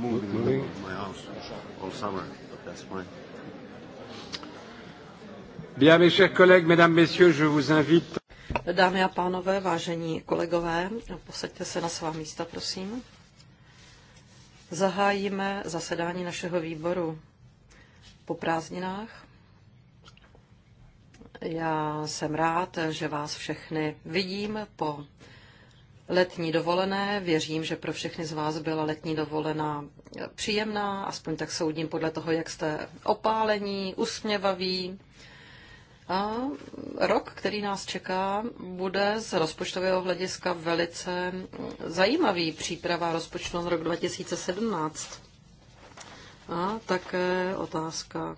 moving, moving. my house all summer, but that's fine. Bien, mes chers collègues, mesdames, messieurs, je vous invite. Dámy a pánové, vážení kolegové, posaďte se na svá místa, prosím. Zahájíme zasedání našeho výboru po prázdninách. Já jsem rád, že vás všechny vidím po letní dovolené. Věřím, že pro všechny z vás byla letní dovolená příjemná, aspoň tak soudím podle toho, jak jste opálení, usměvaví. A rok, který nás čeká, bude z rozpočtového hlediska velice zajímavý příprava rozpočtu na rok 2017. A také otázka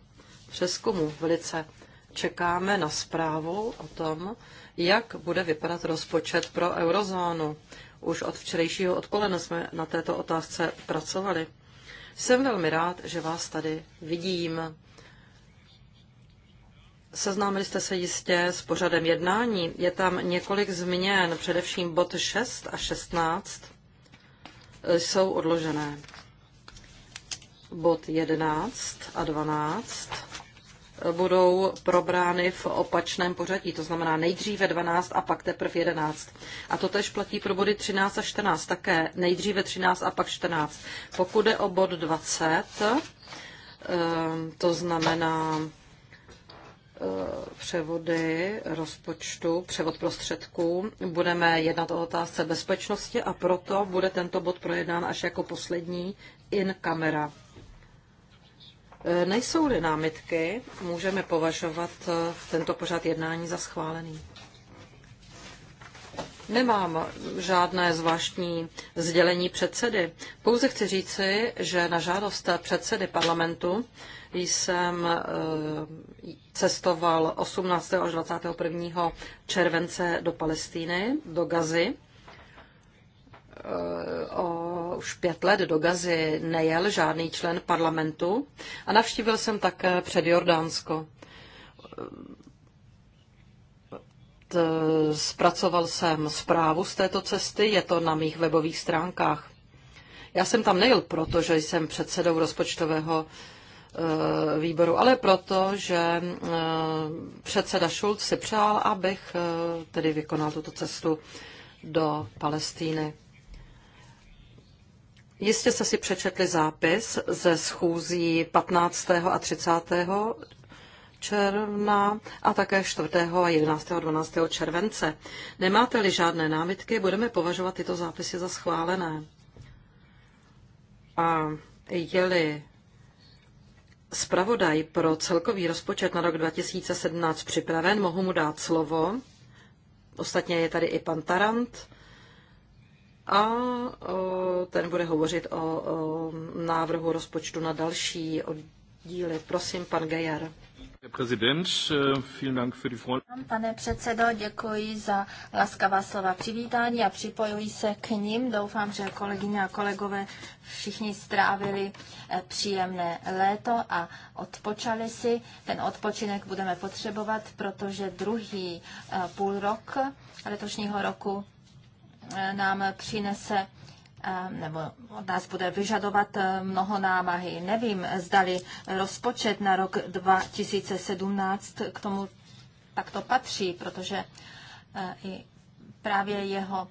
přeskumu. Velice čekáme na zprávu o tom, jak bude vypadat rozpočet pro eurozónu. Už od včerejšího odpoledne jsme na této otázce pracovali. Jsem velmi rád, že vás tady vidím. Seznámili jste se jistě s pořadem jednání. Je tam několik změn, především bod 6 a 16 jsou odložené. Bod 11 a 12 budou probrány v opačném pořadí, to znamená nejdříve 12 a pak teprve 11. A to tež platí pro body 13 a 14 také, nejdříve 13 a pak 14. Pokud je o bod 20, eh, to znamená eh, převody rozpočtu, převod prostředků. Budeme jednat o otázce bezpečnosti a proto bude tento bod projednán až jako poslední in camera. E, nejsou-li námitky, můžeme považovat e, tento pořad jednání za schválený. Nemám žádné zvláštní sdělení předsedy. Pouze chci říci, že na žádost předsedy parlamentu jsem e, cestoval 18. až 21. července do Palestíny, do Gazy. Eh, o, už pět let do Gazy nejel žádný člen parlamentu a navštívil jsem také před Jordánsko. Eh, zpracoval jsem zprávu z této cesty, je to na mých webových stránkách. Já jsem tam nejel, protože jsem předsedou rozpočtového eh, výboru, ale proto, že předseda Schulz si přál, abych tedy vykonal tuto cestu do Palestíny. Jistě jste si přečetli zápis ze schůzí 15. a 30 června a také 4. a 11. a 12. července. Nemáte-li žádné námitky, budeme považovat tyto zápisy za schválené. A je-li zpravodaj pro celkový rozpočet na rok 2017 připraven, mohu mu dát slovo. Ostatně je tady i pan Tarant a e, ten bude hovořit o návrhu rozpočtu na další oddíly. Prosím, pan Gajar. Äh, pane předsedo, děkuji za laskavá slova přivítání a připojuji se k ním. Doufám, že kolegyně a kolegové všichni strávili eh, příjemné léto a odpočali si. Ten odpočinek budeme potřebovat, protože druhý eh, půlrok letošního roku Eh, nám přinese eh, nebo od nás bude vyžadovat eh, mnoho námahy. Nevím, zdali rozpočet na rok 2017 k tomu takto patří, protože i právě jeho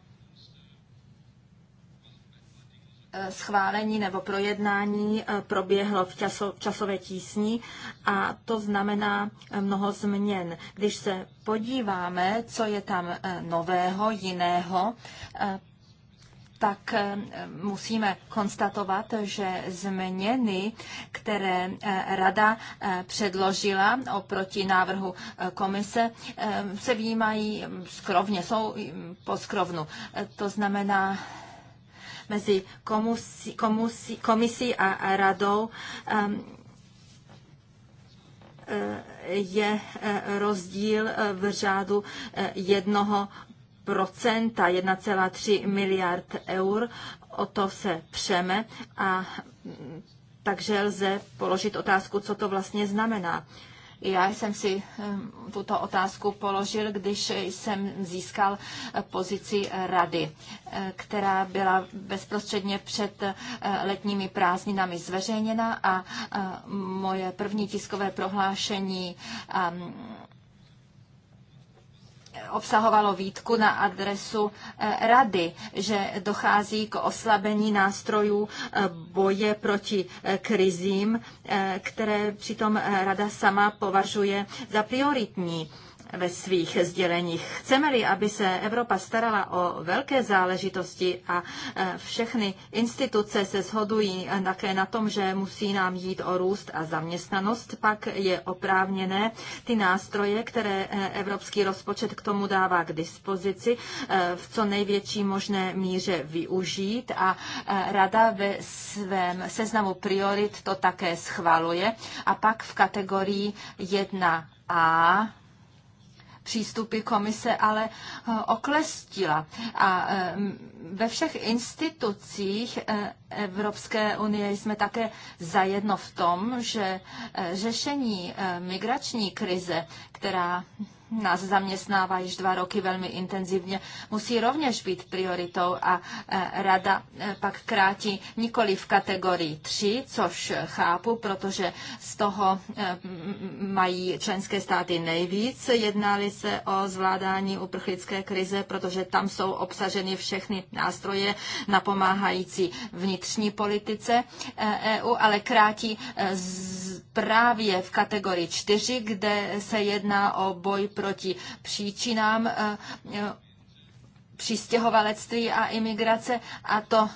Eh, schválení nebo projednání eh, proběhlo v časové tísni a to znamená eh, mnoho změn. Když se podíváme, co je tam nového, jiného, tak musíme konstatovat, že změny, které Rada předložila oproti návrhu komise, se vnímají mm, skrovně, jsou mm, po skrovnu. To znamená, mezi komusí, komusí, komisí a radou ehm, eh, je eh, rozdíl eh, v řádu jednoho procenta, 1,3 miliard eur. O to se přeme a takže lze položit otázku, co to vlastně znamená. Já jsem si tuto otázku položil, když jsem získal pozici rady, která byla bezprostředně před letními prázdninami zveřejněna a moje první tiskové prohlášení obsahovalo výtku na adresu eh, rady, že dochází k oslabení nástrojů eh, boje proti eh, krizím, které přitom rada sama považuje za prioritní ve svých sděleních. Chceme-li, aby se Evropa starala o velké záležitosti a e, všechny instituce se shodují také na tom, že musí nám jít o růst a zaměstnanost, pak je oprávněné ty nástroje, které e, evropský rozpočet k tomu dává k dispozici, e, v co největší možné míře využít a rada ve svém seznamu priorit to také schvaluje. A pak v kategorii 1a přístupy komise ale eh, oklestila. A eh, ve všech institucích eh, Evropské unie jsme také zajedno v tom, že řešení migrační krize, která nás zaměstnává již dva roky velmi intenzivně, musí rovněž být prioritou a e, rada e, pak krátí nikoli v kategorii 3, což chápu, protože z toho e, mají členské státy nejvíc. Jednali se o zvládání uprchlické krize, protože tam jsou obsaženy všechny nástroje napomáhající vnitřní politice EU, ale krátí právě v kategorii 4, kde se jedná o boj proti proti příčinám eh, eh, přistěhovalectví a imigrace a to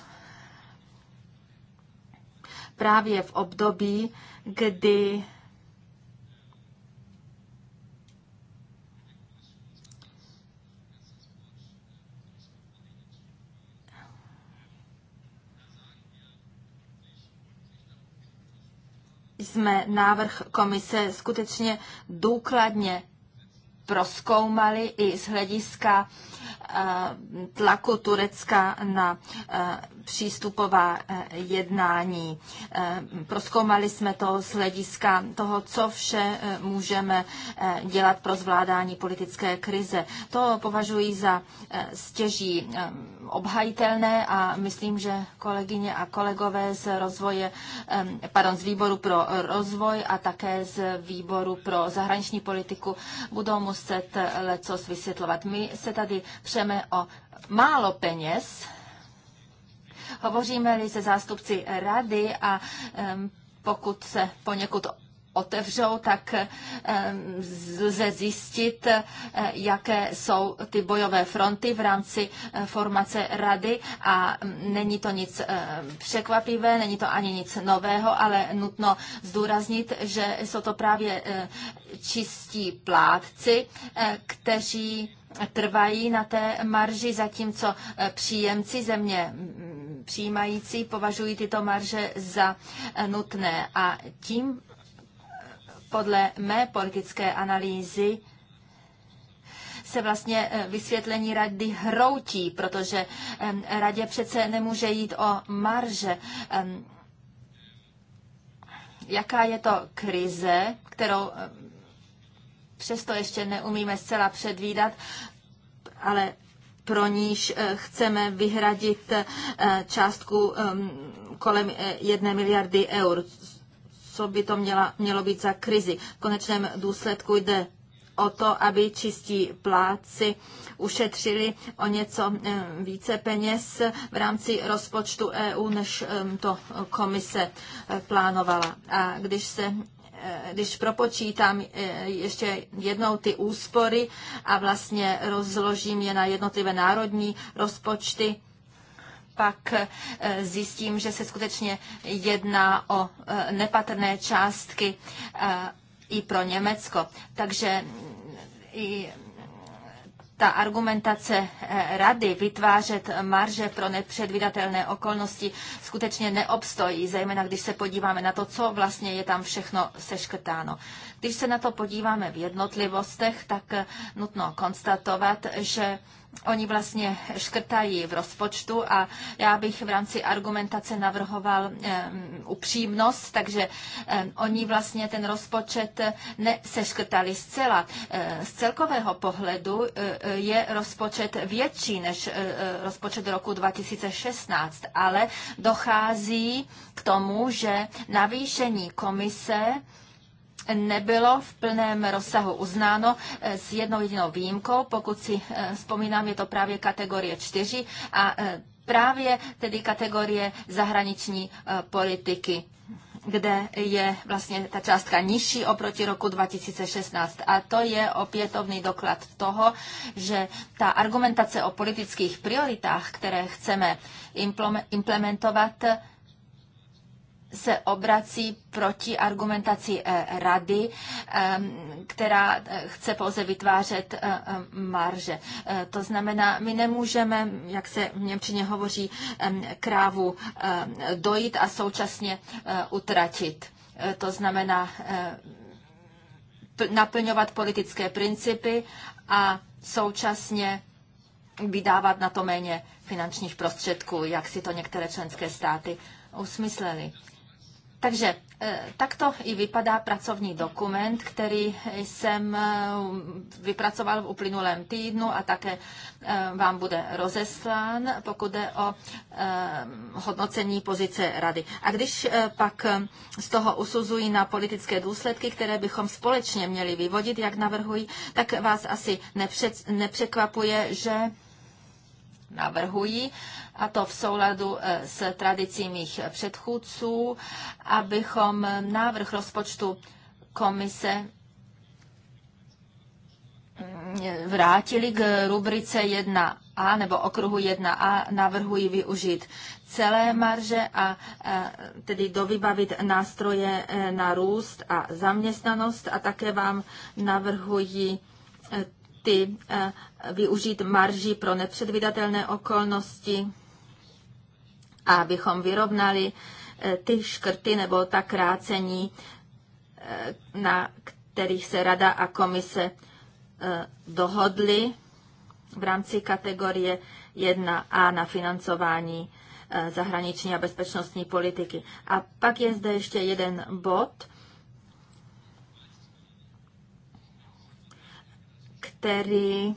právě v období, kdy jsme návrh komise skutečně důkladně proskoumali i z hlediska eh, tlaku Turecka na eh, přístupová eh, jednání. Eh, proskoumali jsme to z hlediska toho, co vše eh, můžeme dělat pro zvládání politické krize. To považuji za stěží obhajitelné a myslím, že kolegyně a kolegové z rozvoje, pardon, z výboru pro rozvoj a také z výboru pro zahraniční politiku budou muset lecos vysvětlovat. My se tady přeme o málo peněz, Hovoříme-li se zástupci rady a pokud se poněkud otevřou, tak lze zjistit, eh, jaké jsou ty bojové fronty v rámci eh, formace rady a není to nic eh, překvapivé, není to ani nic nového, ale nutno zdůraznit, že jsou to právě čistí plátci, kteří trvají na té marži, zatímco eh, příjemci země mm, přijímající považují tyto marže za eh, nutné. A tím eh, podle mé politické analýzy se vlastně vysvětlení rady hroutí, protože radě přece nemůže jít o marže. Jaká je to krize, kterou přesto ještě neumíme zcela předvídat, ale pro níž eh, chceme vyhradit eh, částku ehm, kolem eh, jedné miliardy eur. Co by to měla, mělo být za krizi? V konečném důsledku jde o to, aby čistí pláci ušetřili o něco ehm, více peněz v rámci rozpočtu EU, než ehm, to komise plánovala. A když se když propočítám e, ještě jednou ty úspory a vlastně rozložím je na jednotlivé národní rozpočty, pak e, zjistím, že se skutečně jedná o e, nepatrné částky i pro Německo. Takže i ta argumentace eh, rady vytvářet marže pro nepředvídatelné okolnosti skutečně neobstojí, zejména když se podíváme na to, co vlastně je tam všechno seškrtáno. Když se na to podíváme v jednotlivostech, tak eh, nutno konstatovat, že Oni vlastně škrtají v rozpočtu a já bych v rámci argumentace navrhoval upřímnost, takže oni vlastně ten rozpočet eh, neseškrtali zcela. Eh, z celkového pohledu eh, je rozpočet větší než rozpočet roku 2016, ale dochází k tomu, že navýšení komise nebylo v plném rozsahu uznáno eh, s jednou jedinou výjimkou. Pokud si eh, vzpomínám, je to právě kategorie 4 a eh, právě tedy kategorie zahraniční politiky kde je vlastně ta částka nižší oproti roku 2016. A to je opětovný doklad toho, že ta argumentace o politických prioritách, které chceme implementovat, se obrací proti argumentaci eh, rady, ehm, která eh, chce pouze vytvářet eh, marže. To znamená, my nemůžeme, jak se v Němčině hovoří, ehm, krávu ehm, dojít a současně utratit. To znamená naplňovat politické principy a současně vydávat na to méně finančních prostředků, jak si to některé členské státy usmysleli. Takže eh, takto i vypadá pracovní dokument, který jsem eh, vypracoval v uplynulém týdnu a také eh, vám bude rozeslán, pokud jde o hodnocení pozice rady. A když pak z toho usuzují na politické důsledky, které bychom společně měli vyvodit, jak navrhují, tak vás asi nepřekvapuje, že navrhují, a to v souladu e, s tradicí mých předchůdců, abychom návrh rozpočtu komise mm, vrátili k rubrice 1a nebo okruhu 1a, navrhuji využít celé marže a e, tedy dovybavit nástroje e, na růst a zaměstnanost a také vám navrhuji ty eh, využít marži pro nepředvydatelné okolnosti, abychom vyrovnali eh, ty škrty nebo ta krácení, eh, na kterých se Rada a Komise dohodly v rámci kategorie 1a na financování zahraniční a bezpečnostní politiky. A pak je zde ještě jeden bod, který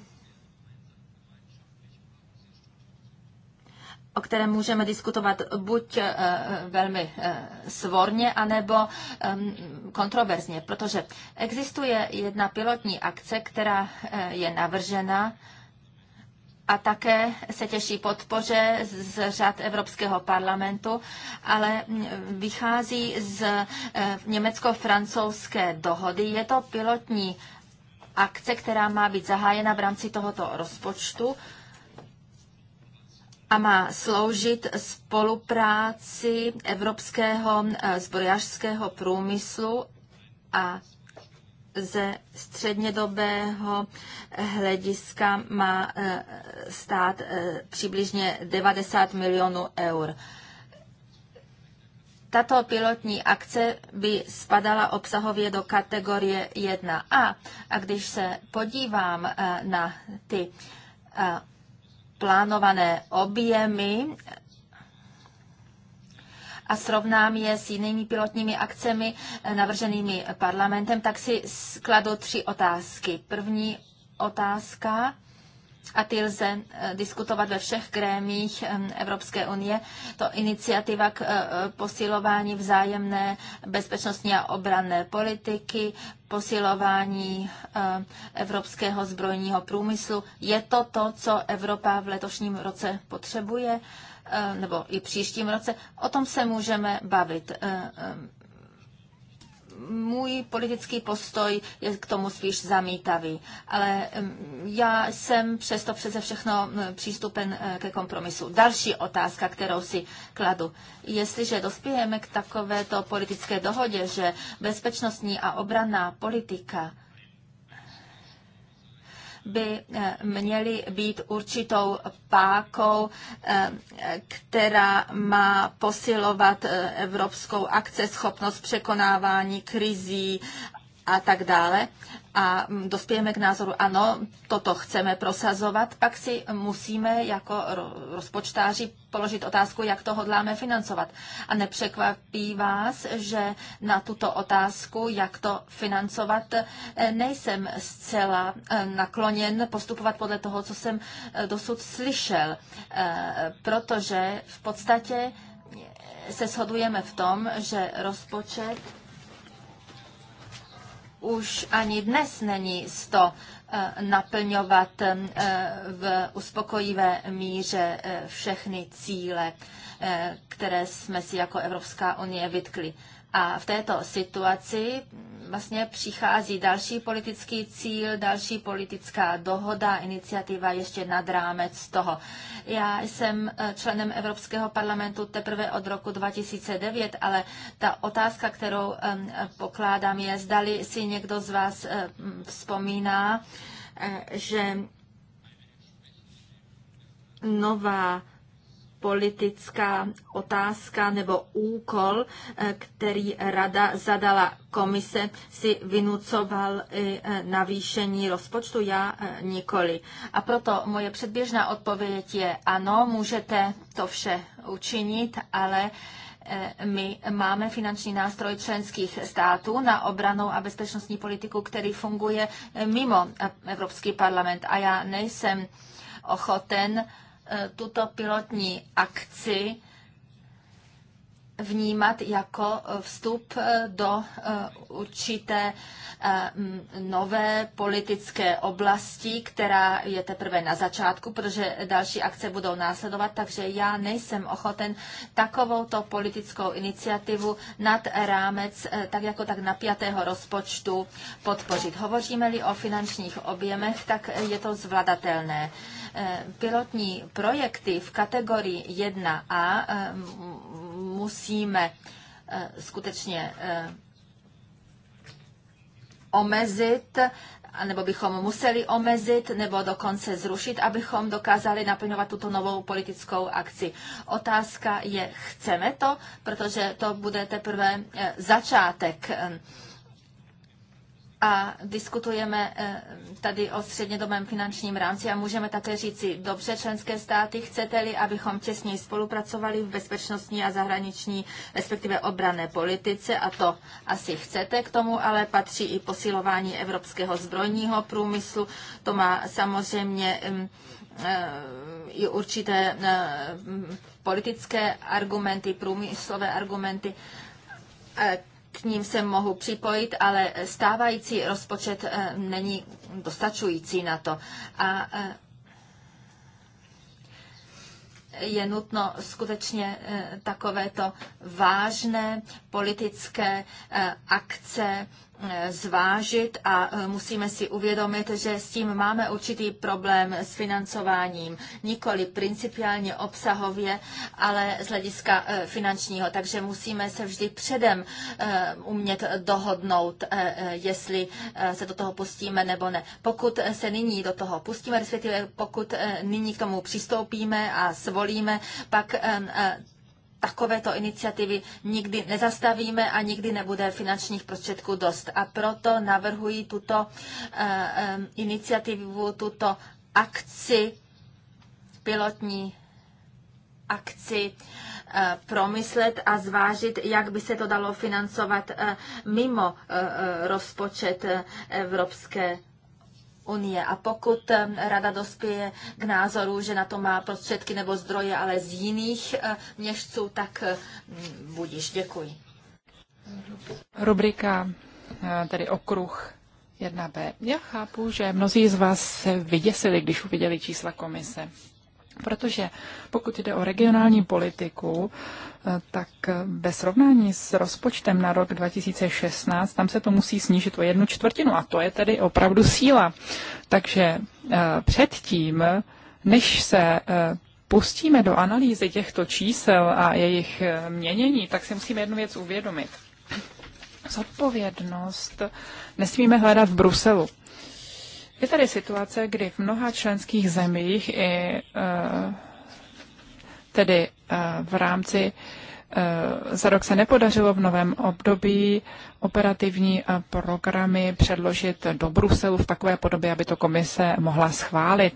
o kterém můžeme diskutovat buď eh, eh, velmi eh, svorně, anebo ehm, kontroverzně, protože existuje jedna pilotní akce, která je navržena a také se těší podpoře z řad Evropského parlamentu, ale mm, vychází z německo-francouzské dohody. Je to pilotní akce, která má být zahájena v rámci tohoto rozpočtu a má sloužit spolupráci evropského eh, zbrojařského průmyslu a ze střednědobého hlediska má eh, stát eh, přibližně 90 milionů eur. Tato pilotní akce by spadala obsahově do kategorie 1A. A když se podívám eh, na ty eh, plánované objemy a srovnám je s jinými pilotními akcemi eh, navrženými parlamentem, tak si skladu tři otázky. První otázka a ty lze eh, diskutovat ve všech grémích Evropské unie. To iniciativa k eh, posilování vzájemné bezpečnostní a obranné politiky, posilování eh, evropského zbrojního průmyslu. Je to to, co Evropa v letošním roce potřebuje, nebo i příštím roce? O tom se můžeme bavit můj politický postoj je k tomu spíš zamítavý, ale já jsem přesto přeze všechno přístupen e, ke kompromisu. Další otázka, kterou si kladu. Jestliže dospějeme k takovéto politické dohodě, že bezpečnostní a obranná politika by eh, měly být určitou pákou, eh, která má posilovat eh, evropskou akceschopnost překonávání krizí a tak dále a mm, dospějeme k názoru, ano, toto chceme prosazovat, pak si musíme jako rozpočtáři položit otázku, jak to hodláme financovat. A nepřekvapí vás, že na tuto otázku, jak to financovat, e, nejsem zcela e, nakloněn postupovat podle toho, co jsem e, dosud slyšel, protože v podstatě se shodujeme v tom, že rozpočet už ani dnes není 100 eh, naplňovat eh, v uspokojivé míře eh, všechny cíle, které jsme si jako Evropská unie vytkli. A v této situaci vlastně přichází další politický cíl, další politická dohoda, iniciativa ještě nad rámec toho. Já jsem eh, členem Evropského parlamentu teprve od roku 2009, ale ta otázka, kterou pokládám, je, zdali si někdo z vás eh, vzpomíná, eh, že nová politická otázka nebo úkol, eh, který rada zadala komise, si vynucoval i eh, navýšení rozpočtu, já eh, nikoli. A proto moje předběžná odpověď je ano, můžete to vše učinit, ale my máme finanční nástroj členských států na obranou a bezpečnostní politiku, který funguje mimo Evropský parlament. A já nejsem ochoten Eh, tuto pilotní akci vnímat jako eh, vstup eh, do eh, určité nové politické oblasti, která je teprve na začátku, protože další akce budou následovat, takže já nejsem ochoten takovouto politickou iniciativu nad rámec tak jako tak napjatého rozpočtu podpořit. Hovoříme-li o finančních objemech, tak je to zvladatelné pilotní projekty v kategorii 1A musí musíme eh, skutečně eh, omezit, nebo bychom museli omezit, nebo dokonce zrušit, abychom dokázali naplňovat tuto novou politickou akci. Otázka je, chceme to, protože to bude teprve eh, začátek a diskutujeme eh, tady o střednědobém finančním rámci a můžeme také říci, dobře, členské státy, chcete-li, abychom těsněji spolupracovali v bezpečnostní a zahraniční, respektive obrané politice, a to asi chcete k tomu, ale patří i posilování evropského zbrojního průmyslu. To má samozřejmě eh, i určité eh, politické argumenty, průmyslové argumenty k ním se mohu připojit, ale stávající rozpočet eh, není dostačující na to. A eh, je nutno skutečně eh, takovéto vážné politické akce Eh, zvážit a eh, musíme si uvědomit, že s tím máme určitý problém s financováním, nikoli principiálně obsahově, ale z hlediska eh, finančního. Takže musíme se vždy předem umět dohodnout, jestli se do toho pustíme nebo ne. Pokud se nyní do toho pustíme, respektive pokud nyní k tomu přistoupíme a svolíme, pak takovéto iniciativy nikdy nezastavíme a nikdy nebude finančních prostředků dost. A proto navrhuji tuto eh, eh, iniciativu, tuto akci, pilotní akci eh, promyslet a zvážit, jak by se to dalo financovat mimo rozpočet Evropské unie. A pokud rada dospěje k názoru, že na to má prostředky nebo zdroje, ale z jiných eh, měšců, tak eh, budíš. Děkuji. Rubrika, eh, tedy okruh 1b. Já chápu, že mnozí z vás se vyděsili, když uviděli čísla komise. Protože pokud jde o regionální politiku, tak ve srovnání s rozpočtem na rok 2016, tam se to musí snížit o jednu čtvrtinu a to je tedy opravdu síla. Takže eh, předtím, než se eh, pustíme do analýzy těchto čísel a jejich eh, měnění, tak si musíme jednu věc uvědomit. Zodpovědnost nesmíme hledat v Bruselu. Je tady situace, kdy v mnoha členských zemích i tedy eh, v rámci eh, za rok se nepodařilo v novém období operativní eh, programy předložit do Bruselu v takové podobě, aby to komise mohla schválit.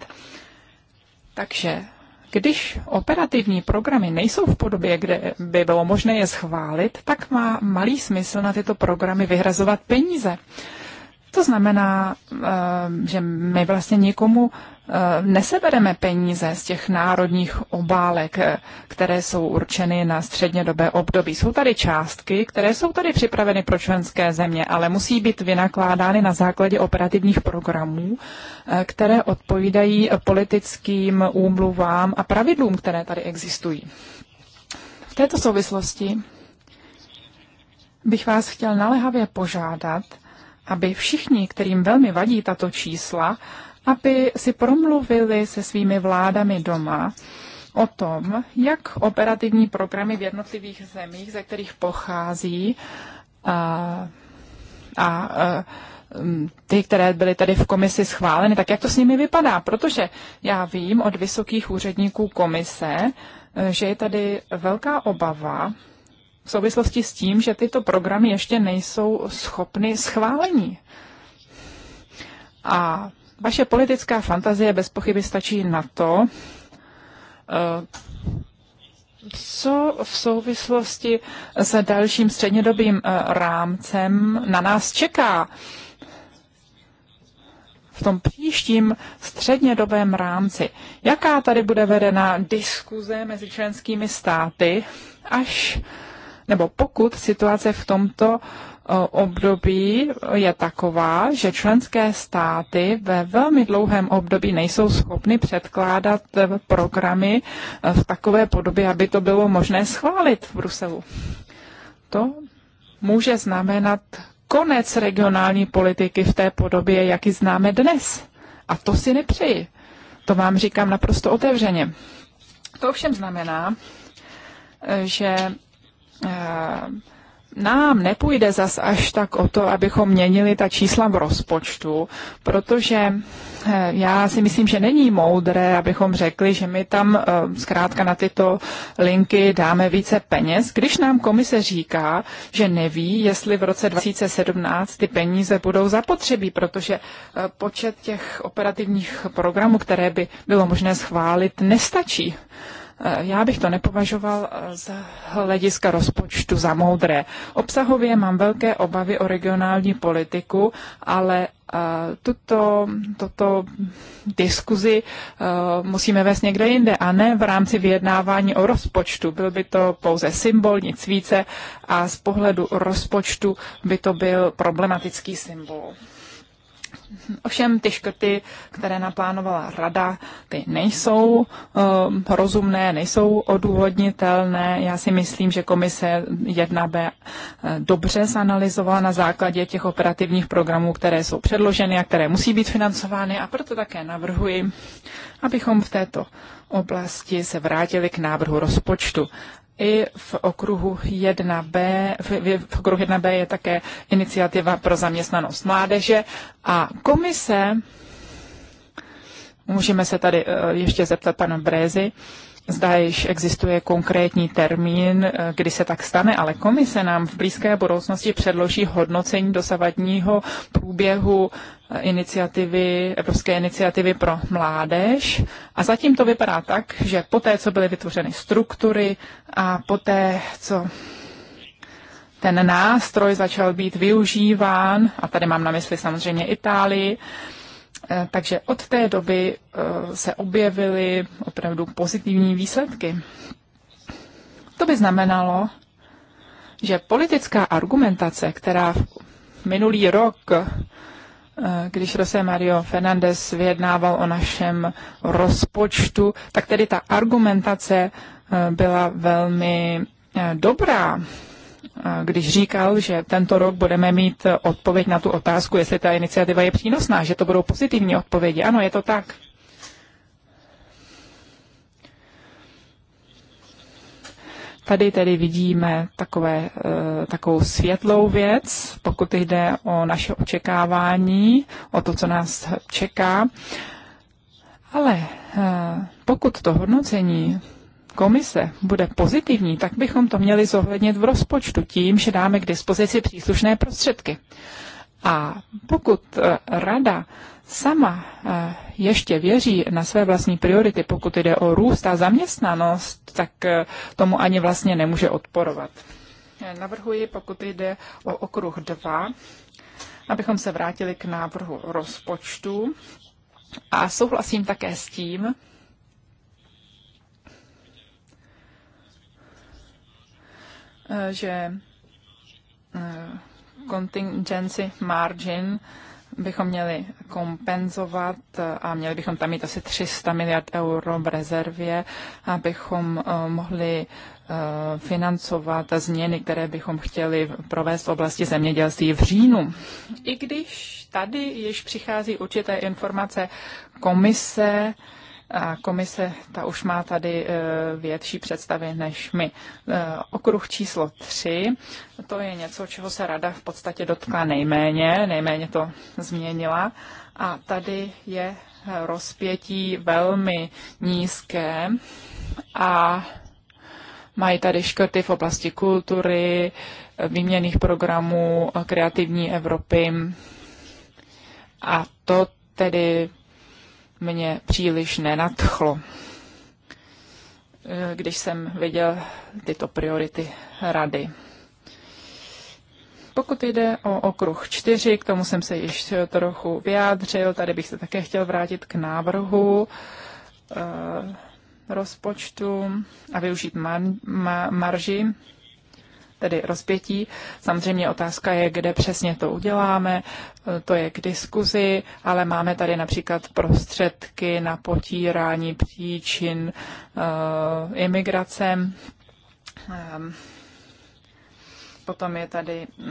Takže když operativní programy nejsou v podobě, kde by bylo možné je schválit, tak má malý smysl na tyto programy vyhrazovat peníze. To znamená, eh, že my vlastně nikomu eh, nesebereme peníze z těch národních obálek, které jsou určeny na střednědobé období. Jsou tady částky, které jsou tady připraveny pro členské země, ale musí být vynakládány na základě operativních programů, eh, které odpovídají politickým úmluvám a pravidlům, které tady existují. V této souvislosti bych vás chtěl naléhavě požádat, aby všichni, kterým velmi vadí tato čísla, aby si promluvili se svými vládami doma o tom, jak operativní programy v jednotlivých zemích, ze kterých pochází, a, a, a ty, které byly tady v komisi schváleny, tak jak to s nimi vypadá? Protože já vím od vysokých úředníků komise, e, že je tady velká obava, v souvislosti s tím, že tyto programy ještě nejsou schopny schválení. A vaše politická fantazie bez pochyby stačí na to, eh, co v souvislosti s dalším střednědobým eh, rámcem na nás čeká v tom příštím střednědobém rámci. Jaká tady bude vedena diskuze mezi členskými státy, až nebo pokud situace v tomto eh, období je taková, že členské státy ve velmi dlouhém období nejsou schopny předkládat eh, programy eh, v takové podobě, aby to bylo možné schválit v Bruselu. To může znamenat konec regionální politiky v té podobě, jak ji známe dnes. A to si nepřeji. To vám říkám naprosto otevřeně. To ovšem znamená, že Eh, nám nepůjde zas až tak o to, abychom měnili ta čísla v rozpočtu, protože eh, já si myslím, že není moudré, abychom řekli, že my tam eh, zkrátka na tyto linky dáme více peněz, když nám komise říká, že neví, jestli v roce 2017 ty peníze budou zapotřebí, protože počet těch operativních programů, které by bylo možné schválit, nestačí. Eh, já bych to nepovažoval eh, z hlediska rozpočtu za moudré. Obsahově mám velké obavy o regionální politiku, ale eh, tuto, toto diskuzi musíme vést někde jinde a ne v rámci vyjednávání o rozpočtu. Byl by to pouze symbol, nic více a z pohledu rozpočtu by to byl problematický symbol. Ovšem ty škrty, které naplánovala rada, ty nejsou uh, rozumné, nejsou odůvodnitelné. Já si myslím, že komise 1B eh, dobře zanalizovala na základě těch operativních programů, které jsou předloženy a které musí být financovány a proto také navrhuji, abychom v této oblasti se vrátili k návrhu rozpočtu. I v okruhu 1b, v, v okruhu 1b je také iniciativa pro zaměstnanost mládeže a komise, můžeme se tady eh, ještě zeptat pana Brézy, zda již existuje konkrétní termín, eh, kdy se tak stane, ale komise nám v blízké budoucnosti předloží hodnocení dosavadního průběhu eh, iniciativy, Evropské iniciativy pro mládež. A zatím to vypadá tak, že poté, co byly vytvořeny struktury a poté, co ten nástroj začal být využíván, a tady mám na mysli samozřejmě Itálii, Eh, takže od té doby eh, se objevily opravdu pozitivní výsledky. To by znamenalo, že politická argumentace, která minulý rok, eh, když Rosé Mario Fernández vyjednával o našem rozpočtu, tak tedy ta argumentace byla velmi dobrá když říkal, že tento rok budeme mít odpověď na tu otázku, jestli ta iniciativa je přínosná, že to budou pozitivní odpovědi. Ano, je to tak. Tady tedy vidíme takové, eh, takovou světlou věc, pokud jde o naše očekávání, o to, co nás čeká. Ale eh, pokud to hodnocení komise bude pozitivní, tak bychom to měli zohlednit v rozpočtu tím, že dáme k dispozici příslušné prostředky. A pokud eh, rada sama eh, ještě věří na své vlastní priority, pokud jde o růst a zaměstnanost, tak eh, tomu ani vlastně nemůže odporovat. Navrhuji, pokud jde o okruh 2, abychom se vrátili k návrhu rozpočtu. A souhlasím také s tím, Eh, že eh, contingency margin bychom měli kompenzovat eh, a měli bychom tam mít asi 300 miliard euro v rezervě, abychom mohli financovat změny, které bychom chtěli provést v oblasti zemědělství v říjnu. I když tady již přichází určité informace komise, a komise, ta už má tady e, větší představy než my. E, okruh číslo 3, to je něco, čeho se rada v podstatě dotkla nejméně, nejméně to změnila. A tady je rozpětí velmi nízké a mají tady škrty v oblasti kultury, výměných programů, kreativní Evropy. A to tedy mě příliš nenadchlo, eh, když jsem viděl tyto priority rady. Pokud jde o okruh 4, k tomu jsem se již trochu vyjádřil, tady bych se také chtěl vrátit k návrhu eh, rozpočtu a využít marži tedy rozpětí. Samozřejmě otázka je, kde přesně to uděláme, to je k diskuzi, ale máme tady například prostředky na potírání příčin uh, imigrace. Um, potom je tady uh,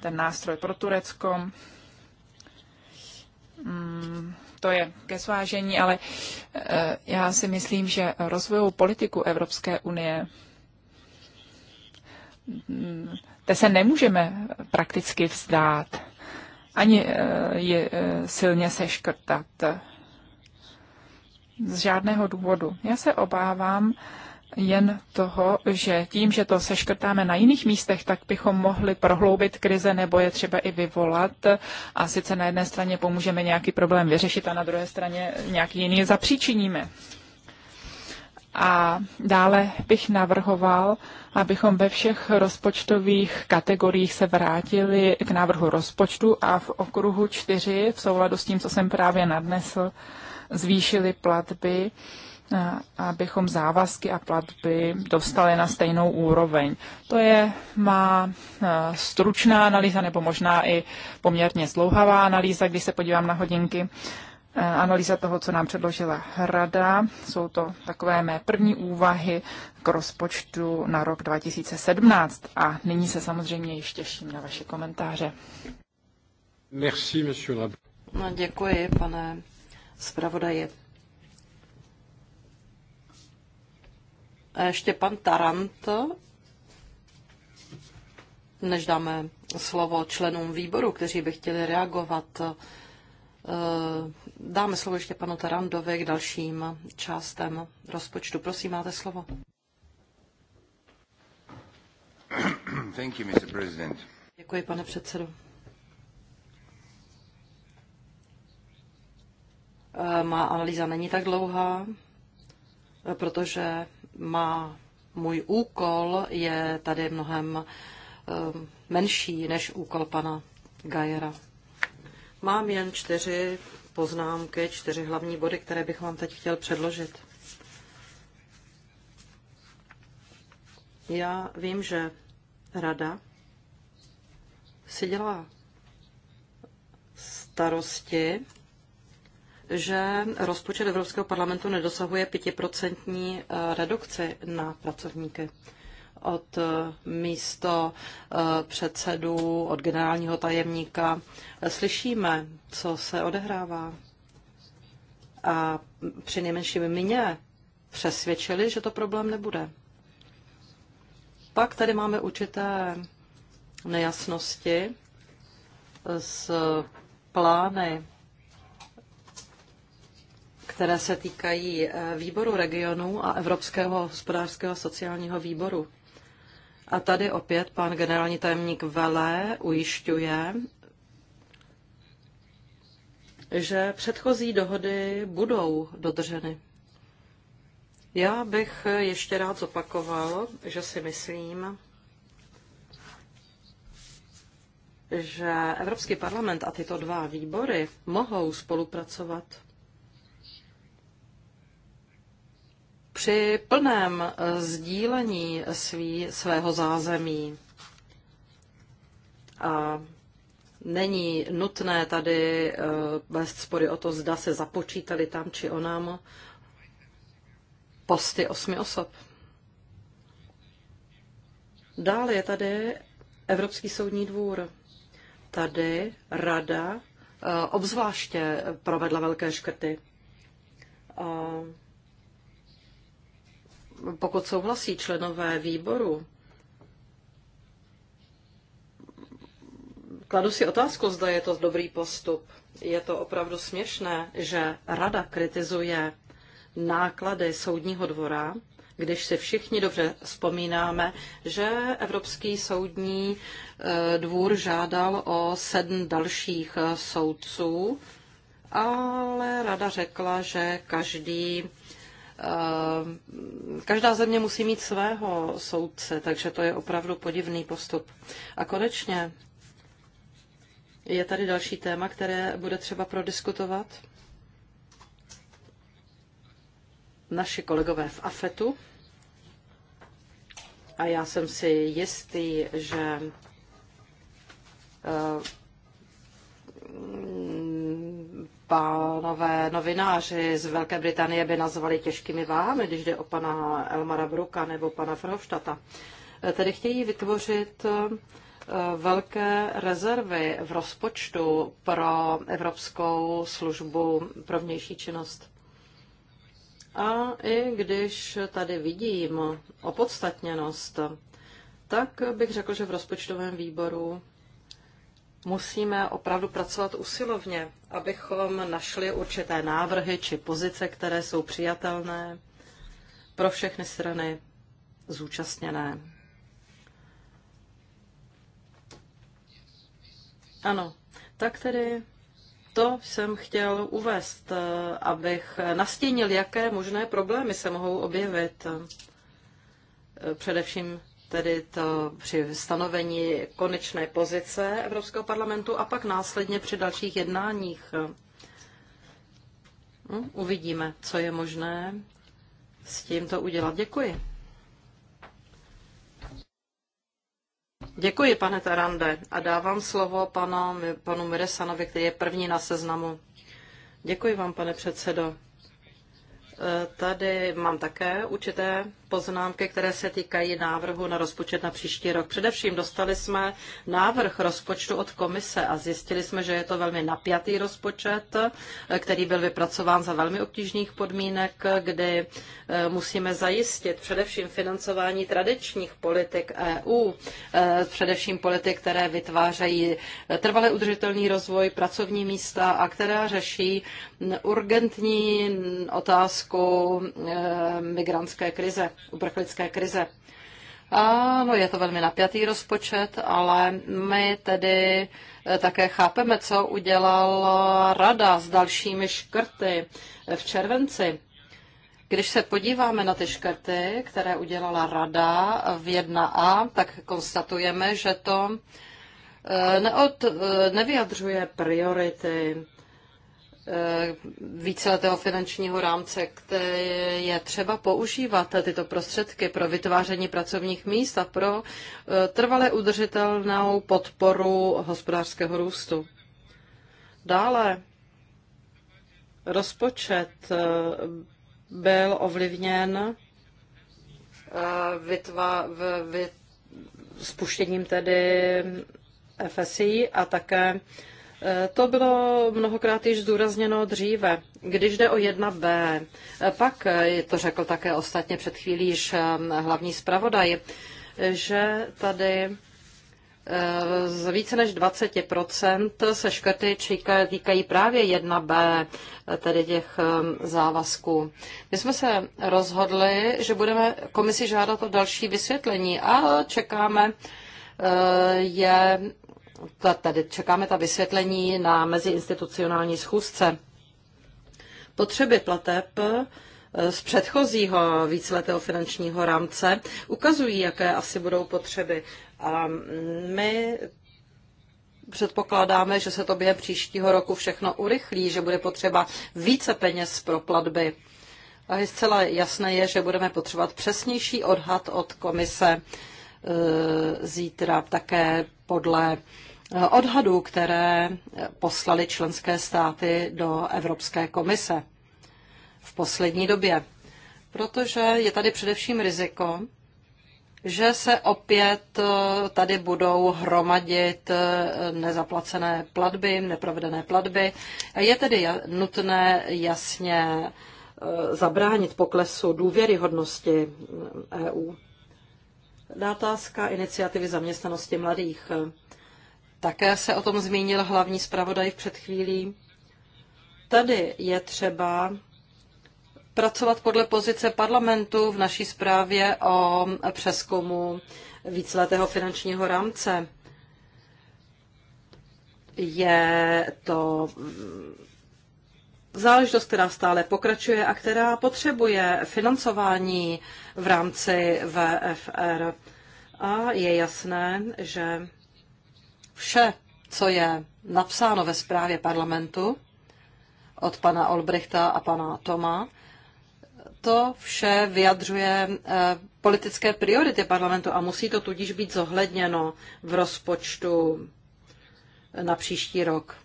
ten nástroj pro Turecko. Um, to je ke svážení, ale eh, já si myslím, že rozvojovou politiku Evropské unie té se nemůžeme prakticky vzdát, ani eh, je eh, silně seškrtat. Z žádného důvodu. Já se obávám jen toho, že tím, že to seškrtáme na jiných místech, tak bychom mohli prohloubit krize nebo je třeba i vyvolat. A sice na jedné straně pomůžeme nějaký problém vyřešit a na druhé straně nějaký jiný zapříčiníme. A dále bych navrhoval, abychom ve všech rozpočtových kategoriích se vrátili k návrhu rozpočtu a v okruhu čtyři v souladu s tím, co jsem právě nadnesl, zvýšili platby, abychom závazky a platby dostali na stejnou úroveň. To je má stručná analýza, nebo možná i poměrně zlouhavá analýza, když se podívám na hodinky. Eh, analýza toho, co nám předložila Rada. Jsou to takové mé první úvahy k rozpočtu na rok 2017 a nyní se samozřejmě již těším na vaše komentáře. Merci, monsieur No, děkuji, pane zpravodaji. A ještě pan Tarant, než dáme slovo členům výboru, kteří by chtěli reagovat Eh, dáme slovo ještě panu Tarandovi k dalším částem rozpočtu. Prosím, máte slovo. Thank you, Mr. President. Děkuji, pane předsedo. Eh, má analýza není tak dlouhá, eh, protože má můj úkol je tady mnohem menší než úkol pana Gajera. Mám jen čtyři poznámky, čtyři hlavní body, které bych vám teď chtěl předložit. Já vím, že rada si dělá starosti, že rozpočet Evropského parlamentu nedosahuje 5% eh, redukci na pracovníky od eh, místo eh, předsedů, od generálního tajemníka. Slyšíme, co se odehrává. A při nejmenším mě přesvědčili, že to problém nebude. Pak tady máme určité nejasnosti s plány, které se týkají eh, výboru regionů a Evropského hospodářského sociálního výboru. A tady opět pan generální tajemník Vele ujišťuje, že předchozí dohody budou dodrženy. Já bych ještě rád zopakoval, že si myslím, že Evropský parlament a tyto dva výbory mohou spolupracovat při plném eh, sdílení svý, svého zázemí. A není nutné tady eh, vést spory o to, zda se započítali tam či onám posty osmi osob. Dále je tady Evropský soudní dvůr. Tady rada eh, obzvláště provedla velké škrty pokud souhlasí členové výboru, kladu si otázku, zda je to dobrý postup. Je to opravdu směšné, že rada kritizuje náklady soudního dvora, když si všichni dobře vzpomínáme, že Evropský soudní eh, dvůr žádal o sedm dalších eh, soudců, ale rada řekla, že každý Eh, každá země musí mít svého soudce, takže to je opravdu podivný postup. A konečně je tady další téma, které bude třeba prodiskutovat. Naši kolegové v AFETu. A já jsem si jistý, že eh, pánové novináři z Velké Británie by nazvali těžkými váhami, když jde o pana Elmara Bruka nebo pana Frostata. Tedy chtějí vytvořit eh, velké rezervy v rozpočtu pro Evropskou službu pro vnější činnost. A i když tady vidím opodstatněnost, tak bych řekl, že v rozpočtovém výboru musíme opravdu pracovat usilovně, abychom našli určité návrhy či pozice, které jsou přijatelné pro všechny strany zúčastněné. Ano, tak tedy to jsem chtěl uvést, abych nastínil, jaké možné problémy se mohou objevit především tedy to při stanovení konečné pozice Evropského parlamentu a pak následně při dalších jednáních. Hm, uvidíme, co je možné s tímto udělat. Děkuji. Děkuji, pane Tarande, a dávám slovo pana, panu Miresanovi, který je první na seznamu. Děkuji vám, pane předsedo. E, tady mám také určité poznámky, které se týkají návrhu na rozpočet na příští rok. Především dostali jsme návrh rozpočtu od komise a zjistili jsme, že je to velmi napjatý rozpočet, který byl vypracován za velmi obtížných podmínek, kdy eh, musíme zajistit především financování tradičních politik EU, eh, především politik, které vytvářejí eh, trvale udržitelný rozvoj, pracovní místa a která řeší urgentní otázku migrantské krize uprchlické krize. Ano, je to velmi napjatý rozpočet, ale my tedy eh, také chápeme, co udělala rada s dalšími škrty v červenci. Když se podíváme na ty škrty, které udělala rada v 1a, tak konstatujeme, že to eh, neod, eh, nevyjadřuje priority Eh, víceletého finančního rámce, které je třeba používat tyto prostředky pro vytváření pracovních míst a pro eh, trvale udržitelnou podporu hospodářského růstu. Dále rozpočet eh, byl ovlivněn vytva, v, v, spuštěním tedy FSI a také to bylo mnohokrát již zdůrazněno dříve. Když jde o 1B, pak to řekl také ostatně před chvílí již um, hlavní zpravodaj, že tady uh, z více než 20% se škrty týkají právě 1B, tedy těch um, závazků. My jsme se rozhodli, že budeme komisi žádat o další vysvětlení a čekáme uh, je tady čekáme ta vysvětlení na meziinstitucionální schůzce. Potřeby plateb eh, z předchozího víceletého finančního rámce ukazují, jaké asi budou potřeby. A my předpokládáme, že se to během příštího roku všechno urychlí, že bude potřeba více peněz pro platby. A je zcela jasné je, že budeme potřebovat přesnější odhad od komise eh, zítra také podle odhadů, které poslali členské státy do Evropské komise v poslední době. Protože je tady především riziko, že se opět eh, tady budou hromadit eh, nezaplacené platby, neprovedené platby. Je tedy nutné jasně eh, zabránit poklesu důvěryhodnosti EU. E Dátázka iniciativy zaměstnanosti mladých. Také se o tom zmínil hlavní zpravodaj v před chvílí. Tady je třeba pracovat podle pozice parlamentu v naší zprávě o přeskumu víceletého finančního rámce. Je to záležitost, která stále pokračuje a která potřebuje financování v rámci VFR. A je jasné, že vše, co je napsáno ve zprávě parlamentu od pana Olbrichta a pana Toma, to vše vyjadřuje eh, politické priority parlamentu a musí to tudíž být zohledněno v rozpočtu na příští rok.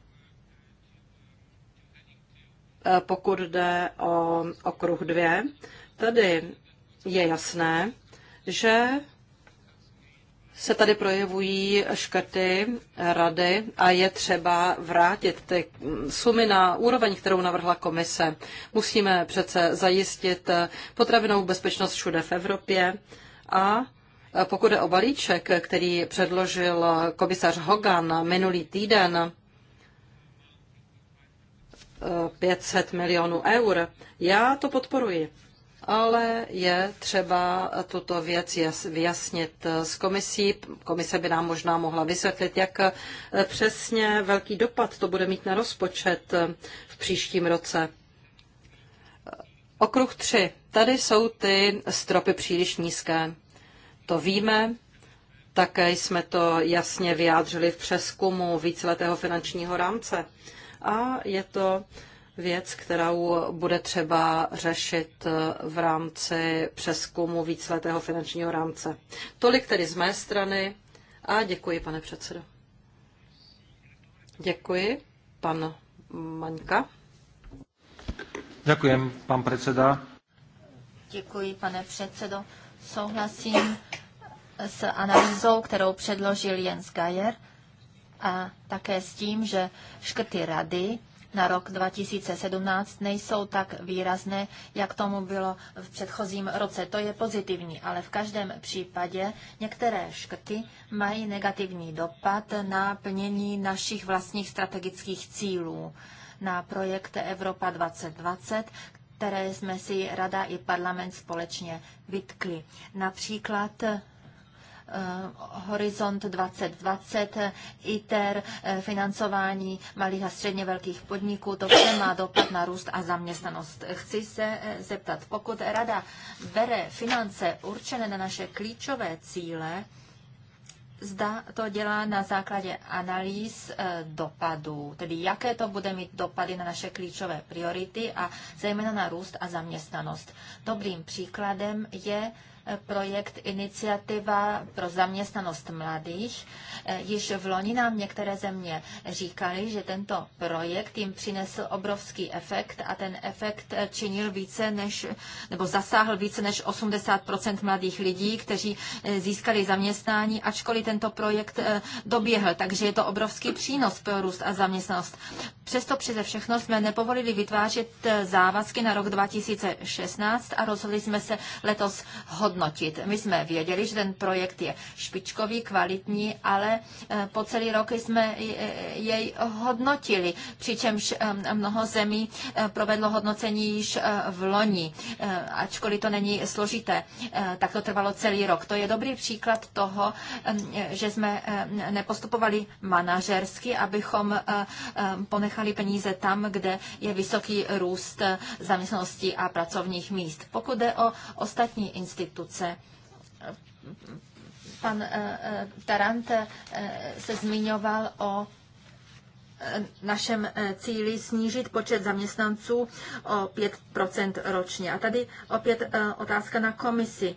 Eh, pokud jde o okruh dvě, tady je jasné, že se tady projevují škrty rady a je třeba vrátit ty sumy na úroveň, kterou navrhla komise. Musíme přece zajistit potravinou bezpečnost všude v Evropě a pokud je o balíček, který předložil komisař Hogan minulý týden, 500 eh, milionů eur, já to podporuji ale je třeba tuto věc vyjasnit s komisí. Komise by nám možná mohla vysvětlit, jak přesně velký dopad to bude mít na rozpočet v příštím roce. Okruh 3. Tady jsou ty stropy příliš nízké. To víme, také jsme to jasně vyjádřili v přeskumu víceletého finančního rámce. A je to věc, kterou bude třeba řešit v rámci přeskumu víceletého finančního rámce. Tolik tedy z mé strany a děkuji, pane předsedo. Děkuji. Pan Maňka. Děkuji, pan předseda. Děkuji, pane předsedo. Souhlasím s analýzou, kterou předložil Jens Geier a také s tím, že škrty rady na rok 2017 nejsou tak výrazné, jak tomu bylo v předchozím roce. To je pozitivní, ale v každém případě některé škrty mají negativní dopad na plnění našich vlastních strategických cílů na projekt Evropa 2020, které jsme si Rada i parlament společně vytkli. Například Eh, Horizont 2020, ITER, eh, financování malých a středně velkých podniků. To vše má dopad na růst a zaměstnanost. Chci se eh, zeptat, pokud Rada bere finance určené na naše klíčové cíle, zda to dělá na základě analýz dopadů, tedy jaké to bude mít dopady na naše klíčové priority a zejména na růst a zaměstnanost. Dobrým příkladem je projekt Iniciativa pro zaměstnanost mladých. Eh, již v loni nám některé země říkali, že tento projekt jim přinesl obrovský efekt a ten efekt eh, činil více než, nebo zasáhl více než 80 mladých lidí, kteří eh, získali zaměstnání, ačkoliv tento projekt doběhl. Takže je to obrovský přínos pro růst a zaměstnanost. Přesto přeze všechno jsme nepovolili vytvářet závazky na rok 2016 a rozhodli jsme se letos hodnotit hodnotit. My jsme věděli, že ten projekt je špičkový, kvalitní, ale eh, po celý rok jsme eh, jej hodnotili, přičemž eh, mnoho zemí provedlo hodnocení již v loni, ačkoliv to není složité. Tak to trvalo celý rok. To je dobrý příklad toho, že jsme nepostupovali manažersky, abychom ponechali peníze tam, kde je vysoký růst zaměstnanosti a pracovních míst. Pokud jde o ostatní instituce, instituce. Pan eh, eh, Tarant eh, se zmiňoval o našem cíli snížit počet zaměstnanců o 5 ročně. A tady opět otázka na komisi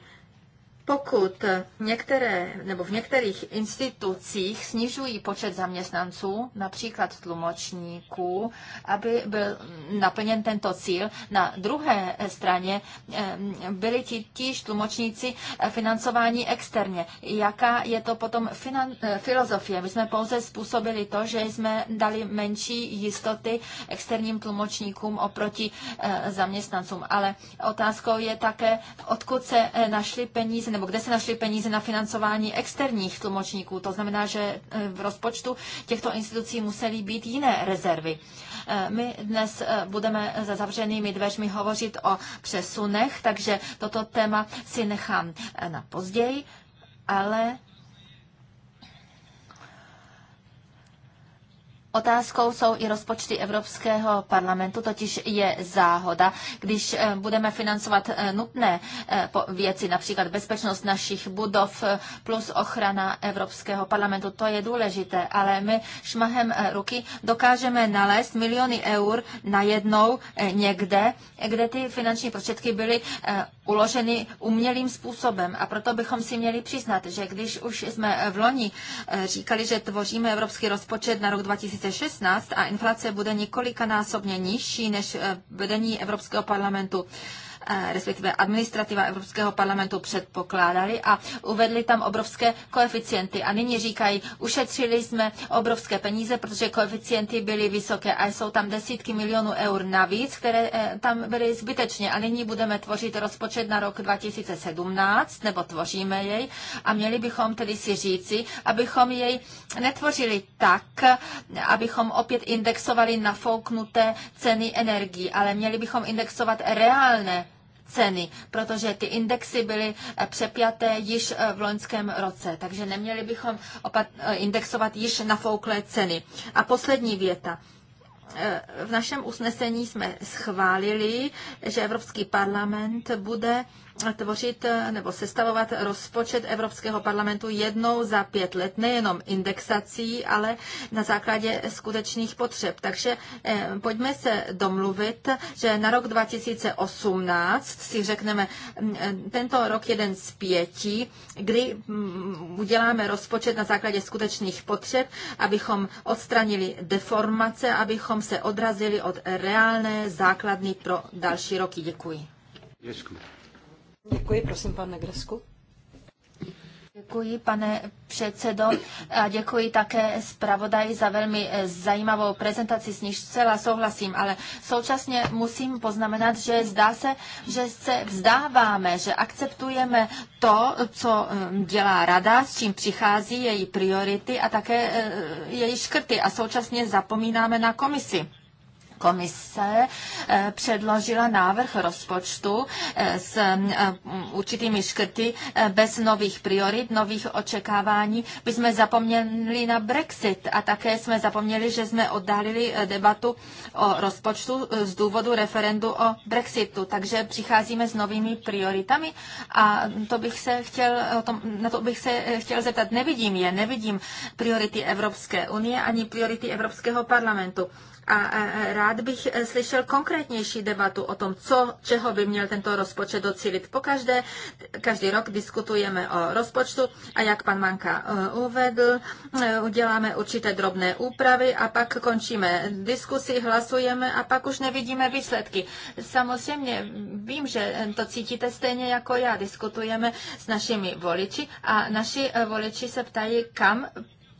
pokud některé, nebo v některých institucích snižují počet zaměstnanců, například tlumočníků, aby byl naplněn tento cíl, na druhé straně byli ti tíž tlumočníci financováni externě. Jaká je to potom finan, eh, filozofie? My jsme pouze způsobili to, že jsme dali menší jistoty externím tlumočníkům oproti eh, zaměstnancům. Ale otázkou je také, odkud se eh, našly peníze, nebo kde se našly peníze na financování externích tlumočníků. To znamená, že eh, v rozpočtu těchto institucí musely být jiné rezervy. Eh, my dnes eh, budeme za zavřenými dveřmi hovořit o přesunech, takže toto téma si nechám na později, ale Otázkou jsou i rozpočty Evropského parlamentu, totiž je záhoda. Když eh, budeme financovat eh, nutné eh, věci, například bezpečnost našich budov plus ochrana Evropského parlamentu, to je důležité, ale my šmahem ruky dokážeme nalézt miliony eur najednou někde, kde ty finanční prostředky byly uloženy umělým způsobem. A proto bychom si měli přiznat, že když už jsme v loni říkali, že tvoříme evropský rozpočet na rok 2020, 2016 a inflace bude několikanásobně nižší než eh, vedení Evropského parlamentu respektive administrativa Evropského parlamentu předpokládali a uvedli tam obrovské koeficienty. A nyní říkají, ušetřili jsme obrovské peníze, protože koeficienty byly vysoké a jsou tam desítky milionů eur navíc, které eh, tam byly zbytečně. A nyní budeme tvořit rozpočet na rok 2017, nebo tvoříme jej a měli bychom tedy si říci, abychom jej netvořili tak, abychom opět indexovali nafouknuté ceny energii, ale měli bychom indexovat reálné ceny, protože ty indexy byly eh, přepjaté již eh, v loňském roce, takže neměli bychom eh, indexovat již nafouklé ceny. A poslední věta v našem usnesení jsme schválili, že Evropský parlament bude tvořit eh, nebo sestavovat rozpočet Evropského parlamentu jednou za pět let, nejenom indexací, ale na základě skutečných potřeb. Takže eh, pojďme se domluvit, že na rok 2018 si řekneme mm, eh, tento rok jeden z pěti, kdy mm, uděláme rozpočet na základě skutečných potřeb, abychom odstranili deformace, abychom se odrazili od reálné základny pro další roky. Děkuji. Děkuji. Děkuji, prosím, pan Negresku. Děkuji, pane předsedo, a děkuji také zpravodaji za velmi eh, zajímavou prezentaci, s níž zcela souhlasím, ale současně musím poznamenat, že zdá se, že se vzdáváme, že akceptujeme to, co eh, dělá rada, s čím přichází její priority a také eh, její škrty a současně zapomínáme na komisi komise eh, předložila návrh rozpočtu eh, s eh, určitými škrty bez nových priorit, nových očekávání. My jsme zapomněli na Brexit a také jsme zapomněli, že jsme oddálili debatu o rozpočtu z důvodu referendu o Brexitu. Takže přicházíme s novými prioritami a to bych se chtěl, na to bych se chtěl zeptat. Nevidím je, nevidím priority Evropské unie ani priority Evropského parlamentu. A e, e, rád bych e, slyšel konkrétnější debatu o tom, co, čeho by měl tento rozpočet docílit. Pokaždé, každý rok diskutujeme o rozpočtu a jak pan Manka uvedl, uděláme určité drobné úpravy a pak končíme diskusi, hlasujeme a pak už nevidíme výsledky. Samozřejmě vím, že to cítíte stejně jako já. Diskutujeme s našimi voliči a naši voliči se ptají, kam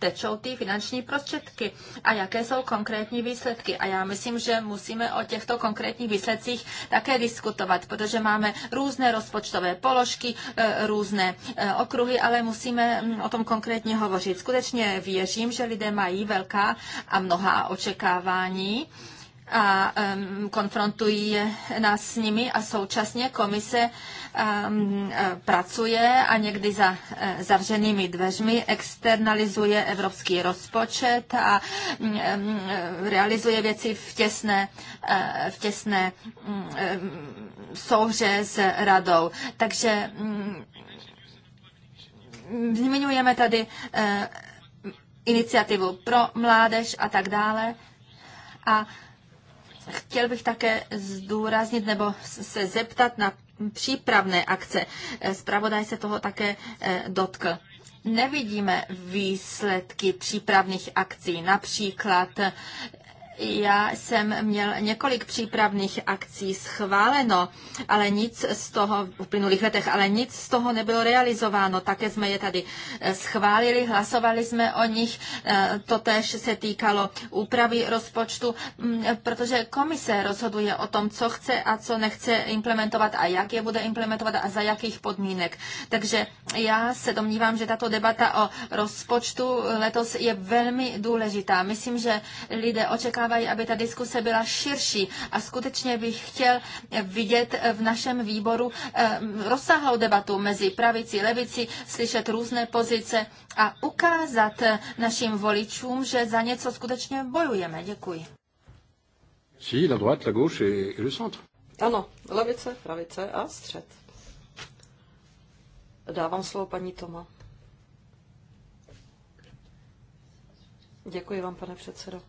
tečou ty finanční prostředky a jaké jsou konkrétní výsledky. A já myslím, že musíme o těchto konkrétních výsledcích také diskutovat, protože máme různé rozpočtové položky, e, různé e, okruhy, ale musíme mm, o tom konkrétně hovořit. Skutečně věřím, že lidé mají velká a mnohá očekávání a konfrontují nás s nimi a současně komise e, pracuje a někdy za e, zavřenými dveřmi externalizuje evropský rozpočet a realizuje věci v těsné, e, v těsné souhře s radou. Takže zmiňujeme tady iniciativu pro mládež a tak dále. A Chtěl bych také zdůraznit nebo se zeptat na přípravné akce. Spravodaj se toho také eh, dotkl nevidíme výsledky přípravných akcí, například já jsem měl několik přípravných akcí schváleno, ale nic z toho, v uplynulých letech, ale nic z toho nebylo realizováno. Také jsme je tady eh, schválili, hlasovali jsme o nich. Eh, to tež se týkalo úpravy rozpočtu, mm, protože komise rozhoduje o tom, co chce a co nechce implementovat a jak je bude implementovat a za jakých podmínek. Takže já se domnívám, že tato debata o rozpočtu letos je velmi důležitá. Myslím, že lidé očekávají, očekávají, aby ta diskuse byla širší a skutečně bych chtěl eh, vidět eh, v našem výboru eh, rozsáhlou debatu mezi pravicí, levicí, slyšet různé pozice a ukázat našim voličům, že za něco skutečně bojujeme. Děkuji. Si, la droite, la gauche et, et le centre. Ano, levice, pravice a střed. Dávám slovo paní Toma. Děkuji vám, pane předsedo.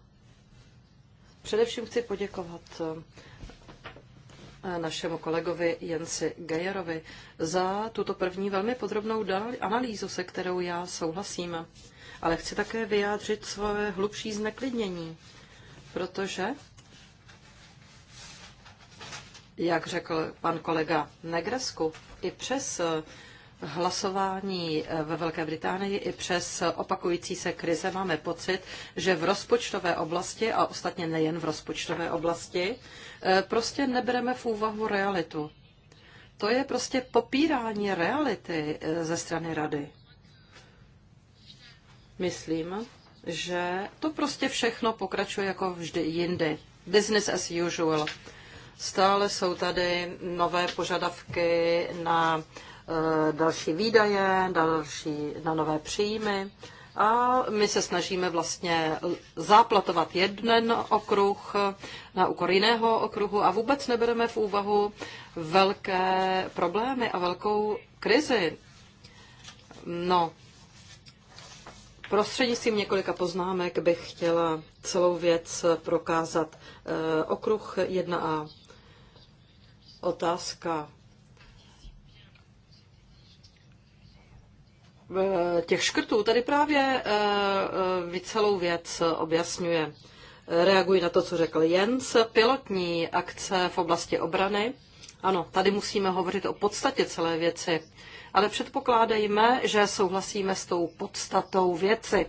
Především chci poděkovat eh, našemu kolegovi Jensi Gejerovi za tuto první velmi podrobnou analýzu, se kterou já souhlasím. Ale chci také vyjádřit své hlubší zneklidnění, protože, jak řekl pan kolega Negresku, i přes eh, hlasování eh, ve Velké Británii i přes opakující se krize máme pocit, že v rozpočtové oblasti, a ostatně nejen v rozpočtové oblasti, eh, prostě nebereme v úvahu realitu. To je prostě popírání reality eh, ze strany rady. Myslím, že to prostě všechno pokračuje jako vždy jindy. Business as usual. Stále jsou tady nové požadavky na uh, Eh, další výdaje, další, na nové příjmy. A my se snažíme vlastně záplatovat jeden okruh na úkor jiného okruhu a vůbec nebereme v úvahu velké problémy a velkou krizi. No, prostřednictvím několika poznámek bych chtěla celou věc prokázat. Eh, okruh 1a. Otázka Eh, těch škrtů tady právě eh, eh, celou věc objasňuje. Reaguji na to, co řekl Jens. Pilotní akce v oblasti obrany. Ano, tady musíme hovořit o podstatě celé věci, ale předpokládejme, že souhlasíme s tou podstatou věci.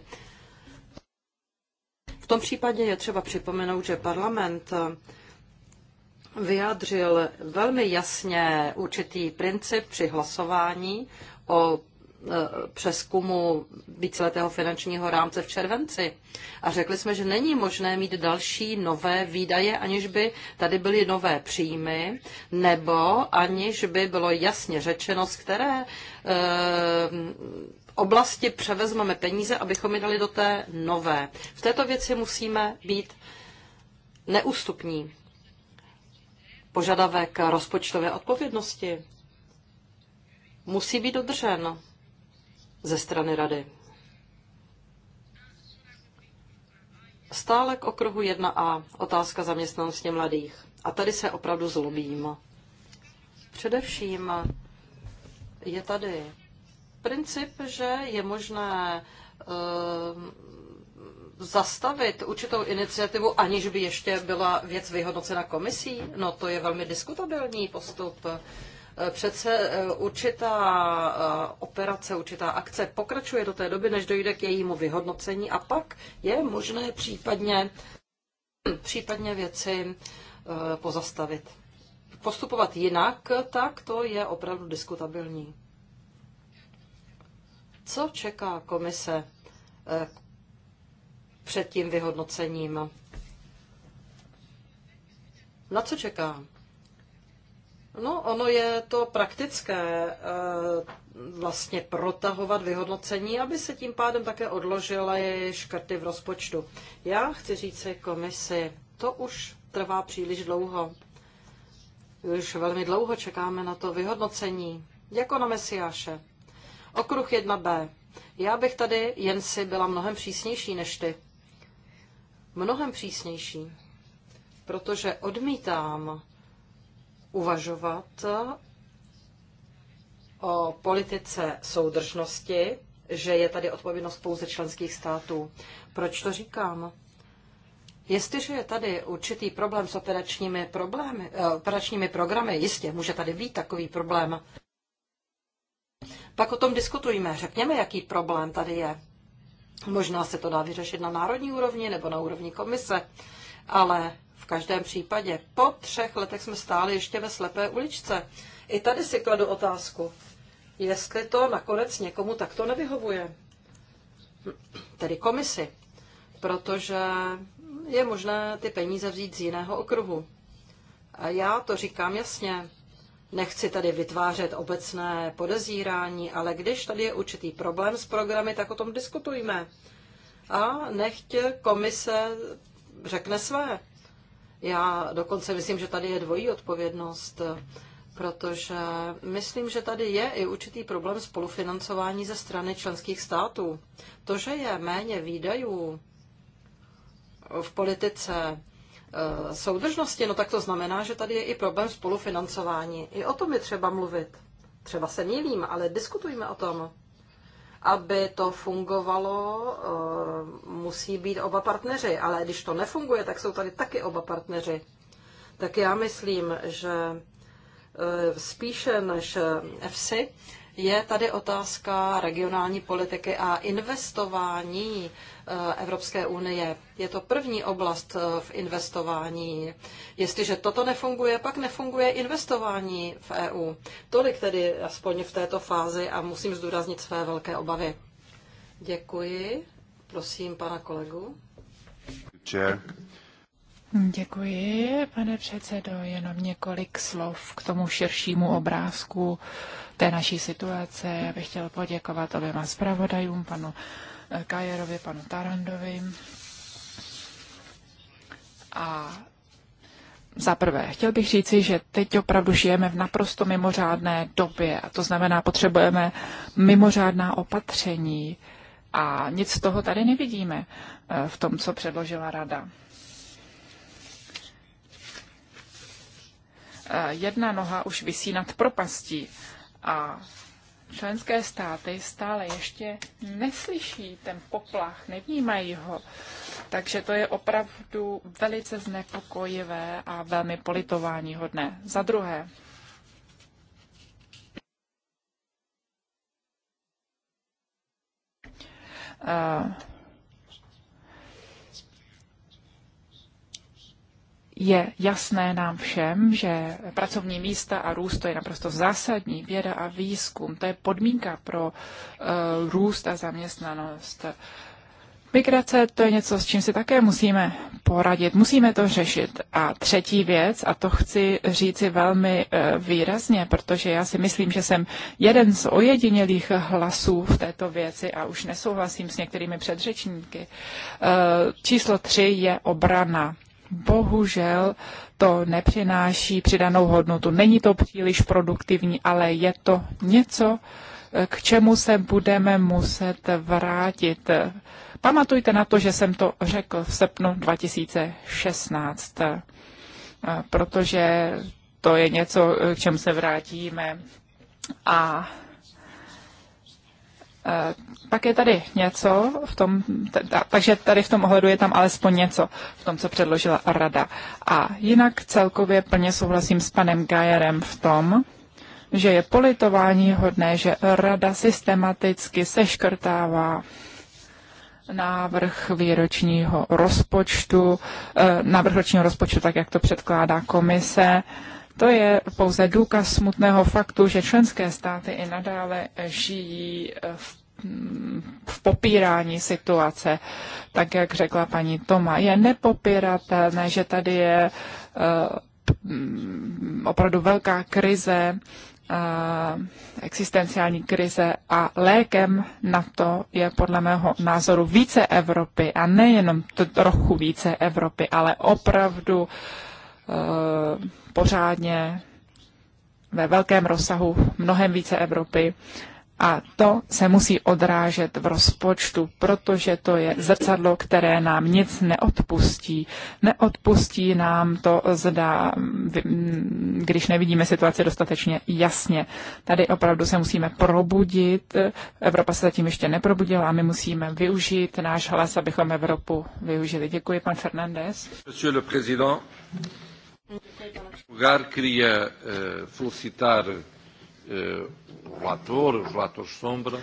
V tom případě je třeba připomenout, že parlament vyjádřil velmi jasně určitý princip při hlasování o Eh, přeskumu víceletého finančního rámce v červenci a řekli jsme, že není možné mít další nové výdaje, aniž by tady byly nové příjmy, nebo aniž by bylo jasně řečeno, z které eh, oblasti převezmeme peníze, abychom je dali do té nové. V této věci musíme být neústupní. Požadavek rozpočtové odpovědnosti musí být dodržen ze strany rady. Stále k okruhu 1a, otázka zaměstnanosti mladých. A tady se opravdu zlobím. Především je tady princip, že je možné eh, zastavit určitou iniciativu, aniž by ještě byla věc vyhodnocena komisí, no to je velmi diskutabilní postup. Eh, přece eh, určitá eh, operace, určitá akce pokračuje do té doby, než dojde k jejímu vyhodnocení a pak je možné případně, případně věci pozastavit. Postupovat jinak, tak to je opravdu diskutabilní. Co čeká komise před tím vyhodnocením? Na co čekám? No, ono je to praktické eh, vlastně protahovat vyhodnocení, aby se tím pádem také odložily škrty v rozpočtu. Já chci říct si komisi, to už trvá příliš dlouho. Už velmi dlouho čekáme na to vyhodnocení, jako na Mesiáše. Okruh 1b. Já bych tady jen si byla mnohem přísnější než ty. Mnohem přísnější. Protože odmítám uvažovat o politice soudržnosti, že je tady odpovědnost pouze členských států. Proč to říkám? Jestliže je tady určitý problém s operačními, problémy, eh, operačními programy, jistě může tady být takový problém, pak o tom diskutujme. Řekněme, jaký problém tady je. Možná se to dá vyřešit na národní úrovni nebo na úrovni komise, ale v každém případě po třech letech jsme stáli ještě ve slepé uličce. I tady si kladu otázku, jestli to nakonec někomu takto nevyhovuje. Tedy komisi. Protože je možné ty peníze vzít z jiného okruhu. A já to říkám jasně. Nechci tady vytvářet obecné podezírání, ale když tady je určitý problém s programy, tak o tom diskutujme. A nechť komise řekne své. Já dokonce myslím, že tady je dvojí odpovědnost, protože myslím, že tady je i určitý problém spolufinancování ze strany členských států. To, že je méně výdajů v politice eh, soudržnosti, no tak to znamená, že tady je i problém spolufinancování. I o tom je třeba mluvit. Třeba se mýlím, ale diskutujme o tom. Aby to fungovalo, eh, musí být oba partneři, ale když to nefunguje, tak jsou tady taky oba partneři. Tak já myslím, že eh, spíše než EFSI je tady otázka regionální politiky a investování eh, Evropské unie. Je to první oblast eh, v investování. Jestliže toto nefunguje, pak nefunguje investování v EU. Tolik tedy aspoň v této fázi a musím zdůraznit své velké obavy. Děkuji. Prosím pana kolegu. Chair. Děkuji, pane předsedo. Jenom několik slov k tomu širšímu obrázku té naší situace. Já bych chtěl poděkovat oběma zpravodajům, panu eh, Kajerovi, panu Tarandovi. A za prvé, chtěl bych říci, že teď opravdu žijeme v naprosto mimořádné době a to znamená, potřebujeme mimořádná opatření a nic z toho tady nevidíme eh, v tom, co předložila rada. E, jedna noha už vysí nad propastí a členské státy stále ještě neslyší ten poplach, nevnímají ho. Takže to je opravdu velice znepokojivé a velmi politování hodné. Za druhé, uh, Je jasné nám všem, že pracovní místa a růst to je naprosto zásadní. Věda a výzkum, to je podmínka pro uh, růst a zaměstnanost. Migrace to je něco, s čím si také musíme poradit, musíme to řešit. A třetí věc, a to chci říci velmi eh, výrazně, protože já si myslím, že jsem jeden z ojedinělých hlasů v této věci a už nesouhlasím s některými předřečníky. Eh, číslo tři je obrana bohužel to nepřináší přidanou hodnotu. Není to příliš produktivní, ale je to něco, k čemu se budeme muset vrátit. Pamatujte na to, že jsem to řekl v srpnu 2016, protože to je něco, k čemu se vrátíme. A Eh, pak je tady něco, v tom, takže tady v tom ohledu je tam alespoň něco v tom, co předložila rada. A jinak celkově plně souhlasím s panem Gajerem v tom, že je politování hodné, že rada systematicky seškrtává návrh výročního rozpočtu, eh, návrh ročního rozpočtu, tak jak to předkládá komise, to je pouze důkaz smutného faktu, že členské státy i nadále žijí eh, v v popírání situace, tak jak řekla paní Toma. Je nepopiratelné, že tady je uh, opravdu velká krize, uh, existenciální krize a lékem na to je podle mého názoru více Evropy a nejenom trochu více Evropy, ale opravdu uh, Eh, pořádně ve velkém rozsahu mnohem více Evropy. A to se musí odrážet v rozpočtu, protože to je zrcadlo, které nám nic neodpustí. Neodpustí nám to, zda, když nevidíme situaci dostatečně jasně. Tady opravdu se musíme probudit. Evropa se zatím ještě neprobudila a my musíme využít náš hlas, abychom Evropu využili. Děkuji, pan Fernandez. Monsieur le président lugar, queria uh, felicitar uh, o relator, os relatores sombra.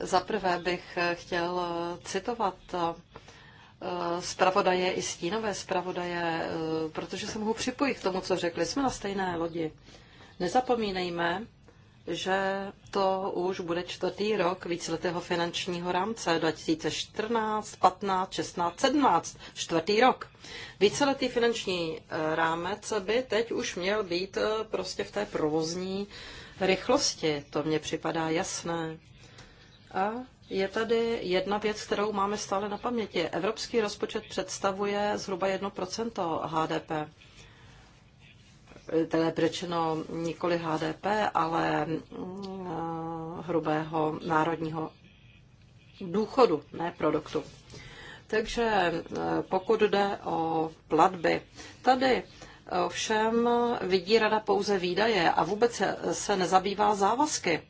Za prvé bych eh, chtěl citovat zpravodaje i stínové zpravodaje, protože se mohu připojit k tomu, co řekli. Jsme na stejné lodi. Nezapomínejme, že to už bude čtvrtý rok víceletého finančního rámce 2014, 15, 16, 17, čtvrtý rok. Víceletý finanční eh, rámec by teď už měl být eh, prostě v té provozní rychlosti. To mně připadá jasné. A je tady jedna věc, kterou máme stále na paměti. Evropský rozpočet představuje zhruba 1% HDP tedy přečeno nikoli HDP, ale eh, hrubého národního důchodu, ne produktu. Takže eh, pokud jde o platby, tady eh, ovšem vidí rada pouze výdaje a vůbec se nezabývá závazky.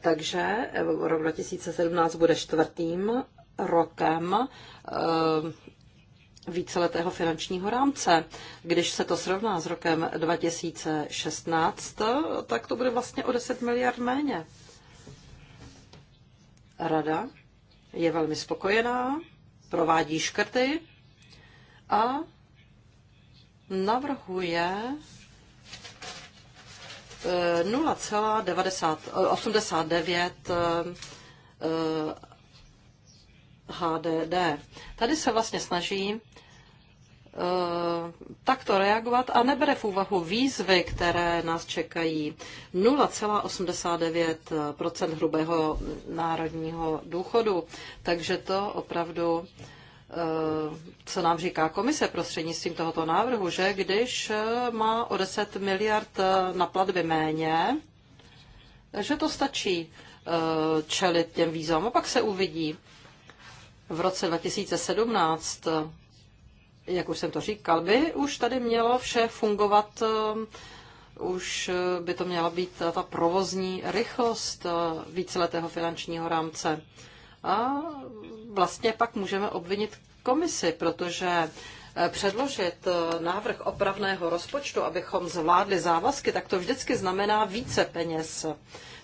Takže rok 2017 bude čtvrtým rokem víceletého finančního rámce. Když se to srovná s rokem 2016, tak to bude vlastně o 10 miliard méně. Rada je velmi spokojená, provádí škrty a navrhuje 0,89 eh, HDD. Tady se vlastně snaží eh, takto reagovat a nebere v úvahu výzvy, které nás čekají. 0,89 hrubého národního důchodu. Takže to opravdu eh, co nám říká komise prostřednictvím tohoto návrhu, že když eh, má o 10 miliard na platby méně, že to stačí čelit těm výzvám. A pak se uvidí, v roce 2017, jak už jsem to říkal, by už tady mělo vše fungovat, eh, už eh, by to měla být ta provozní rychlost eh, víceletého finančního rámce. A vlastně pak můžeme obvinit komisi, protože předložit návrh opravného rozpočtu, abychom zvládli závazky, tak to vždycky znamená více peněz.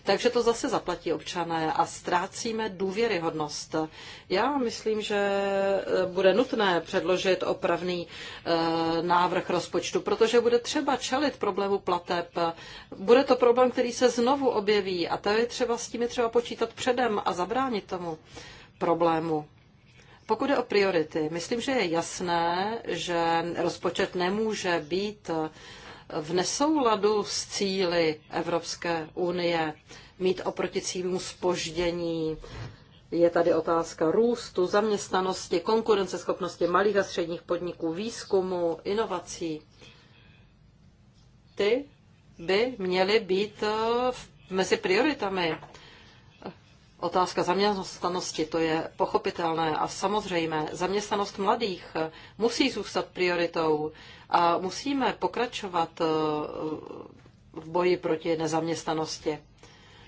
Takže to zase zaplatí občané a ztrácíme důvěryhodnost. Já myslím, že eh, bude nutné předložit opravný eh, návrh rozpočtu, protože bude třeba čelit problému plateb. Bude to problém, který se znovu objeví a to je třeba s tím je třeba počítat předem a zabránit tomu problému. Pokud je o priority, myslím, že je jasné, že rozpočet nemůže být v nesouladu s cíly Evropské unie, mít oproti cílům spoždění. Je tady otázka růstu, zaměstnanosti, konkurenceschopnosti malých a středních podniků, výzkumu, inovací. Ty by měly být eh, mezi prioritami. Otázka zaměstnanosti, to je pochopitelné a samozřejmé. Zaměstnanost mladých eh, musí zůstat prioritou. A musíme pokračovat eh, v boji proti nezaměstnanosti.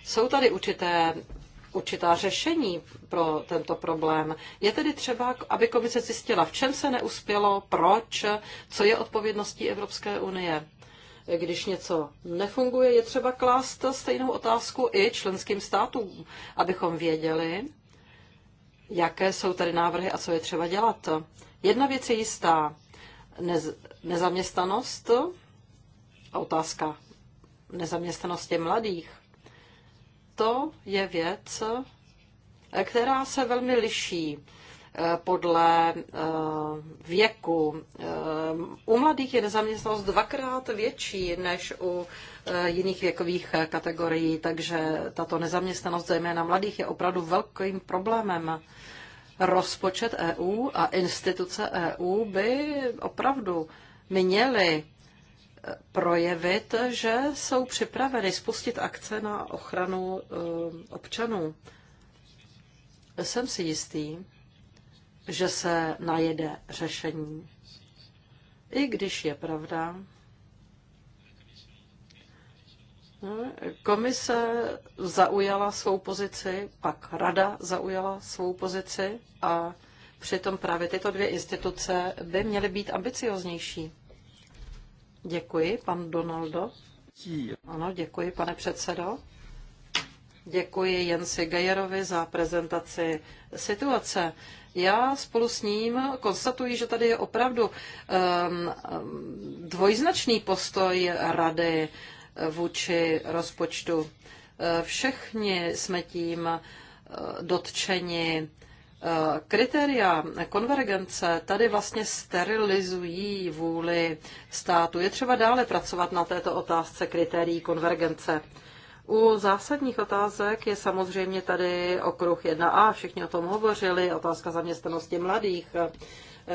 Jsou tady určité určitá řešení pro tento problém. Je tedy třeba, aby komise zjistila, v čem se neuspělo, proč, co je odpovědností Evropské unie. Když něco nefunguje, je třeba klást stejnou otázku i členským státům, abychom věděli, jaké jsou tady návrhy a co je třeba dělat. Jedna věc je jistá. Nez, nezaměstnanost a otázka nezaměstnanosti mladých, to je věc, která se velmi liší eh, podle eh, věku. Eh, u mladých je nezaměstnanost dvakrát větší než u jiných věkových kategorií, takže tato nezaměstnanost zejména mladých je opravdu velkým problémem. Rozpočet EU a instituce EU by opravdu Měli eh, projevit, že jsou připraveny spustit akce na ochranu eh, občanů. Jsem si jistý, že se najede řešení. I když je pravda, Komise zaujala svou pozici, pak rada zaujala svou pozici a přitom právě tyto dvě instituce by měly být ambicioznější. Děkuji, pan Donaldo. Ano, děkuji, pane předsedo. Děkuji Jensi Gejerovi za prezentaci situace. Já spolu s ním konstatuji, že tady je opravdu ehm, ehm, dvojznačný postoj rady eh, vůči rozpočtu. Eh, všichni jsme tím eh, dotčeni Kritéria konvergence tady vlastně sterilizují vůli státu. Je třeba dále pracovat na této otázce kritérií konvergence. U zásadních otázek je samozřejmě tady okruh 1a, všichni o tom hovořili, otázka zaměstnanosti mladých.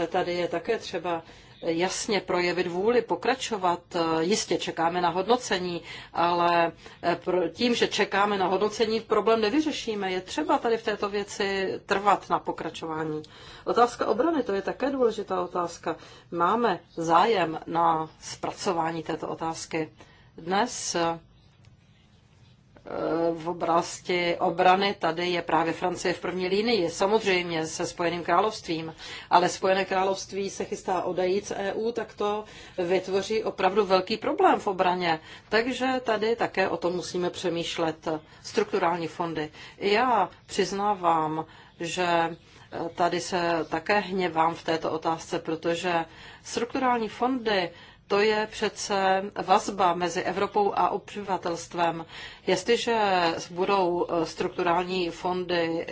Tady je také třeba jasně projevit vůli pokračovat. Jistě čekáme na hodnocení, ale eh, tím, že čekáme na hodnocení, problém nevyřešíme. Je třeba tady v této věci trvat na pokračování. Otázka obrany, to je také důležitá otázka. Máme zájem na zpracování této otázky. Dnes eh, v oblasti obrany tady je právě Francie v první línii, samozřejmě se Spojeným královstvím, ale Spojené království se chystá odejít z EU, tak to vytvoří opravdu velký problém v obraně. Takže tady také o tom musíme přemýšlet. Strukturální fondy. Já přiznávám, že eh, tady se také hněvám v této otázce, protože strukturální fondy to je přece vazba mezi Evropou a obyvatelstvem. Jestliže budou eh, strukturální fondy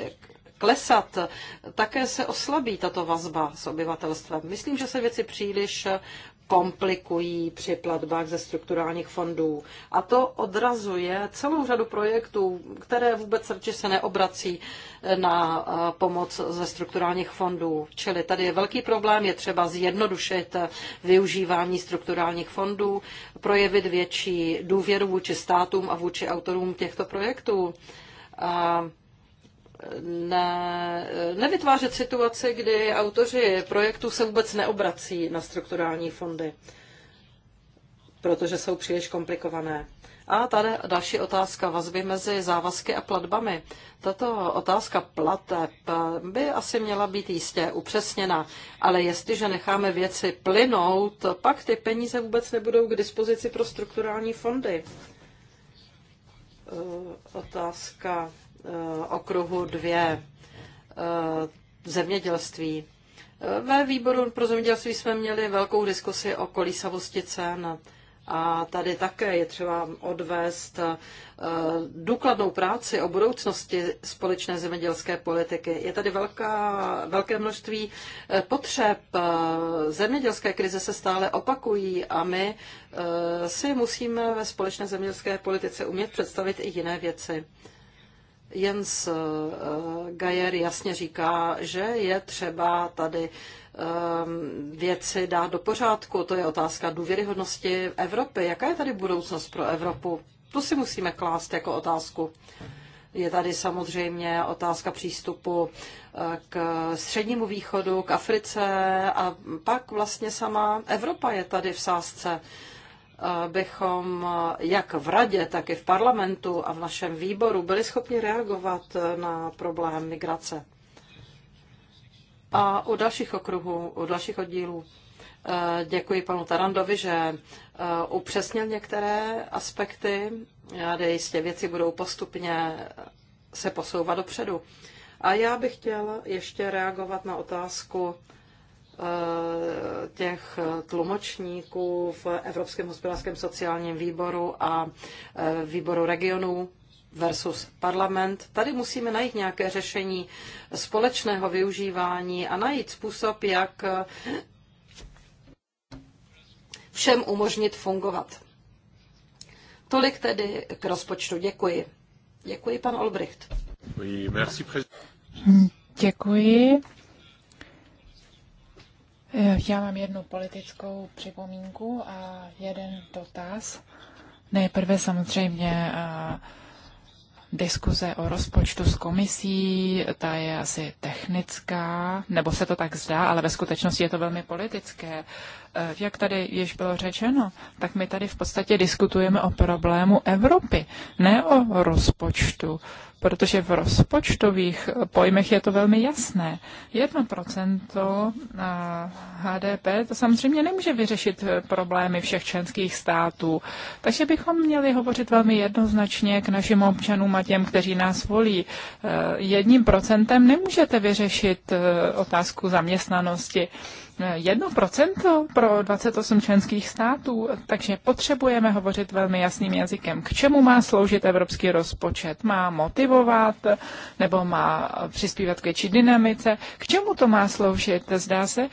klesat, také se oslabí tato vazba s obyvatelstvem. Myslím, že se věci příliš komplikují při platbách ze strukturálních fondů. A to odrazuje celou řadu projektů, které vůbec radši se neobrací eh, na eh, pomoc ze strukturálních fondů. Čili tady je velký problém, je třeba zjednodušit eh, využívání strukturálních fondů, projevit větší důvěru vůči státům a vůči autorům těchto projektů. A ne, nevytvářet situaci, kdy autoři projektu se vůbec neobrací na strukturální fondy, protože jsou příliš komplikované. A tady další otázka vazby mezi závazky a platbami. Tato otázka plateb by asi měla být jistě upřesněna, ale jestliže necháme věci plynout, pak ty peníze vůbec nebudou k dispozici pro strukturální fondy. Otázka Eh, okruhu dvě eh, zemědělství. Eh, ve výboru pro zemědělství jsme měli velkou diskusi o kolísavosti cen. No, a tady také je třeba odvést důkladnou práci o budoucnosti společné zemědělské politiky. Je tady velká, velké množství potřeb. Zemědělské krize se stále opakují a my si musíme ve společné zemědělské politice umět představit i jiné věci. Jens eh, Gajer jasně říká, že je třeba tady eh, věci dát do pořádku. To je otázka důvěryhodnosti Evropy. Jaká je tady budoucnost pro Evropu? To si musíme klást jako otázku. Je tady samozřejmě otázka přístupu eh, k střednímu východu, k Africe a pak vlastně sama Evropa je tady v sázce bychom jak v radě, tak i v parlamentu a v našem výboru byli schopni reagovat na problém migrace. A u dalších okruhů, u dalších oddílů eh, děkuji panu Tarandovi, že eh, upřesnil některé aspekty, kde jistě věci budou postupně se posouvat dopředu. A já bych chtěl ještě reagovat na otázku Eh, těch tlumočníků v Evropském hospodářském sociálním výboru a eh, výboru regionů versus parlament. Tady musíme najít nějaké řešení společného využívání a najít způsob, jak eh, všem umožnit fungovat. Tolik tedy k rozpočtu. Děkuji. Děkuji, pan Olbricht. Děkuji. Já mám jednu politickou připomínku a jeden dotaz. Nejprve samozřejmě diskuze o rozpočtu s komisí, ta je asi technická, nebo se to tak zdá, ale ve skutečnosti je to velmi politické. Eh, jak tady již bylo řečeno, tak my tady v podstatě diskutujeme o problému Evropy, ne o rozpočtu, protože v rozpočtových pojmech je to velmi jasné. 1% eh, HDP to samozřejmě nemůže vyřešit eh, problémy všech členských států, takže bychom měli hovořit velmi jednoznačně k našim občanům a těm, kteří nás volí. Jedním procentem nemůžete vyřešit otázku zaměstnanosti. 1% pro 28 členských států, takže potřebujeme hovořit velmi jasným jazykem. K čemu má sloužit evropský rozpočet? Má motivovat nebo má přispívat k větší dynamice? K čemu to má sloužit? Zdá se,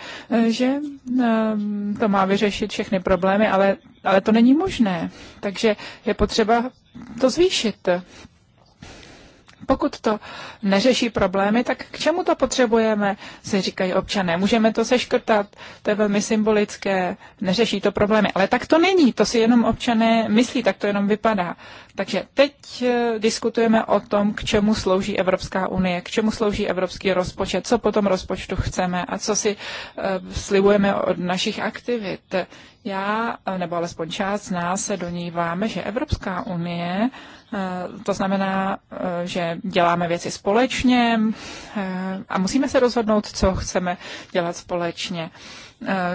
že ehm, to má vyřešit všechny problémy, ale, ale to není možné. Takže je potřeba to zvýšit. Pokud to neřeší problémy, tak k čemu to potřebujeme, si říkají občané. Můžeme to seškrtat, to je velmi symbolické, neřeší to problémy. Ale tak to není, to si jenom občané myslí, tak to jenom vypadá. Takže teď eh, diskutujeme o tom, k čemu slouží Evropská unie, k čemu slouží evropský rozpočet, co po tom rozpočtu chceme a co si eh, slibujeme od našich aktivit. Já, eh, nebo alespoň část z nás se doníváme, že Evropská unie, eh, to znamená, eh, že děláme věci společně a musíme se rozhodnout, co chceme dělat společně.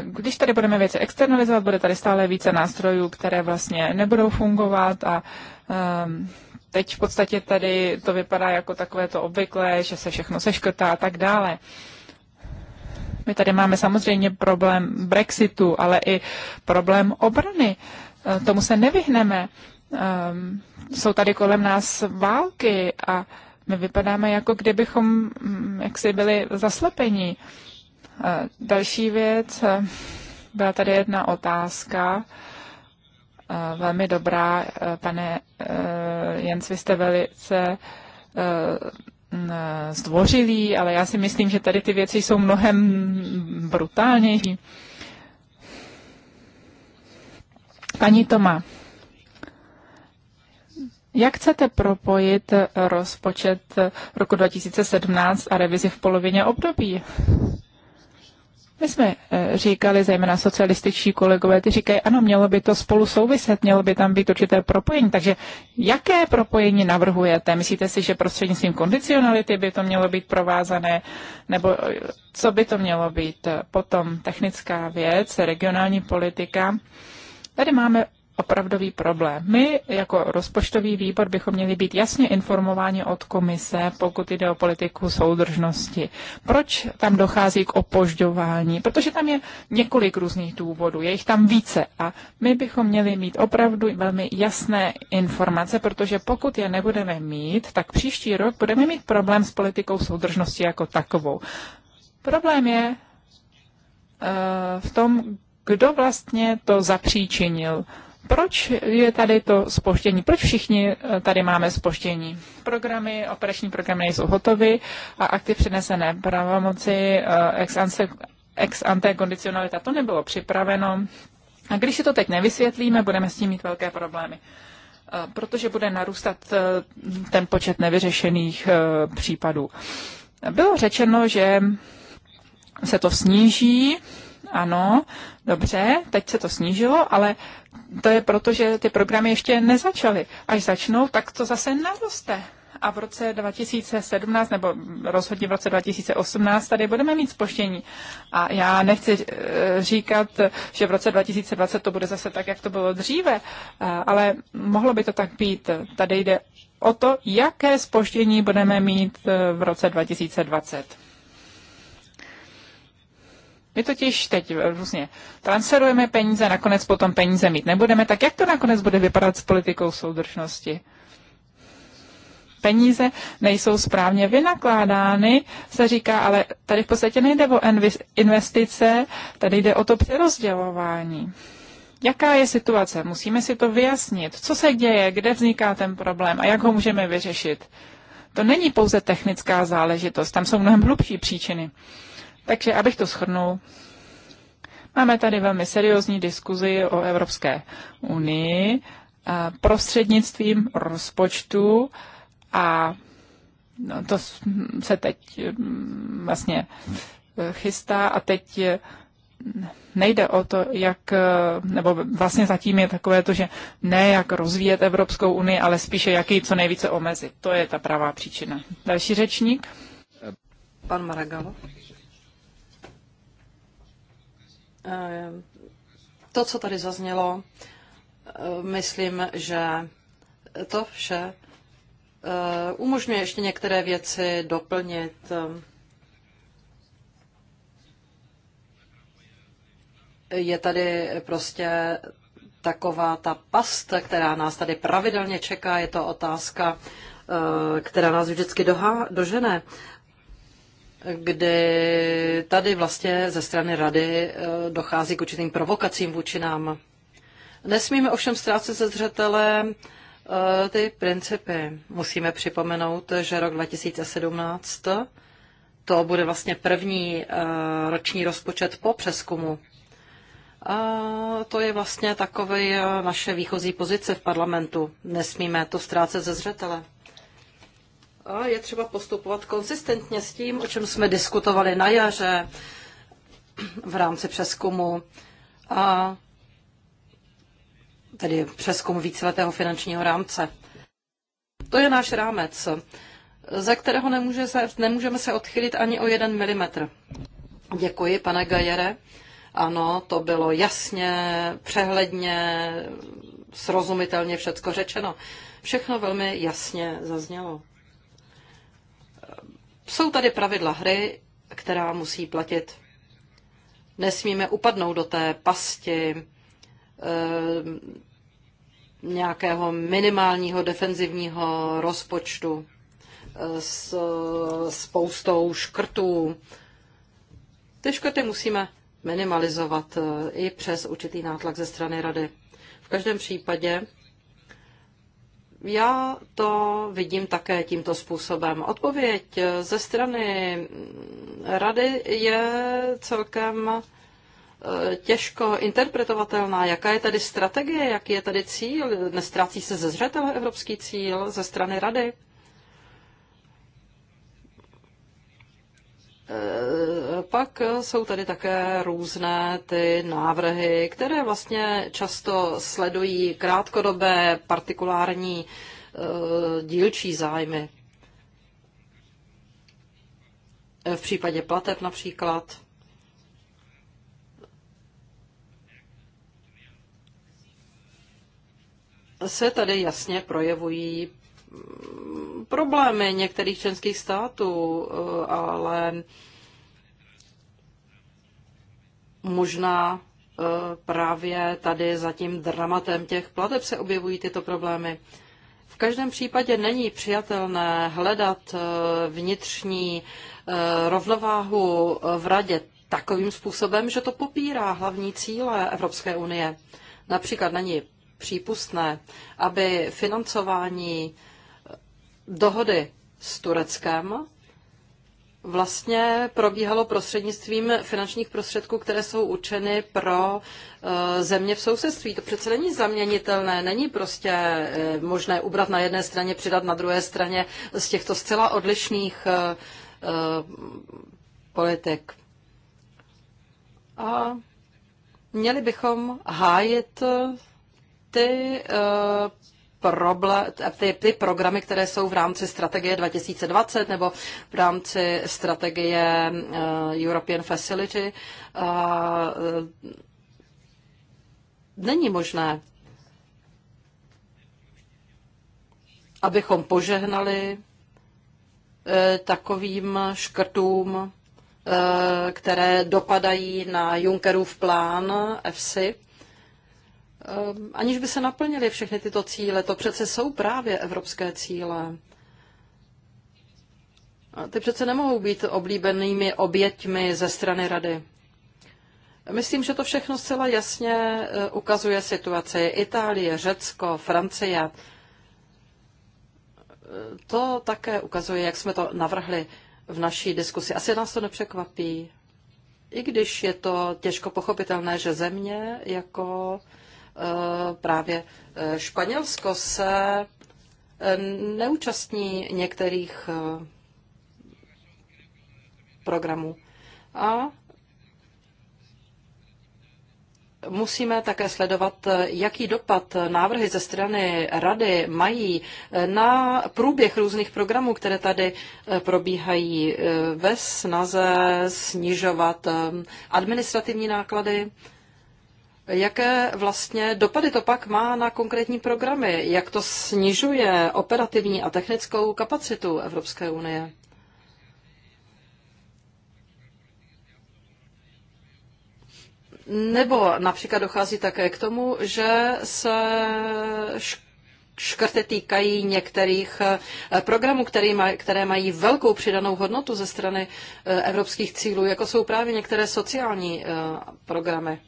Když tady budeme věci externalizovat, bude tady stále více nástrojů, které vlastně nebudou fungovat a ehm, teď v podstatě tady to vypadá jako takové to obvyklé, že se všechno seškrtá a tak dále. My tady máme samozřejmě problém Brexitu, ale i problém obrany. Eh, tomu se nevyhneme. Ehm, jsou tady kolem nás války a my vypadáme jako kdybychom mm, jaksi byli zaslepení. Eh, další věc, eh, byla tady jedna otázka, velmi dobrá, pane Jens, vy jste velice Mm, zdvořilý, ale já si myslím, že tady ty věci jsou mnohem brutálnější. Paní Toma, jak chcete propojit rozpočet roku 2017 a revizi v polovině období? My jsme eh, říkali, zejména socialističtí kolegové, ty říkají, ano, mělo by to spolu souviset, mělo by tam být určité propojení. Takže jaké propojení navrhujete? Myslíte si, že prostřednictvím kondicionality by to mělo být provázané? Nebo eh, co by to mělo být? Potom technická věc, regionální politika. Tady máme opravdový problém. My jako rozpočtový výbor bychom měli být jasně informováni od komise, pokud jde o politiku soudržnosti. Proč tam dochází k opožďování? Protože tam je několik různých důvodů, je jich tam více a my bychom měli mít opravdu velmi jasné informace, protože pokud je nebudeme mít, tak příští rok budeme mít problém s politikou soudržnosti jako takovou. Problém je uh, v tom, kdo vlastně to zapříčinil. Proč je tady to spoštění? Proč všichni eh, tady máme spoštění? Programy, operační programy nejsou hotovy a akty přenesené pravomoci eh, ex ante, ex ante kondicionalita, to nebylo připraveno. A když si to teď nevysvětlíme, budeme s tím mít velké problémy eh, protože bude narůstat ten počet nevyřešených případů. Bylo řečeno, že se to sníží, ano, dobře, teď se to snížilo, ale to je proto, že ty programy ještě nezačaly. Až začnou, tak to zase naroste. A v roce 2017, nebo rozhodně v roce 2018, tady budeme mít spoštění. A já nechci eh, říkat, že v roce 2020 to bude zase tak, jak to bylo dříve, eh, ale mohlo by to tak být. Tady jde o to, jaké spoždění budeme mít eh, v roce 2020. My totiž teď různě transferujeme peníze, nakonec potom peníze mít nebudeme, tak jak to nakonec bude vypadat s politikou soudržnosti? Peníze nejsou správně vynakládány, se říká, ale tady v podstatě nejde o investice, tady jde o to přerozdělování. Jaká je situace? Musíme si to vyjasnit. Co se děje, kde vzniká ten problém a jak ho můžeme vyřešit? To není pouze technická záležitost, tam jsou mnohem hlubší příčiny. Takže abych to shrnul, máme tady velmi seriózní diskuzi o Evropské unii prostřednictvím rozpočtu a no, to se teď mm, vlastně e, chystá a teď e, nejde o to, jak, e, nebo vlastně zatím je takové to, že ne jak rozvíjet Evropskou unii, ale spíše jak ji co nejvíce omezit. To je ta pravá příčina. Další řečník. Pan Maragalo. Eh, to, co tady zaznělo, eh, myslím, že to vše eh, umožňuje ještě některé věci doplnit. Je tady prostě taková ta past, která nás tady pravidelně čeká. Je to otázka, která nás vždycky doha, dožene kdy tady vlastně ze strany rady e, dochází k určitým provokacím vůči nám. Nesmíme ovšem ztrácet ze zřetele e, ty principy. Musíme připomenout, že rok 2017 to bude vlastně první e, roční rozpočet po přeskumu. A to je vlastně takové naše výchozí pozice v parlamentu. Nesmíme to ztrácet ze zřetele. A je třeba postupovat konsistentně s tím, o čem jsme diskutovali na jaře v rámci přeskumu a tedy přeskum víceletého finančního rámce. To je náš rámec, ze kterého nemůže se, nemůžeme se odchylit ani o jeden milimetr. Děkuji, pane Gajere. Ano, to bylo jasně, přehledně, srozumitelně všecko řečeno. Všechno velmi jasně zaznělo. Jsou tady pravidla hry, která musí platit. Nesmíme upadnout do té pasti e, nějakého minimálního defenzivního rozpočtu eh, s spoustou škrtů. Ty škrty musíme minimalizovat eh, i přes určitý nátlak ze strany rady. V každém případě já to vidím také tímto způsobem. Odpověď ze strany rady je celkem eh, těžko interpretovatelná. Jaká je tady strategie, jaký je tady cíl? Nestrácí se ze zřetele evropský cíl ze strany rady? Eh, pak jsou tady také různé ty návrhy, které vlastně často sledují krátkodobé partikulární eh, dílčí zájmy. V případě plateb například. se tady jasně projevují problémy některých členských států, eh, ale možná eh, právě tady za tím dramatem těch plateb se objevují tyto problémy. V každém případě není přijatelné hledat eh, vnitřní rovnováhu v radě takovým způsobem, že to popírá hlavní cíle Evropské unie. Například není přípustné, aby financování dohody s Tureckem vlastně probíhalo prostřednictvím finančních prostředků, které jsou určeny pro eh, země v sousedství. To přece není zaměnitelné, není prostě eh, možné ubrat na jedné straně, přidat na druhé straně z těchto zcela odlišných eh, politik. A měli bychom hájit ty problém, ty, ty programy, které jsou v rámci strategie 2020 nebo v rámci strategie uh, European Facility, uh, není možné, abychom požehnali eh, takovým škrtům, které dopadají na Junckerův plán EFSI Ehm, aniž by se naplnily všechny tyto cíle. To přece jsou právě evropské cíle. Ty přece nemohou být oblíbenými oběťmi ze strany rady. Myslím, že to všechno zcela jasně eh, ukazuje situaci. Itálie, Řecko, Francie. Eh, to také ukazuje, jak jsme to navrhli v naší diskusi. Asi nás to nepřekvapí. I když je to těžko pochopitelné, že země jako Eh, právě eh, Španělsko se eh, neúčastní některých programů. A musíme také sledovat, jaký dopad návrhy ze strany rady mají na průběh různých programů, které tady probíhají ve snaze snižovat administrativní náklady Jaké vlastně dopady to pak má na konkrétní programy? Jak to snižuje operativní a technickou kapacitu Evropské unie? Nebo například dochází také k tomu, že se škrty týkají některých eh, programů, které, maj, které mají velkou přidanou hodnotu ze strany eh, evropských cílů, jako jsou právě některé sociální eh, programy.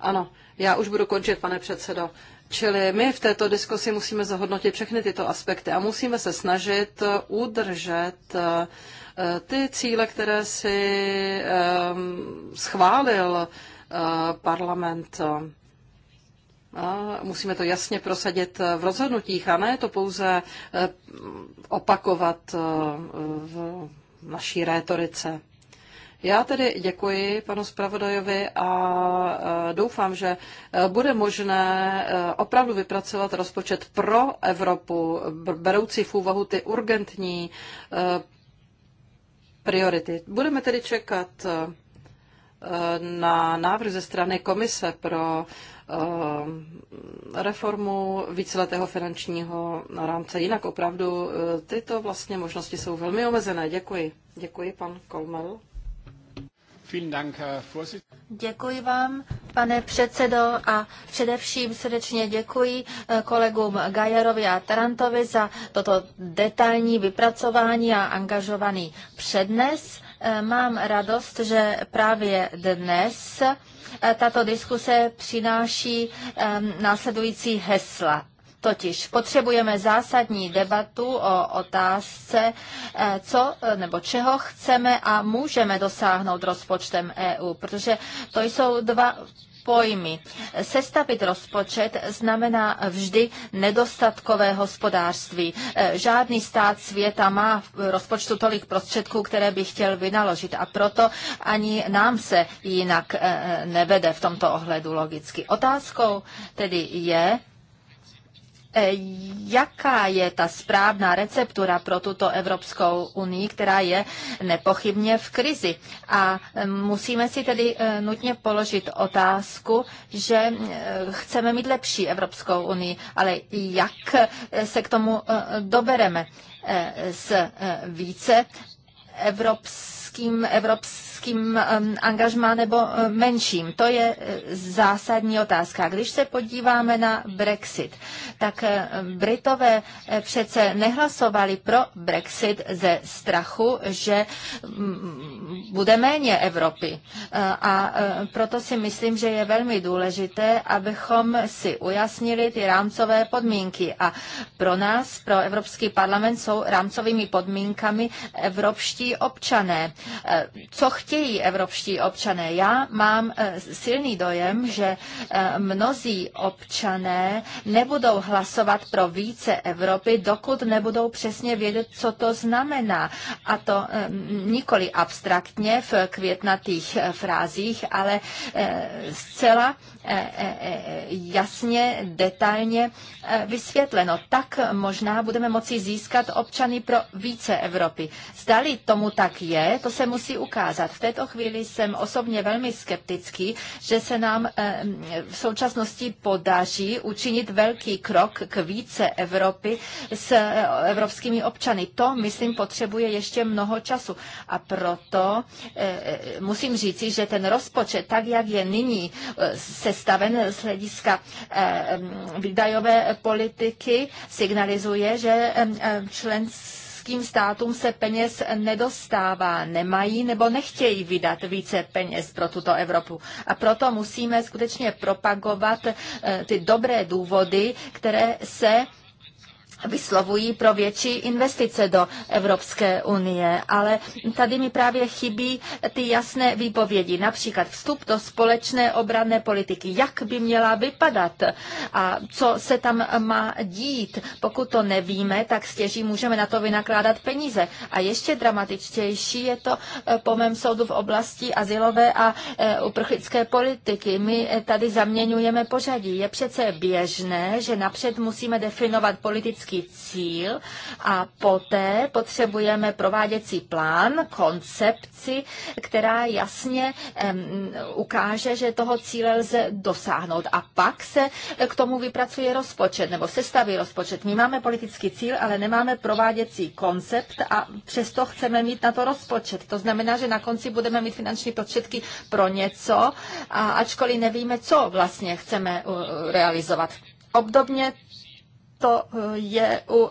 Ano, já už budu končit, pane předsedo. Čili my v této diskusi musíme zahodnotit všechny tyto aspekty a musíme se snažit udržet eh, ty cíle, které si ehm, schválil eh, parlament. A musíme to jasně prosadit eh, v rozhodnutích a ne to pouze opakovat v naší rétorice. Já tedy děkuji panu zpravodajovi a e, doufám, že e, bude možné e, opravdu vypracovat rozpočet pro Evropu, beroucí v úvahu ty urgentní priority. Budeme tedy čekat na návrh ze strany Komise pro reformu víceletého finančního rámce. Jinak opravdu tyto vlastně možnosti jsou velmi omezené. Děkuji. Děkuji, pan Kolmel. Děkuji vám, pane předsedo, a především srdečně děkuji eh, kolegům Gajerovi a Tarantovi za toto detailní vypracování a angažovaný přednes. Eh, mám radost, že právě dnes eh, tato diskuse přináší následující hesla. Totiž potřebujeme zásadní debatu o otázce, eh, co eh, nebo čeho chceme a můžeme dosáhnout rozpočtem EU, protože to jsou dva pojmy. Sestavit rozpočet znamená vždy nedostatkové hospodářství. Eh, žádný stát světa má v rozpočtu tolik prostředků, které by chtěl vynaložit a proto ani nám se jinak nevede v tomto ohledu logicky. Otázkou tedy je, jaká je ta správná receptura pro tuto Evropskou unii, která je nepochybně v krizi. A eh, musíme si tedy eh, nutně položit otázku, že eh, chceme mít lepší Evropskou unii, ale jak se k tomu dobereme s více evropskou obrovským evropským angažmá nebo menším? To je eh, zásadní otázka. Když se podíváme na Brexit, tak eh, Britové eh, přece nehlasovali pro Brexit ze strachu, že mm, bude méně Evropy. A proto si myslím, že je velmi důležité, abychom si ujasnili ty rámcové podmínky. A pro nás, pro Evropský parlament, jsou rámcovými podmínkami evropští občané. Eh, co chtějí evropští občané. Já mám eh, silný dojem, že eh, mnozí občané nebudou hlasovat pro více Evropy, dokud nebudou přesně vědět, co to znamená. A to nikoli abstraktně v květnatých frázích, ale zcela Eh, eh, eh, jasně, detailně vysvětleno. Tak možná budeme moci získat občany pro více Evropy. Zdali tomu tak je, to se musí ukázat. V této chvíli jsem osobně velmi skeptický, že se nám v současnosti podaří učinit velký krok k více Evropy s evropskými občany. To, myslím, potřebuje ještě mnoho času. A proto musím říci, že ten rozpočet, tak jak je nyní, se sestaven z hlediska eh, výdajové politiky, signalizuje, že členství eh, členským státům se peněz nedostává, nemají nebo nechtějí vydat více peněz pro tuto Evropu. A proto musíme skutečně propagovat eh, ty dobré důvody, které se vyslovují pro větší investice do Evropské unie, ale tady mi právě chybí ty jasné výpovědi, například vstup do společné obranné politiky, jak by měla vypadat a co se tam má dít. Pokud to nevíme, tak stěží můžeme na to vynakládat peníze. A ještě dramatičtější je to eh, po mém soudu v oblasti asilové a eh, uprchlické politiky. My eh, tady zaměňujeme pořadí. Je přece běžné, že napřed musíme definovat politický politický cíl a poté potřebujeme prováděcí plán, koncepci, která jasně ukáže, že toho cíle lze dosáhnout. A pak se k tomu vypracuje rozpočet nebo sestaví rozpočet. My máme politický cíl, ale nemáme prováděcí koncept a přesto chceme mít na to rozpočet. To znamená, že na konci budeme mít finanční prostředky pro něco, a ačkoliv nevíme, co vlastně chceme realizovat. Obdobně to eh, je u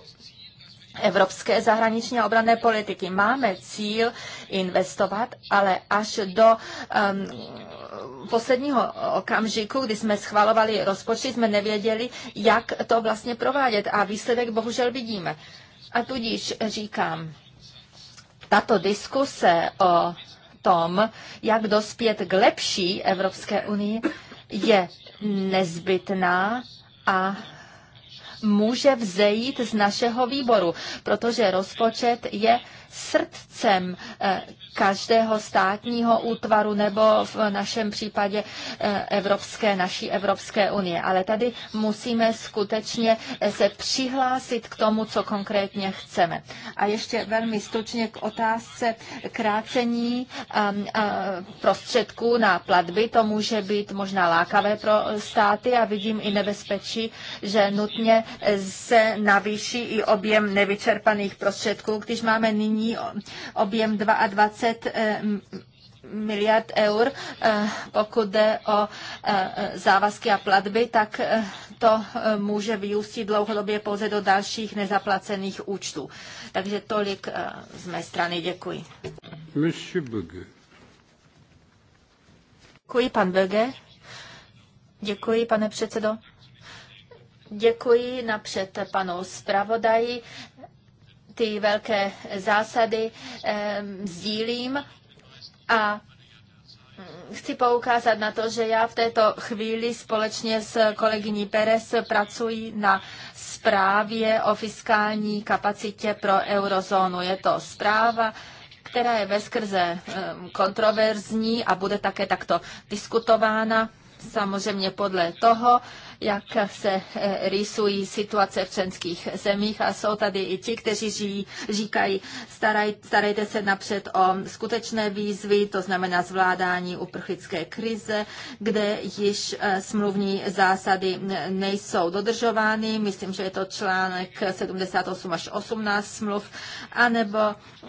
evropské zahraniční a obranné politiky. Máme cíl investovat, ale až do um, posledního okamžiku, kdy jsme schvalovali rozpočty, jsme nevěděli, jak to vlastně provádět a výsledek bohužel vidíme. A tudíž říkám, tato diskuse o tom, jak dospět k lepší Evropské unii, je nezbytná a může vzejít z našeho výboru, protože rozpočet je srdcem eh, každého státního útvaru nebo v našem případě eh, Evropské, naší Evropské unie. Ale tady musíme skutečně se přihlásit k tomu, co konkrétně chceme. A ještě velmi stručně k otázce krácení ehm, eh, prostředků na platby. To může být možná lákavé pro státy a vidím i nebezpečí, že nutně se navýší i objem nevyčerpaných prostředků, když máme nyní nyní objem 22 eh, miliard eur, eh, pokud jde o eh, závazky a platby, tak to může vyústit dlouhodobě pouze do dalších nezaplacených účtů. Takže tolik z mé strany. Děkuji. Monsieur Děkuji, pan Böge. Děkuji, pane předsedo. Děkuji napřed panu zpravodaji ty velké zásady ehm, sdílím a chci poukázat na to, že já v této chvíli společně s kolegyní Perez pracuji na zprávě o fiskální kapacitě pro eurozónu. Je to zpráva, která je veskrze ehm, kontroverzní a bude také takto diskutována, samozřejmě podle toho, jak se eh, rýsují situace v členských zemích a jsou tady i ti, kteří žijí, říkají, staraj, starejte se napřed o skutečné výzvy, to znamená zvládání uprchlické krize, kde již eh, smluvní zásady nejsou dodržovány, myslím, že je to článek 78 až 18 smluv, anebo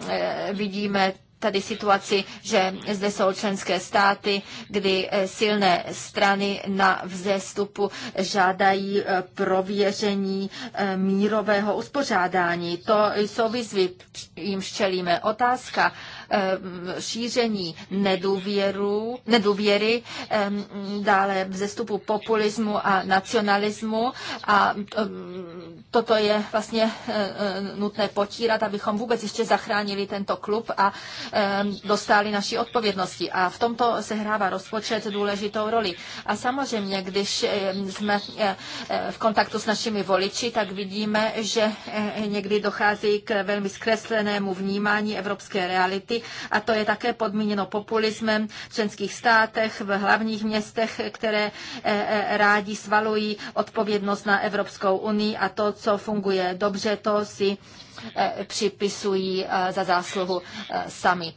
eh, vidíme tady situaci, že zde jsou členské státy, kdy eh, silné strany na vzestupu žádají eh, prověření eh, mírového uspořádání. To jsou výzvy, jim čelíme. Otázka Eh, šíření nedůvěru, nedůvěry, eh, dále vzestupu populismu a nacionalismu a eh, toto je vlastně nutné potírat, abychom vůbec ještě zachránili tento klub a dostali naší odpovědnosti. A v tomto se hrává rozpočet důležitou roli. A samozřejmě, když jsme v kontaktu s našimi voliči, tak vidíme, že někdy dochází k velmi zkreslenému vnímání evropské reality státy a to je také podmíněno populismem v členských státech, v hlavních městech, které eh, eh, rádi svalují odpovědnost na Evropskou unii a to, co funguje dobře, to si eh, připisují za zásluhu sami.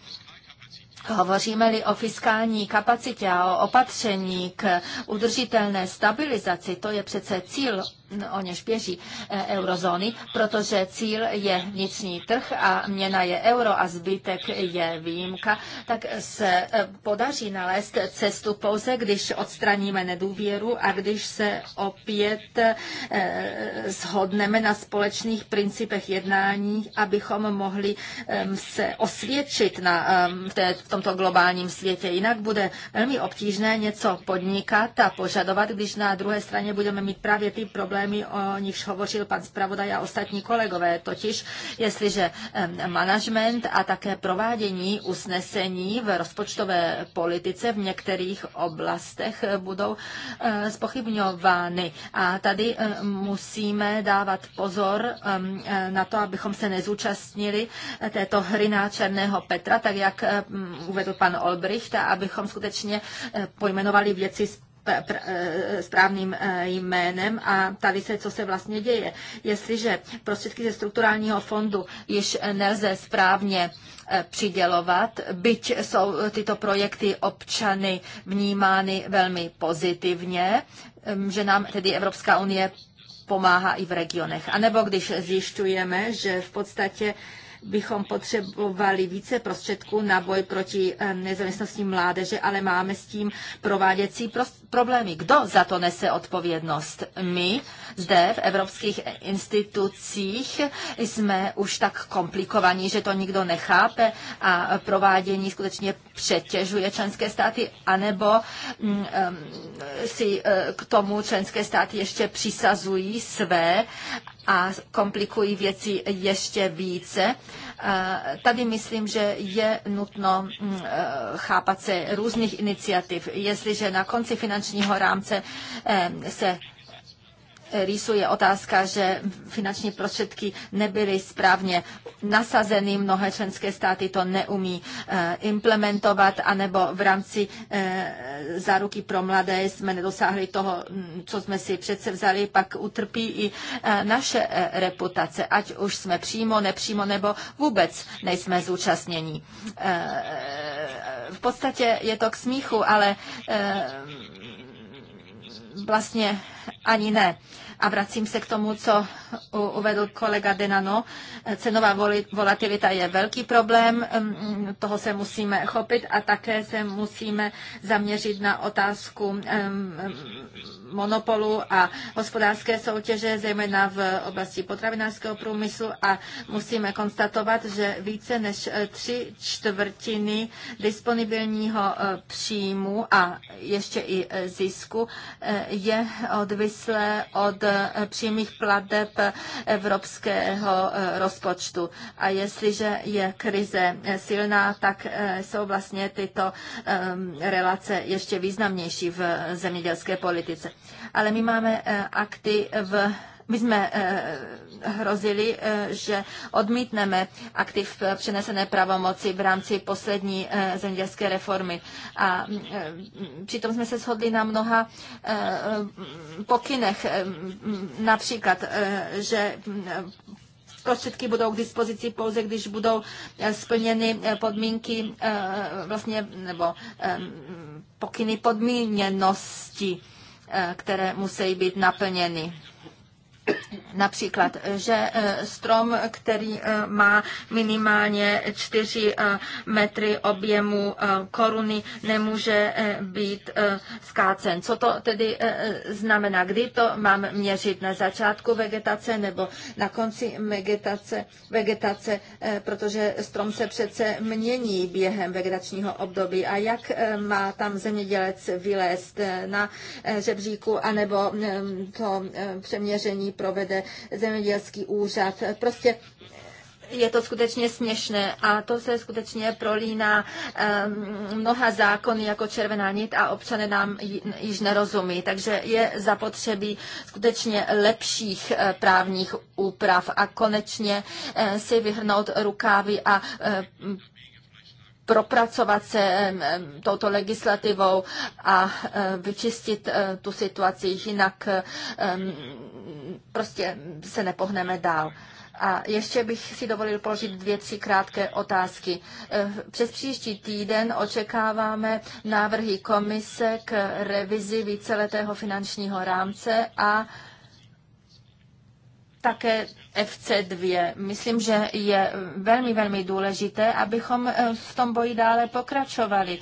Hovoříme-li o fiskální kapacitě a o opatření k udržitelné stabilizaci, to je přece cíl No, o něž běží eh, eurozóny, protože cíl je vnitřní trh a měna je euro a zbytek je výjimka, tak se eh, podaří nalézt cestu pouze, když odstraníme nedůvěru a když se opět eh, shodneme na společných principech jednání, abychom mohli ehm, se osvědčit na, ehm, v, té, v tomto globálním světě. Jinak bude velmi obtížné něco podnikat a požadovat, když na druhé straně budeme mít právě ty problémy, problémy, o nichž hovořil pan zpravodaj a ostatní kolegové. Totiž, jestliže management a také provádění usnesení v rozpočtové politice v některých oblastech budou eh, spochybňovány. A tady eh, musíme dávat pozor eh, na to, abychom se nezúčastnili této hry na Černého Petra, tak jak uvedl pan Olbricht, a abychom skutečně pojmenovali věci Eh, správným eh, jménem a tady se, co se vlastně děje. Jestliže prostředky ze strukturálního fondu již nelze správně eh, přidělovat, byť jsou tyto projekty občany vnímány velmi pozitivně, že nám tedy Evropská unie pomáhá i v regionech. A nebo když zjišťujeme, že v podstatě bychom potřebovali více prostředků na boj proti nezaměstnanosti mládeže, ale máme s tím prováděcí problémy. Kdo za to nese odpovědnost? My zde v evropských institucích jsme už tak komplikovaní, že to nikdo nechápe a provádění skutečně přetěžuje členské státy, anebo mm, si e, k tomu členské státy ještě přisazují své a komplikují věci ještě více Tady myslím, že je nutno mm, eh, chápat se různých iniciativ. Jestliže na konci finančního rámce eh, se rýsuje otázka, že finanční prostředky nebyly správně nasazeny. Mnohé členské státy to neumí eh, implementovat, anebo v rámci eh, záruky pro mladé jsme nedosáhli toho, mm, co jsme si přece vzali, pak utrpí i eh, naše reputace, ať už jsme přímo, nepřímo, nebo vůbec nejsme zúčastnění. V podstatě je to k smíchu, ale vlastně ani ne. A vracím se k tomu, co uvedl kolega Denano. Cenová volatilita je velký problém, mm, toho se musíme chopit a také se musíme zaměřit na otázku mm, monopolu a hospodářské soutěže, zejména v oblasti potravinářského průmyslu a musíme konstatovat, že více než eh, tři čtvrtiny disponibilního eh, příjmu a ještě i eh, zisku je odvislé od přímých plateb evropského eh, rozpočtu. A jestliže je krize silná, tak eh, jsou vlastně tyto ehm, relace ještě významnější v eh, zemědělské politice. Ale my máme akty v my jsme eh, hrozili, eh, že odmítneme aktiv eh, přenesené pravomoci v rámci poslední zemědělské reformy. A přitom jsme se shodli na mnoha pokynech, například, že prostředky budou k dispozici pouze, když budou splněny podmínky vlastně, nebo pokyny podmíněnosti, které musí být naplněny. Například, že eh, strom, který eh, má minimálně 4 eh, metry objemu koruny, nemůže být skácen. Co to tedy znamená? Kdy to mám měřit? Na začátku vegetace nebo na konci vegetace, vegetace protože strom se přece mění během vegetačního období. A jak má tam zemědělec vylézt na žebříku anebo to přeměření provede zemědělský úřad. Prostě je to skutečně směšné a to se skutečně prolíná mnoha zákony jako červená nit a občané nám již nerozumí. Takže je zapotřebí skutečně lepších eh, právních úprav a konečně eh, si vyhrnout rukávy a eh, propracovat se touto legislativou a eh, vyčistit eh, tu situaci, jinak prostě se nepohneme dál. A ještě bych si dovolil položit dvě, tři krátké otázky. Eh, přes příští týden očekáváme návrhy komise k revizi víceletého finančního rámce a také FC2. Myslím, že je velmi, velmi důležité, abychom eh, v tom boji dále pokračovali.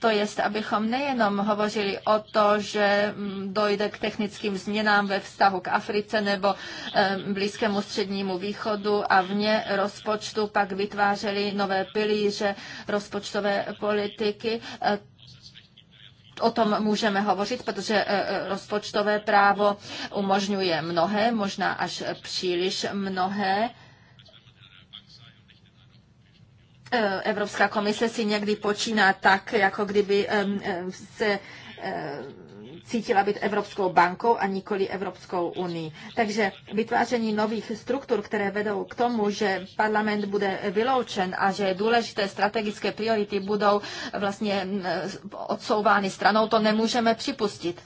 To jest, abychom nejenom hovořili o to, že mm, dojde k technickým změnám ve vztahu k Africe nebo eh, Blízkému střednímu východu a vně rozpočtu pak vytvářeli nové pilíře rozpočtové politiky. Eh, o tom můžeme hovořit, protože eh, eh, rozpočtové právo umožňuje mnohé, možná až příliš mnohé. Eh, Evropská komise si někdy počíná tak, jako kdyby se cítila být Evropskou bankou a nikoli Evropskou unii. Takže vytváření nových struktur, které vedou k tomu, že parlament bude vyloučen a že důležité strategické priority budou vlastně mm, odsouvány stranou, to nemůžeme připustit.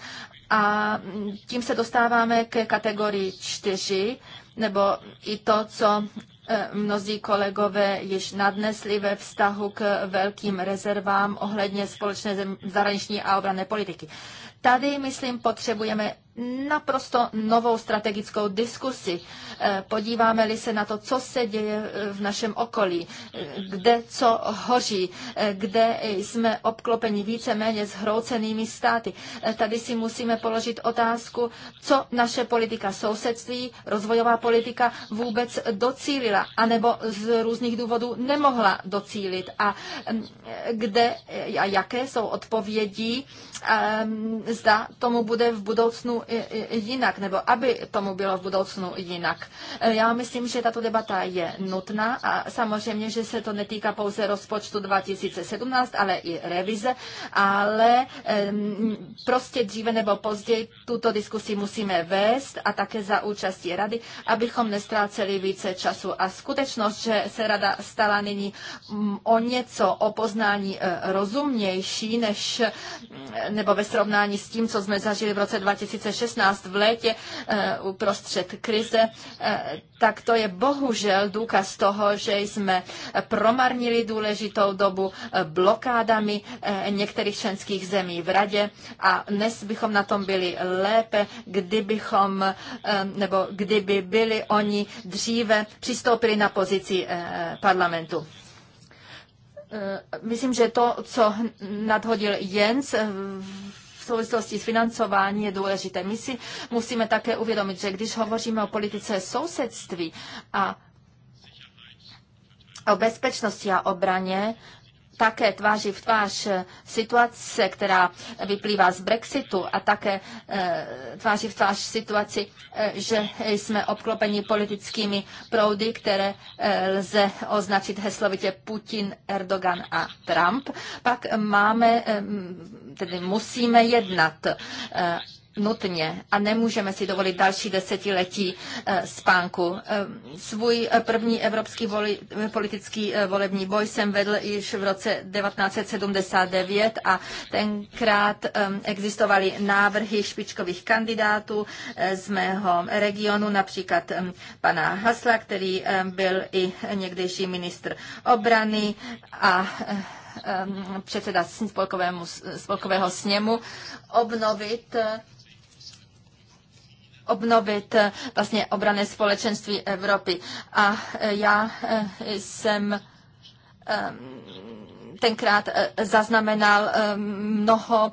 A tím se dostáváme ke kategorii čtyři, nebo i to, co eh, mnozí kolegové již nadnesli ve vztahu k velkým rezervám ohledně společné zahraniční a obranné politiky tady, myslím, potřebujeme naprosto novou strategickou diskusi. Eh, podíváme-li se na to, co se děje eh, v našem okolí, eh, kde co hoří, kde jsme obklopeni víceméně zhroucenými státy. Tady si musíme položit otázku, co naše politika sousedství, rozvojová politika vůbec docílila, anebo z různých důvodů nemohla docílit a mm, kde a jaké jsou odpovědi, ehm, zda tomu bude v budoucnu jinak, nebo aby tomu bylo v budoucnu jinak. E, já myslím, že tato debata je nutná a samozřejmě, že se to netýká pouze rozpočtu 2017, ale i revize, ale prostě dříve nebo později tuto diskusi musíme vést a také za účastí rady, abychom nestráceli více času. A skutečnost, že se rada stala nyní mm, o něco, o poznání e, rozumnější, než nebo ve srovnání s tím, co jsme zažili v roce 2016, 2016 v létě eh, uprostřed krize, eh, tak to je bohužel důkaz toho, že jsme promarnili důležitou dobu eh, blokádami některých členských zemí v radě a dnes bychom na tom byli lépe, kdybychom, nebo kdyby byli oni dříve přistoupili na pozici parlamentu. Myslím, že to, co nadhodil Jens souvislosti s financování je důležité. My si musíme také uvědomit, že když hovoříme o politice sousedství a o bezpečnosti a obraně, také tváří v tvář eh, situace, která vyplývá z Brexitu a také eh, tváří v tvář situaci, eh, že jsme obklopeni politickými proudy, které lze označit heslovitě Putin, Erdogan a Trump, pak máme, tedy musíme jednat nutně a nemůžeme si dovolit další desetiletí eh, spánku. Eh, svůj první evropský voli, politický eh, volební boj jsem vedl již v roce 1979 a tenkrát existovaly návrhy špičkových kandidátů z mého regionu, například pana Hasla, který byl i někdejší ministr obrany a předseda spolkovému, spolkového sněmu obnovit obnovit eh, vlastně obrané společenství Evropy. A eh, já eh, jsem tenkrát zaznamenal mnoho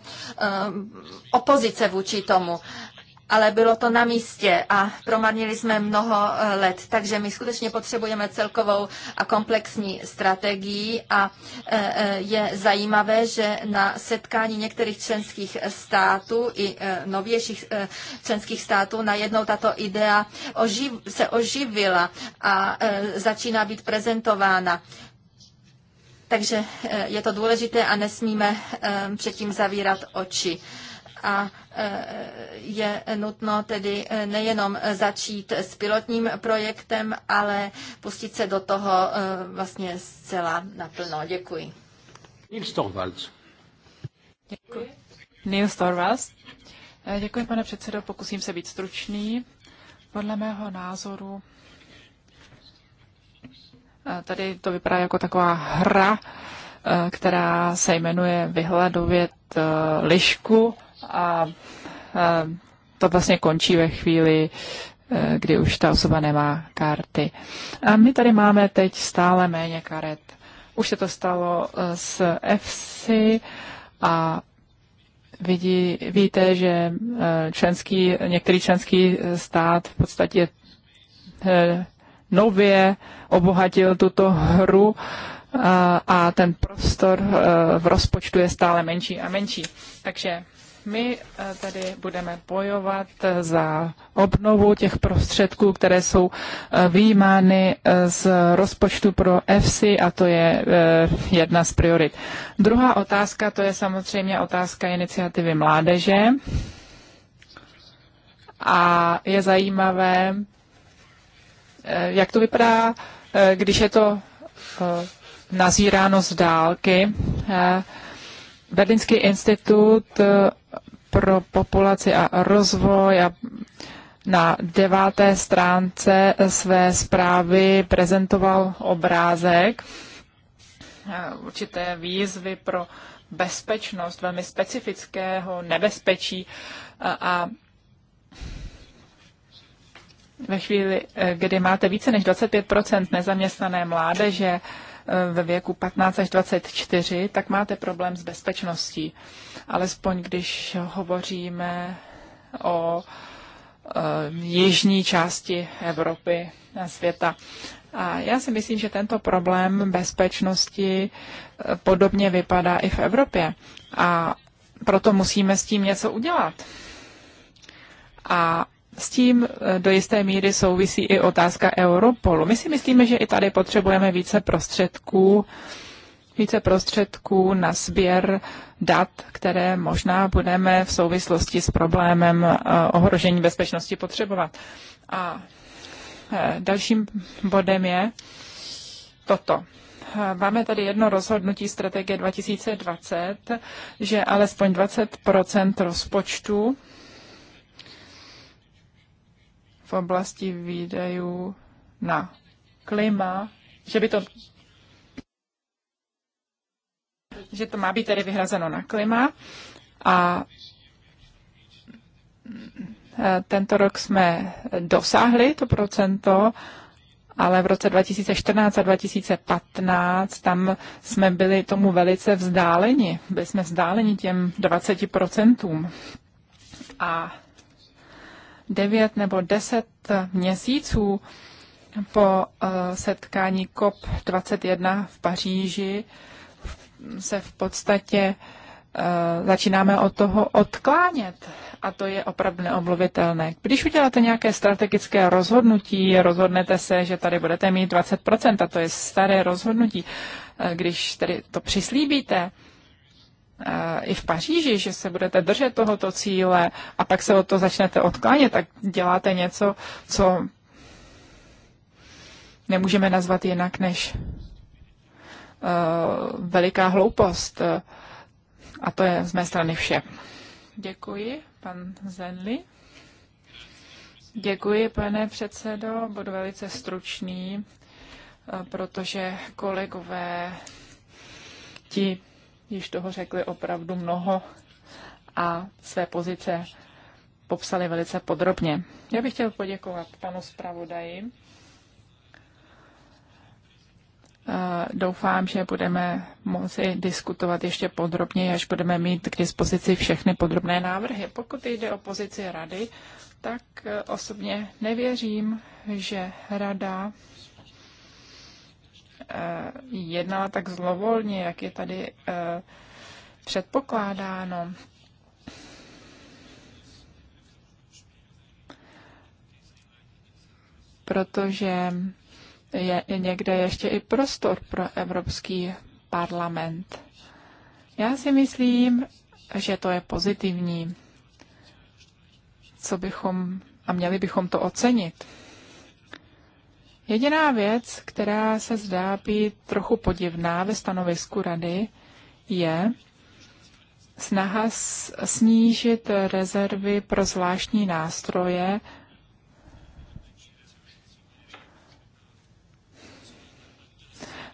opozice vůči tomu ale bylo to na místě a promarnili jsme mnoho eh, let. Takže my skutečně potřebujeme celkovou a komplexní strategii a eh, eh, je zajímavé, že na setkání některých členských států i novějších členských států najednou tato idea se oživila a začíná být prezentována. Takže je to důležité a nesmíme předtím zavírat oči a e, je nutno tedy e, nejenom začít s pilotním projektem, ale pustit se do toho e, vlastně zcela naplno. Děkuji. Nils Torvalds. Děkuji. Nils Torvalds. Děkuji, pane předsedo, pokusím se být stručný. Podle mého názoru tady to vypadá jako taková hra, která se jmenuje Vyhledovět lišku a to vlastně končí ve chvíli, e, kdy už ta osoba nemá karty. A my tady máme teď stále méně karet. Už se to stalo e, s FC a vidí, víte, že e, členský, některý členský stát v podstatě nově obohatil tuto hru a ten prostor v rozpočtu je stále menší a menší. Takže my eh, tady budeme bojovat eh, za obnovu těch prostředků, které jsou eh, výjímány z rozpočtu pro EFSI a to je jedna z priorit. Druhá otázka, to je samozřejmě otázka iniciativy mládeže. A je zajímavé, jak to vypadá, když je to nazíráno z dálky Berlínský institut eh, pro populaci a rozvoj a na deváté stránce své zprávy prezentoval obrázek eh, určité výzvy pro bezpečnost, velmi specifického nebezpečí a, a ve chvíli, eh, kdy máte více než 25 nezaměstnané mládeže, ve věku 15 až 24, tak máte problém s bezpečností. Alespoň když hovoříme o eh, jižní části Evropy a světa. A já si myslím, že tento problém bezpečnosti eh, podobně vypadá i v Evropě. A proto musíme s tím něco udělat. A s tím eh, do jisté míry souvisí i otázka Europolu. My si myslíme, že i tady potřebujeme více prostředků, více prostředků na sběr dat, které možná budeme v souvislosti s problémem eh, ohrožení bezpečnosti potřebovat. A eh, dalším bodem je toto. Máme tady jedno rozhodnutí strategie 2020, že alespoň 20 rozpočtu v oblasti výdajů na klima, že by to že to má být tedy vyhrazeno na klima a e, tento rok jsme dosáhli to procento, ale v roce 2014 a 2015 tam jsme byli tomu velice vzdáleni. Byli jsme vzdáleni těm 20%. procentům A 9 nebo 10 měsíců po eh, setkání COP21 v Paříži se v podstatě eh, začínáme od toho odklánět. A to je opravdu neomluvitelné. Když uděláte nějaké strategické rozhodnutí, rozhodnete se, že tady budete mít 20%, a to je staré rozhodnutí, eh, když tedy to přislíbíte, Eh, i v Paříži, že se budete držet tohoto cíle a pak se o to začnete odklánět, tak děláte něco, co nemůžeme nazvat jinak než eh, veliká hloupost. A to je z mé strany vše. Děkuji, pan Zenli. Děkuji, pane předsedo. Budu velice stručný, eh, protože kolegové ti již toho řekli opravdu mnoho a své pozice popsali velice podrobně. Já bych chtěl poděkovat panu zpravodaji. Doufám, že budeme moci diskutovat ještě podrobněji, až budeme mít k dispozici všechny podrobné návrhy. Pokud jde o pozici rady, tak osobně nevěřím, že rada Eh, jednala tak zlovolně, jak je tady eh, předpokládáno. Protože je někde ještě i prostor pro Evropský parlament. Já si myslím, že to je pozitivní, co bychom, a měli bychom to ocenit. Jediná věc, která se zdá být trochu podivná ve stanovisku rady, je snaha snížit rezervy pro zvláštní nástroje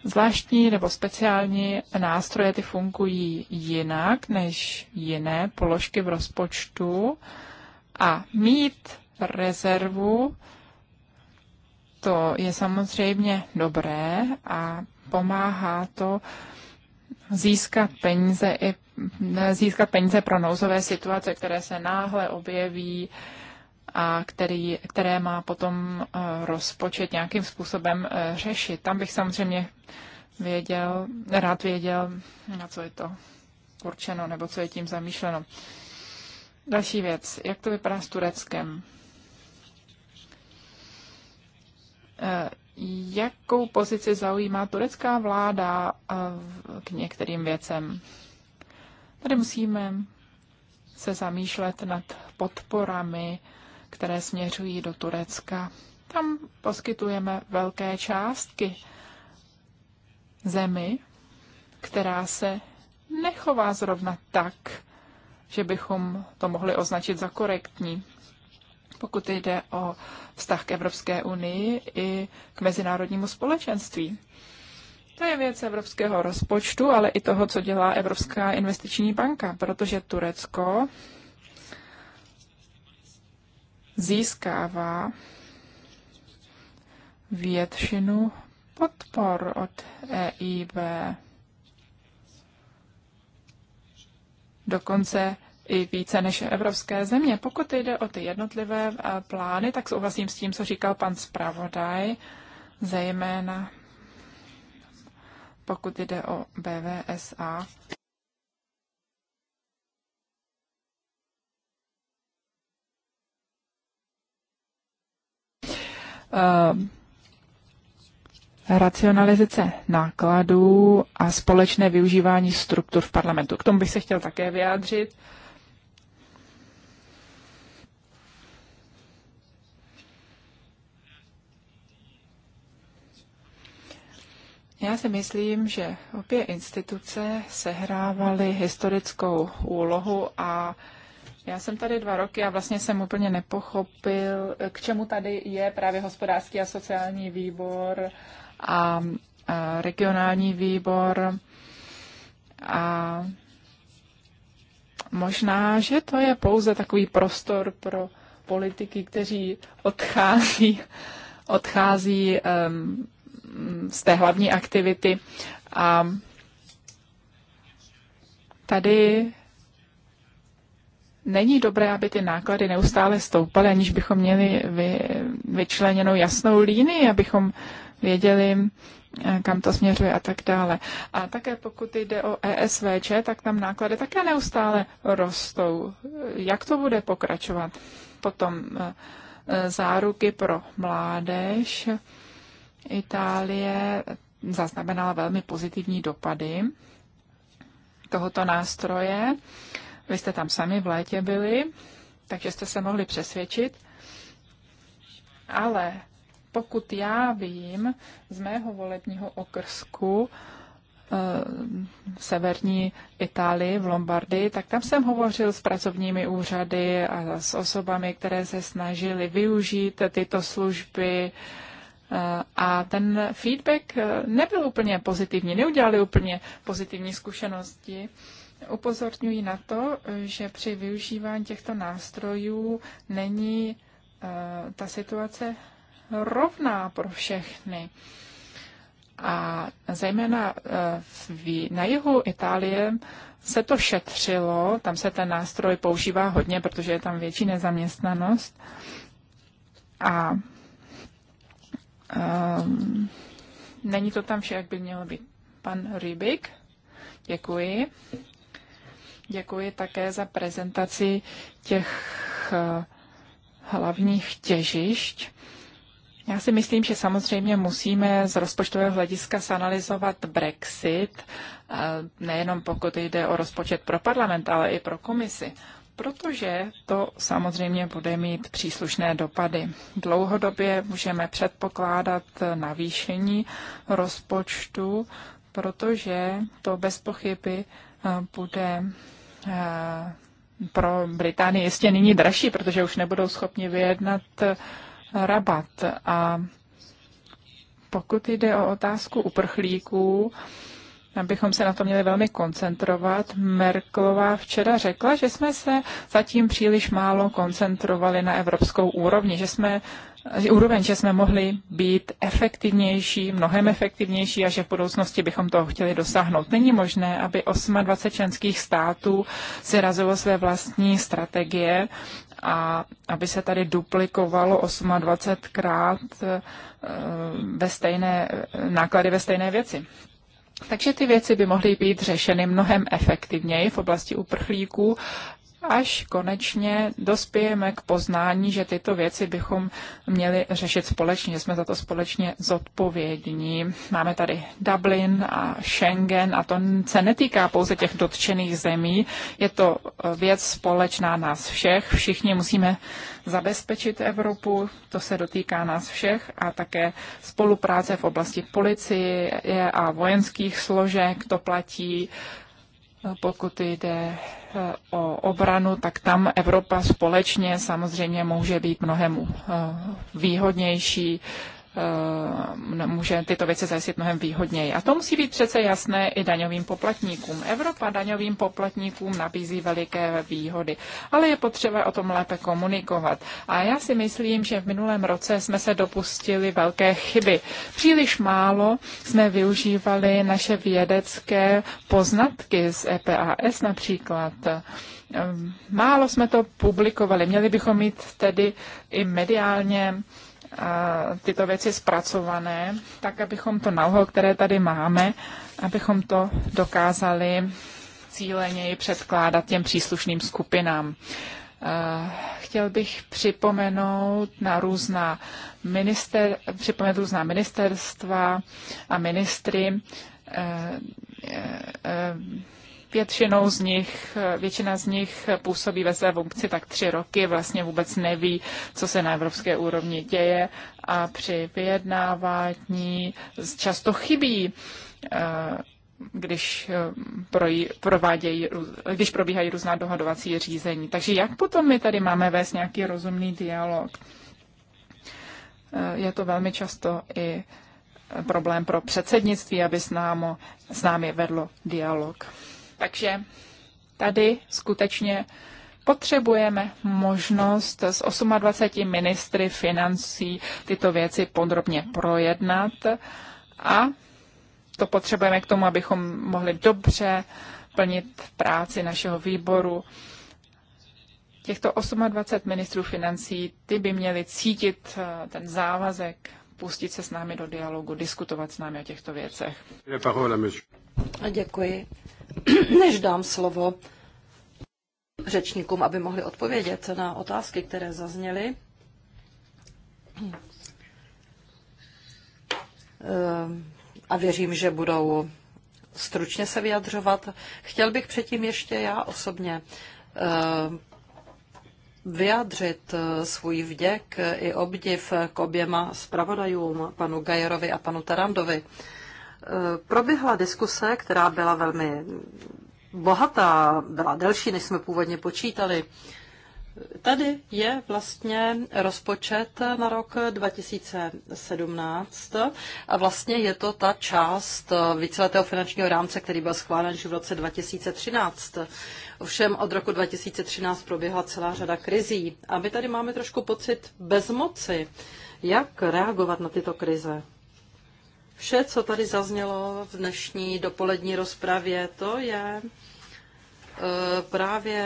Zvláštní nebo speciální nástroje ty fungují jinak než jiné položky v rozpočtu a mít rezervu to je samozřejmě dobré a pomáhá to získat peníze i získat peníze pro nouzové situace, které se náhle objeví a který, které má potom eh, rozpočet nějakým způsobem eh, řešit. Tam bych samozřejmě věděl, rád věděl, na co je to určeno nebo co je tím zamýšleno. Další věc, jak to vypadá s Tureckem? jakou pozici zaujímá turecká vláda eh, k některým věcem. Tady musíme se zamýšlet nad podporami, které směřují do Turecka. Tam poskytujeme velké částky zemi, která se nechová zrovna tak, že bychom to mohli označit za korektní pokud jde o vztah k Evropské unii i k mezinárodnímu společenství. To je věc evropského rozpočtu, ale i toho, co dělá Evropská investiční banka, protože Turecko získává většinu podpor od EIB. Dokonce i více než evropské země. Pokud jde o ty jednotlivé eh, plány, tak souhlasím s tím, co říkal pan zpravodaj, zejména pokud jde o BVSA. Uh, eh, racionalizace nákladů a společné využívání struktur v parlamentu. K tomu bych se chtěl také vyjádřit. Já si myslím, že obě instituce sehrávaly historickou úlohu a já jsem tady dva roky a vlastně jsem úplně nepochopil, k čemu tady je právě hospodářský a sociální výbor a, a regionální výbor. A možná, že to je pouze takový prostor pro politiky, kteří odchází, odchází um, z té hlavní aktivity. A tady není dobré, aby ty náklady neustále stoupaly, aniž bychom měli vy, vyčleněnou jasnou línii, abychom věděli, eh, kam to směřuje a tak dále. A také pokud jde o ESVČ, tak tam náklady také neustále rostou. Jak to bude pokračovat? Potom eh, eh, záruky pro mládež. Itálie zaznamenala velmi pozitivní dopady tohoto nástroje. Vy jste tam sami v létě byli, takže jste se mohli přesvědčit. Ale pokud já vím z mého volebního okrsku v eh, severní Itálii, v Lombardii, tak tam jsem hovořil s pracovními úřady a s osobami, které se snažili využít tyto služby a ten feedback eh, nebyl úplně pozitivní, neudělali úplně pozitivní zkušenosti. Upozorňují na to, že při využívání těchto nástrojů není eh, ta situace rovná pro všechny. A zejména eh, v, na jihu Itálie se to šetřilo, tam se ten nástroj používá hodně, protože je tam větší nezaměstnanost. A Um, není to tam vše, jak by mělo být. Pan Rybik, děkuji. Děkuji také za prezentaci těch eh, hlavních těžišť. Já si myslím, že samozřejmě musíme z rozpočtového hlediska sanalizovat Brexit, eh, nejenom pokud jde o rozpočet pro parlament, ale i pro komisi protože to samozřejmě bude mít příslušné dopady. Dlouhodobě můžeme předpokládat navýšení rozpočtu, protože to bez pochyby eh, bude eh, pro Británii jistě nyní dražší, protože už nebudou schopni vyjednat eh, rabat. A pokud jde o otázku uprchlíků, bychom se na to měli velmi koncentrovat. Merklová včera řekla, že jsme se zatím příliš málo koncentrovali na evropskou úrovni, že jsme že úroveň, že jsme mohli být efektivnější, mnohem efektivnější a že v budoucnosti bychom toho chtěli dosáhnout. Není možné, aby 28 členských států si razilo své vlastní strategie a aby se tady duplikovalo 28krát eh, ve stejné, náklady ve stejné věci. Takže ty věci by mohly být řešeny mnohem efektivněji v oblasti uprchlíků až konečně dospějeme k poznání, že tyto věci bychom měli řešit společně, jsme za to společně zodpovědní. Máme tady Dublin a Schengen a to se netýká pouze těch dotčených zemí, je to věc společná nás všech. Všichni musíme zabezpečit Evropu, to se dotýká nás všech a také spolupráce v oblasti policie a vojenských složek, to platí pokud jde o obranu, tak tam Evropa společně samozřejmě může být mnohem eh, výhodnější Eh, může tyto věci zajistit mnohem výhodněji. A to musí být přece jasné i daňovým poplatníkům. Evropa daňovým poplatníkům nabízí veliké výhody, ale je potřeba o tom lépe komunikovat. A já si myslím, že v minulém roce jsme se dopustili velké chyby. Příliš málo jsme využívali naše vědecké poznatky z EPAS například. Ehm, málo jsme to publikovali. Měli bychom mít tedy i mediálně tyto věci zpracované, tak abychom to nauho, které tady máme, abychom to dokázali cíleněji předkládat těm příslušným skupinám. Eh, chtěl bych připomenout na různá, minister, připomenout různá ministerstva a ministry, eh, eh, Většinou z nich, většina z nich působí ve své funkci tak tři roky, vlastně vůbec neví, co se na evropské úrovni děje a při vyjednávání často chybí eh, když, eh, proj, provádějí, když probíhají různá dohadovací řízení. Takže jak potom my tady máme vést nějaký rozumný dialog? Eh, je to velmi často i problém pro předsednictví, aby s, námo, s námi vedlo dialog. Takže tady skutečně potřebujeme možnost s 28 ministry financí tyto věci podrobně projednat a to potřebujeme k tomu, abychom mohli dobře plnit práci našeho výboru. Těchto 28 ministrů financí, ty by měli cítit eh, ten závazek, pustit se s námi do dialogu, diskutovat s námi o těchto věcech. Děkuji než dám slovo řečníkům, aby mohli odpovědět na otázky, které zazněly. Eh, a věřím, že budou stručně se vyjadřovat. Chtěl bych předtím ještě já osobně eh, vyjádřit eh, svůj vděk i obdiv k oběma zpravodajům, panu Gajerovi a panu Tarandovi. Eh, proběhla diskuse, která byla velmi bohatá, byla delší, než jsme původně počítali. Tady je vlastně rozpočet na rok 2017 a vlastně je to ta část eh, víceletého finančního rámce, který byl schválen v roce 2013. Ovšem od roku 2013 proběhla celá řada krizí a my tady máme trošku pocit bezmoci, jak reagovat na tyto krize. Vše, co tady zaznělo v dnešní dopolední rozpravě, to je e, právě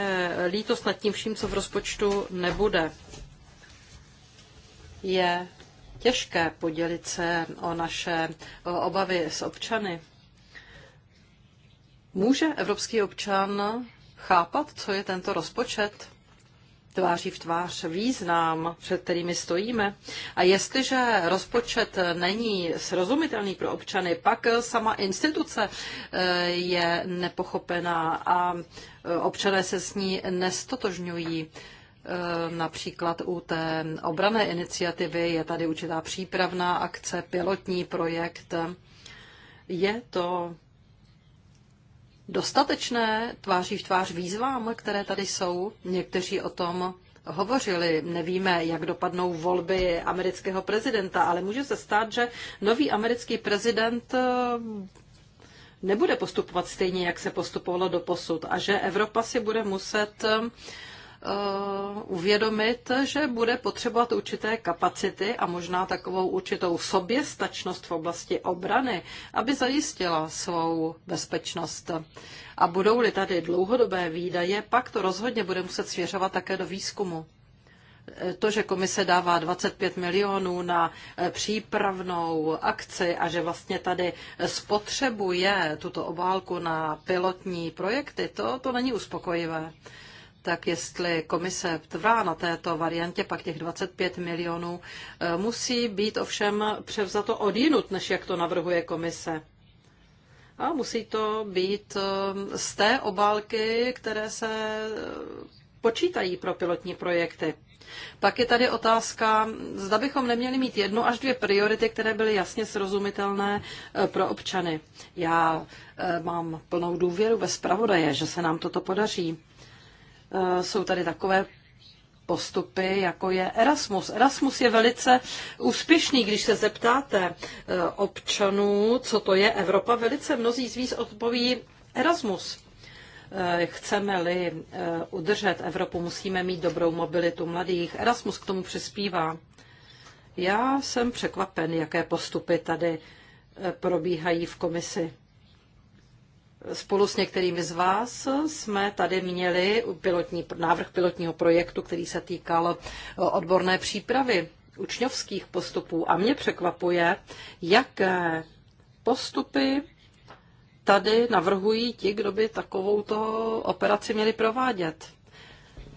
lítost nad tím vším, co v rozpočtu nebude. Je těžké podělit se o naše obavy s občany. Může evropský občan chápat, co je tento rozpočet? tváří v tvář význam, před kterými stojíme. A jestliže rozpočet není srozumitelný pro občany, pak sama instituce eh, je nepochopená a eh, občané se s ní nestotožňují. Eh, například u té obrané iniciativy je tady určitá přípravná akce, pilotní projekt. Je to dostatečné tváří v tvář výzvám, které tady jsou. Někteří o tom hovořili. Nevíme, jak dopadnou volby amerického prezidenta, ale může se stát, že nový americký prezident eh, nebude postupovat stejně, jak se postupovalo do posud a že Evropa si bude muset eh, Eh, uvědomit, že bude potřebovat určité kapacity a možná takovou určitou soběstačnost v oblasti obrany, aby zajistila svou bezpečnost. A budou-li tady dlouhodobé výdaje, pak to rozhodně bude muset svěřovat také do výzkumu. Eh, to, že komise dává 25 milionů na eh, přípravnou akci a že vlastně tady spotřebuje tuto obálku na pilotní projekty, to, to není uspokojivé tak jestli komise trvá na této variantě, pak těch 25 milionů eh, musí být ovšem převzato od jinut, než jak to navrhuje komise. A musí to být eh, z té obálky, které se eh, počítají pro pilotní projekty. Pak je tady otázka, zda bychom neměli mít jednu až dvě priority, které byly jasně srozumitelné pro občany. Já mám plnou důvěru ve zpravodaje, že se nám toto podaří. Eh, jsou tady takové postupy, jako je Erasmus. Erasmus je velice úspěšný, když se zeptáte eh, občanů, co to je Evropa, velice mnozí z vás odpoví Erasmus. Eh, chceme-li udržet Evropu, musíme mít dobrou mobilitu mladých. Erasmus k tomu přispívá. Já jsem překvapen, jaké postupy tady probíhají v komisi. Spolu s některými z vás jsme tady měli pilotní, návrh pilotního projektu, který se týkal odborné přípravy učňovských postupů. A mě překvapuje, jaké postupy tady navrhují ti, kdo by takovou operaci měli provádět.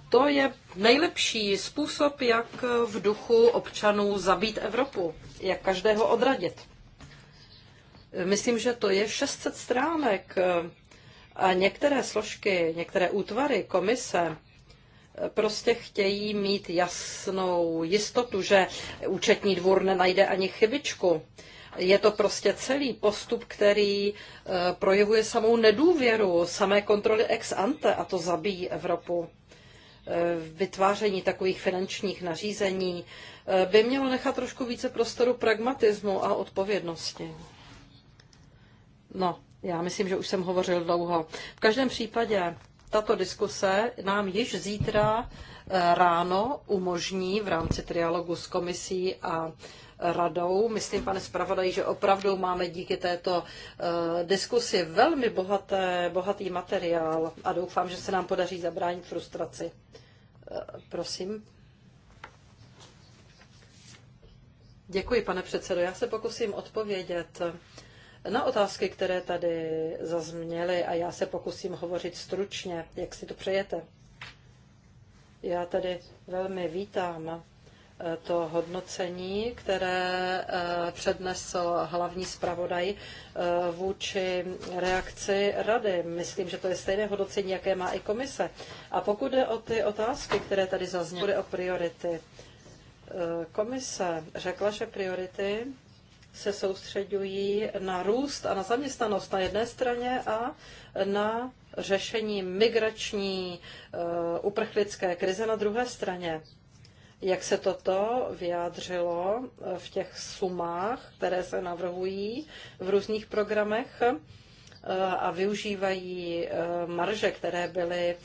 To je nejlepší způsob, jak v duchu občanů zabít Evropu, jak každého odradit. Myslím, že to je 600 stránek eh, a některé složky, některé útvary komise eh, prostě chtějí mít jasnou jistotu, že účetní dvůr nenajde ani chybičku. Je to prostě celý postup, který eh, projevuje samou nedůvěru, samé kontroly ex ante a to zabíjí Evropu. Vytváření takových finančních nařízení by mělo nechat trošku více prostoru pragmatismu a odpovědnosti. No, já myslím, že už jsem hovořil dlouho. V každém případě tato diskuse nám již zítra eh, ráno umožní v rámci trialogu s komisí a eh, radou. Myslím, pane zpravodaji, že opravdu máme díky této eh, diskusi velmi bohaté, bohatý materiál a doufám, že se nám podaří zabránit frustraci. prosím. Děkuji, pane předsedo. Já se pokusím odpovědět na otázky, které tady zazněly a já se pokusím hovořit stručně, jak si to přejete. Já tady velmi vítám eh, to hodnocení, které eh, přednesl hlavní zpravodaj eh, vůči reakci rady. Myslím, že to je stejné hodnocení, jaké má i komise. A pokud jde o ty otázky, které tady zazněly, o priority. Komise řekla, že priority se soustředují na růst a na zaměstnanost na jedné straně a na řešení migrační eh, uprchlické krize na druhé straně. Jak se toto vyjádřilo eh, v těch sumách, které se navrhují v různých programech eh, a využívají marže, které byly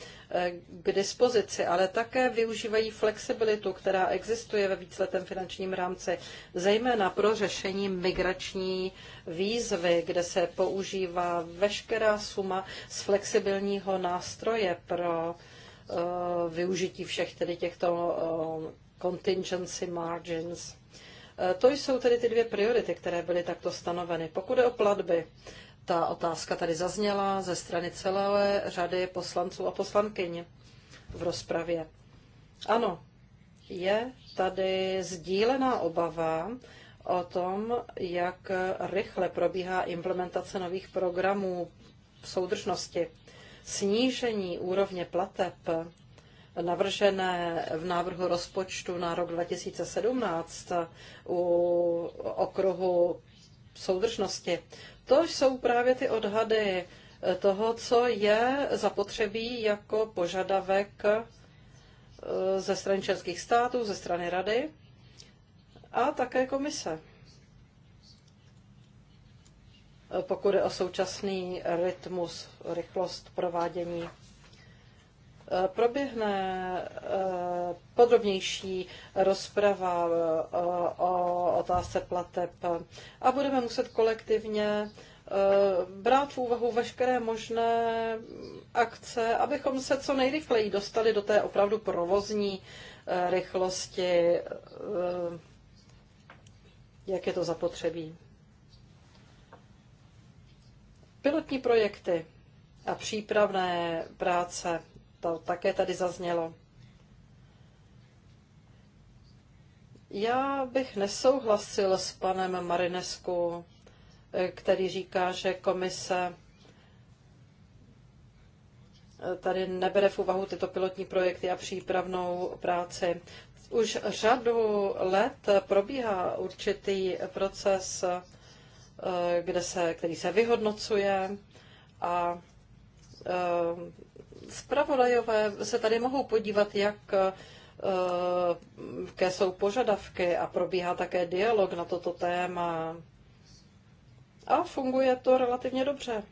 k dispozici, ale také využívají flexibilitu, která existuje ve víceletém finančním rámci, zejména pro řešení migrační výzvy, kde se používá veškerá suma z flexibilního nástroje pro eh, využití všech tedy těchto eh, contingency margins. Eh, to jsou tedy ty dvě priority, které byly takto stanoveny. Pokud je o platby, ta otázka tady zazněla ze strany celé řady poslanců a poslankyň v rozpravě. Ano, je tady sdílená obava o tom, jak rychle probíhá implementace nových programů v soudržnosti. Snížení úrovně plateb navržené v návrhu rozpočtu na rok 2017 u okruhu soudržnosti to jsou právě ty odhady eh, toho, co je zapotřebí jako požadavek eh, ze strany českých států, ze strany Rady a také komise. Eh, pokud je o současný rytmus, rychlost provádění Eh, proběhne eh, podrobnější rozprava eh, o otázce plateb a budeme muset kolektivně brát v úvahu veškeré možné akce, abychom se co nejrychleji dostali do té opravdu provozní rychlosti, jak je to zapotřebí. Pilotní projekty a přípravné práce to také tady zaznělo. Já bych nesouhlasil s panem Marinesku, který říká, že komise tady nebere v úvahu tyto pilotní projekty a přípravnou práci. Už řadu let probíhá určitý proces, eh, kde se, který se vyhodnocuje a eh, Spravodajové se tady mohou podívat, jak eh, jaké jsou požadavky a probíhá také dialog na toto téma. A funguje to relativně dobře.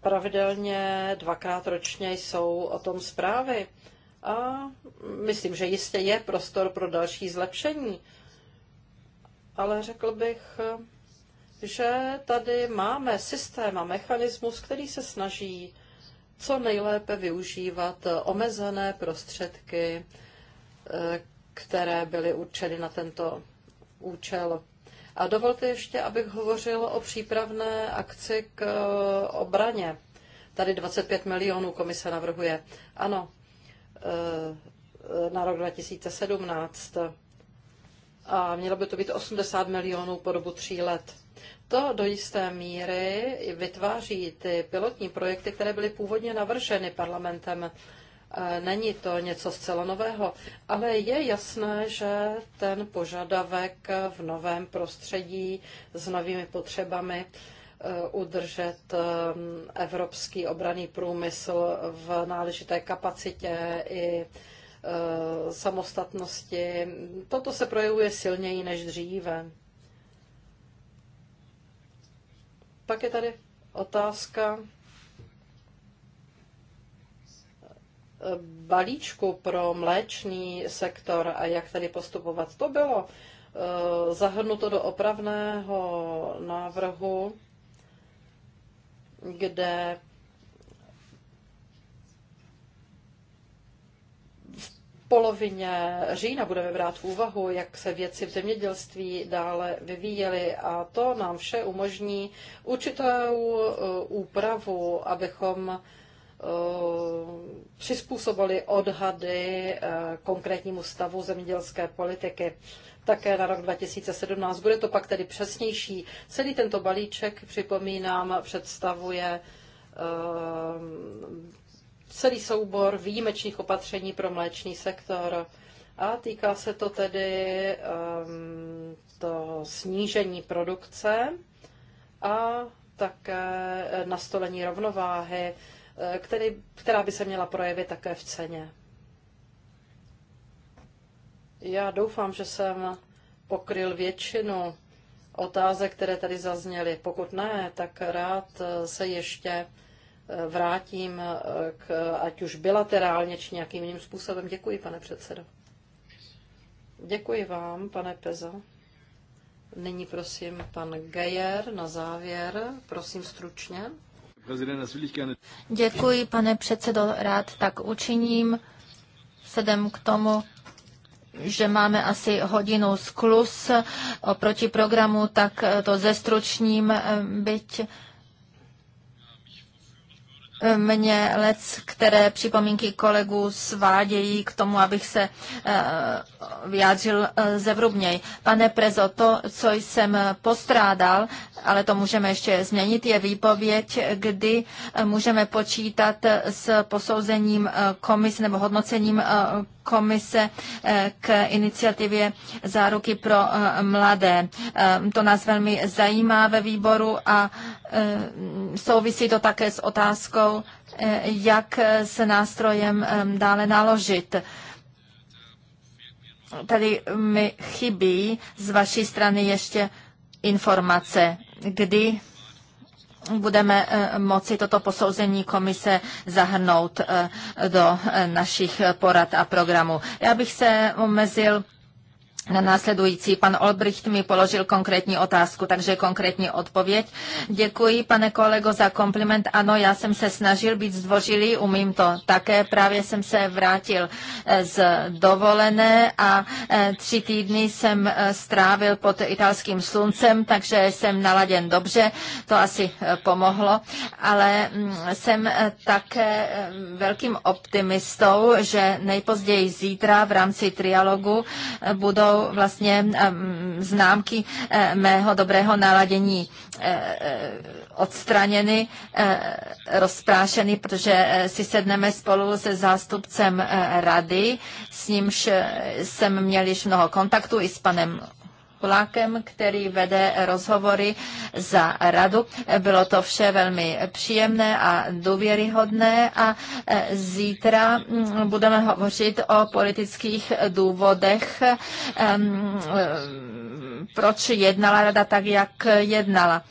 Pravidelně dvakrát ročně jsou o tom zprávy a myslím, že jistě je prostor pro další zlepšení. Ale řekl bych, eh, že tady máme systém a mechanismus, který se snaží co nejlépe využívat omezené prostředky, eh, které byly určeny na tento účel. A dovolte ještě, abych hovořil o přípravné akci k eh, obraně. Tady 25 milionů komise navrhuje. Ano, eh, na rok 2017. A mělo by to být 80 milionů po dobu tří let to do jisté míry vytváří ty pilotní projekty, které byly původně navrženy parlamentem. E, není to něco zcela nového, ale je jasné, že ten požadavek v novém prostředí s novými potřebami e, udržet e, evropský obraný průmysl v náležité kapacitě i samostatnosti. Toto se projevuje silněji než dříve. Pak je tady otázka eh, balíčku pro mléčný sektor a jak tady postupovat. To bylo eh, zahrnuto do opravného návrhu, kde polovině října budeme brát v úvahu, jak se věci v zemědělství dále vyvíjely a to nám vše umožní určitou eh, úpravu, abychom eh, přizpůsobili odhady eh, konkrétnímu stavu zemědělské politiky. Také na rok 2017. Bude to pak tedy přesnější. Celý tento balíček, připomínám, představuje celý soubor výjimečných opatření pro mléčný sektor. A týká se to tedy um, to snížení produkce a také nastolení rovnováhy, eh, který, která by se měla projevit také v ceně. Já doufám, že jsem pokryl většinu otázek, které tady zazněly. Pokud ne, tak rád eh, se ještě vrátím, eh, k, ať už bilaterálně či nějakým jiným způsobem. Děkuji, pane předsedo. Děkuji vám, pane Peza. Nyní prosím pan Gejer na závěr, prosím stručně. Děkuji, pane předsedo, rád tak učiním. Sedem k tomu, že máme asi hodinu sklus oproti programu, tak to zestručním, eh, byť mě lec, které připomínky kolegů svádějí k tomu, abych se eh, vyjádřil eh, zevrubněji. Pane Prezo, to, co jsem postrádal, ale to můžeme ještě změnit, je výpověď, kdy eh, můžeme počítat s posouzením komis nebo hodnocením komise k iniciativě záruky pro mladé. To nás velmi zajímá ve výboru a souvisí to také s otázkou, otázkou, eh, jak se nástrojem dále naložit. Tady mi chybí z vaší strany ještě informace, kdy budeme eh, moci toto posouzení komise zahrnout eh, do našich porad a programů. Já bych se omezil na následující. Pan Olbricht mi položil konkrétní otázku, takže konkrétní odpověď. Děkuji, pane kolego, za kompliment. Ano, já jsem se snažil být zdvořilý, umím to také. Právě jsem se vrátil eh, z dovolené a eh, tři týdny jsem eh, strávil pod italským sluncem, takže jsem naladěn dobře, to asi pomohlo, ale mm, jsem také velkým optimistou, že nejpozději zítra v rámci trialogu budou vlastně známky eh, mého dobrého naladění eh, eh, odstraněny, rozprášeny, protože si sedneme spolu se zástupcem rady, s nímž jsem měl již mnoho kontaktů i s panem Polákem, který vede rozhovory za radu. Bylo to vše velmi příjemné a důvěryhodné a e, zítra mm, budeme hovořit o politických důvodech, e, proč jednala rada tak, jak jednala.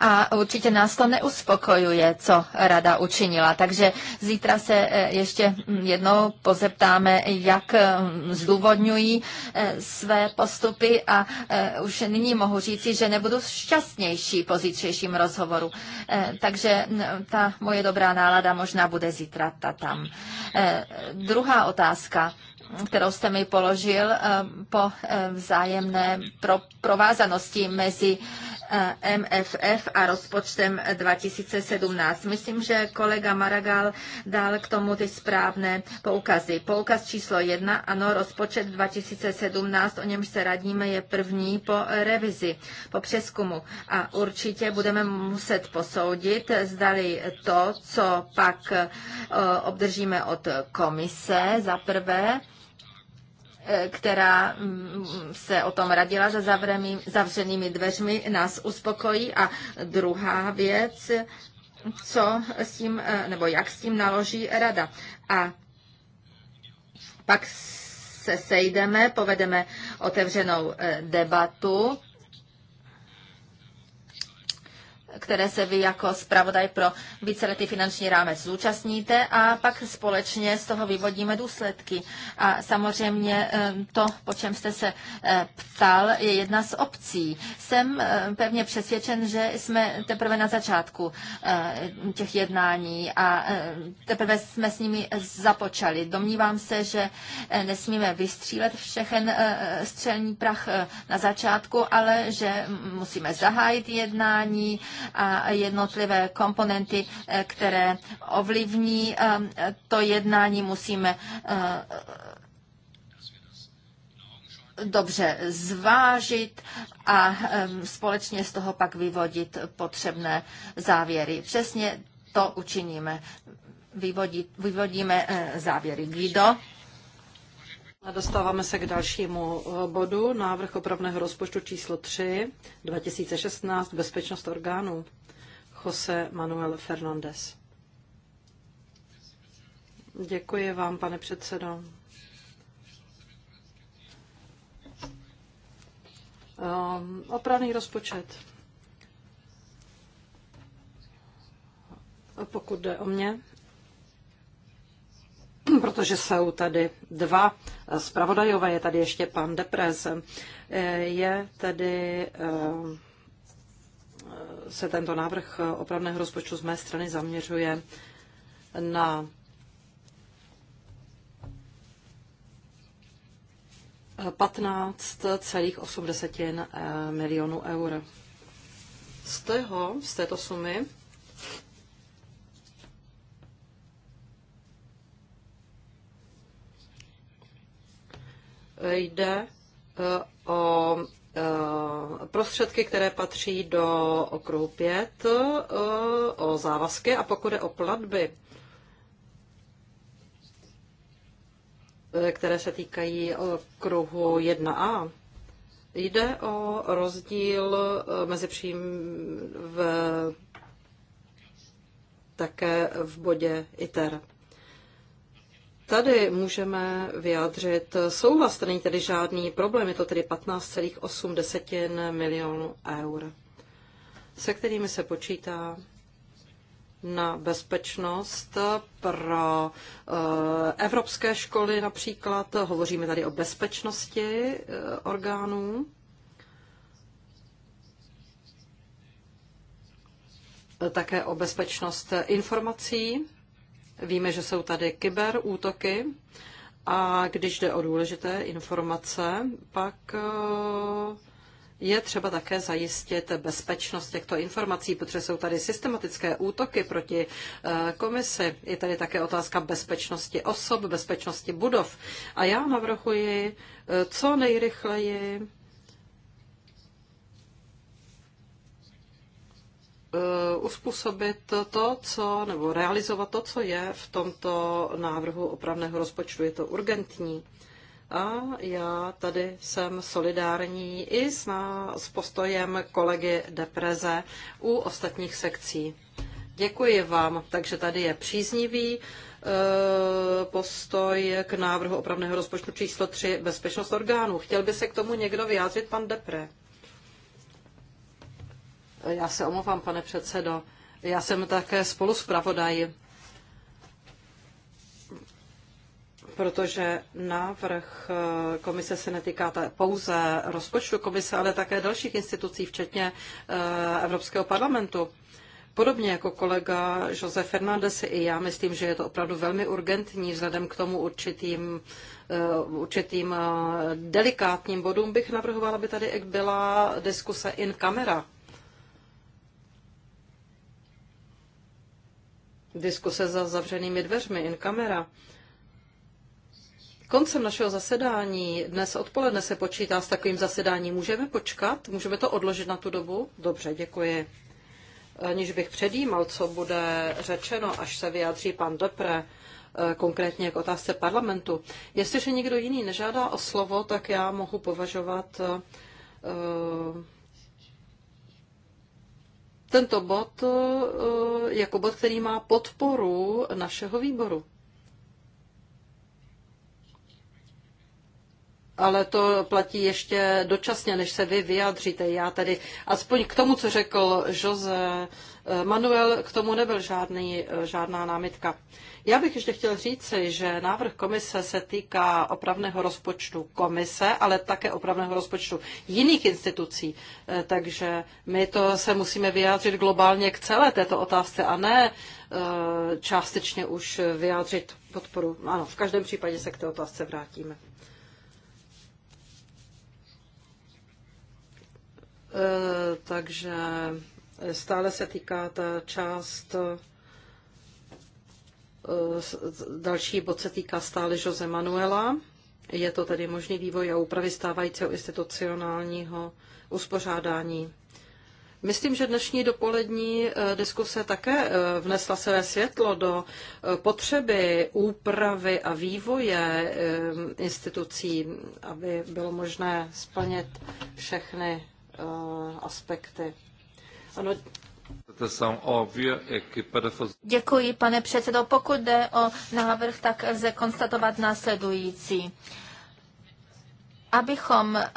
a určitě nás to neuspokojuje, co rada učinila. Takže zítra se eh, ještě mm, jednou pozeptáme, jak mm, zdůvodňují eh, své postupy a eh, už nyní mohu říci, že nebudu šťastnější po zítřejším rozhovoru. Takže mm, ta moje dobrá nálada možná bude zítra ta tam. Druhá otázka kterou jste mi položil po vzájemné provázanosti mezi Eh, MFF a rozpočtem 2017. Myslím, že kolega Maragal dal k tomu ty správné poukazy. Poukaz číslo jedna, ano, rozpočet 2017, o němž se radíme, je první po revizi, po přeskumu. A určitě budeme muset posoudit, zdali to, co pak eh, obdržíme od komise za prvé, která mm, se o tom radila za zavřenými dveřmi, nás uspokojí. A druhá věc, co s tím, eh, nebo jak s tím naloží rada. A pak se sejdeme, povedeme otevřenou eh, debatu které se vy jako zpravodaj pro víceletý finanční rámec zúčastníte a pak společně z toho vyvodíme důsledky. A samozřejmě to, po čem jste se e, ptal, je jedna z obcí. Jsem e, pevně přesvědčen, že jsme teprve na začátku e, těch jednání a teprve jsme s nimi započali. Domnívám se, že nesmíme vystřílet všechen střelní prach na začátku, ale že musíme zahájit jednání, a jednotlivé komponenty, eh, které ovlivní eh, to jednání, musíme eh, dobře zvážit a společně z toho pak vyvodit potřebné závěry. Přesně to učiníme. Vyvodí, vyvodíme závěry. Guido? A dostáváme se k dalšímu eh, bodu, návrh opravného rozpočtu číslo 3, 2016, bezpečnost orgánů. Jose Manuel Fernández. Děkuji vám, pane předsedo. Eh, opravný rozpočet. Pokud jde o mě, protože jsou tady dva zpravodajové, je tady ještě pan Deprez, eh, je tedy eh, se tento návrh opravného rozpočtu z mé strany zaměřuje na patnáct celých eh, milionů eur. Z toho, z této sumy, Jde eh, o eh, prostředky, které patří do okruhu 5, eh, o závazky a pokud je o platby, které se týkají okruhu 1a, jde o rozdíl mezi přím v, také v bodě ITER. Tady můžeme vyjádřit souhlas, to není tedy žádný problém, je to tedy 15,8 milionů eur, se kterými se počítá na bezpečnost pro eh, evropské školy například. Hovoříme tady o bezpečnosti eh, orgánů. Také o bezpečnost informací Víme, že jsou tady kyberútoky a když jde o důležité informace, pak eh, je třeba také zajistit bezpečnost těchto informací, protože jsou tady systematické útoky proti eh, komisi. Je tady také otázka bezpečnosti osob, bezpečnosti budov. A já navrhuji eh, co nejrychleji Eh, uspůsobit to, co, nebo realizovat to, co je v tomto návrhu opravného rozpočtu. Je to urgentní. A já tady jsem solidární i s, na, s postojem kolegy Depreze u ostatních sekcí. Děkuji vám. Takže tady je příznivý eh, postoj k návrhu opravného rozpočtu číslo 3 bezpečnost orgánů. Chtěl by se k tomu někdo vyjádřit, pan Depre? Já se omlouvám, pane předsedo. Já jsem také spolu zpravodaj, protože návrh eh, komise se netýká pouze rozpočtu komise, ale také dalších institucí, včetně eh, Evropského parlamentu. Podobně jako kolega Jose Fernández i já myslím, že je to opravdu velmi urgentní vzhledem k tomu určitým, eh, určitým delikátním bodům bych navrhovala, aby tady byla diskuse in camera diskuse za zavřenými dveřmi in kamera. Koncem našeho zasedání dnes odpoledne se počítá s takovým zasedáním. Můžeme počkat? Můžeme to odložit na tu dobu? Dobře, děkuji. Aniž bych předjímal, co bude řečeno, až se vyjádří pan Depre, eh, konkrétně k otázce parlamentu. Jestliže nikdo jiný nežádá o slovo, tak já mohu považovat eh, tento bod eh, jako bod, který má podporu našeho výboru. Ale to platí ještě dočasně, než se vy vyjádříte. Já tady aspoň k tomu, co řekl Jose eh, Manuel, k tomu nebyl žádný, eh, žádná námitka. Já bych ještě chtěl říci, že návrh komise se týká opravného rozpočtu komise, ale také opravného rozpočtu jiných institucí. Eh, takže my to se musíme vyjádřit globálně k celé této otázce a ne eh, částečně už vyjádřit podporu. Ano, v každém případě se k té otázce vrátíme. Eh, takže stále se týká ta část Další bod se týká stále Jose Manuela. Je to tedy možný vývoj a úpravy stávajícího institucionálního uspořádání. Myslím, že dnešní dopolední eh, diskuse také eh, vnesla své světlo do eh, potřeby úpravy a vývoje institucí, aby bylo možné splnit všechny aspekty. Ano, Děkuji, pane předsedo. Pokud jde o návrh, tak lze konstatovat následující. Abychom eh,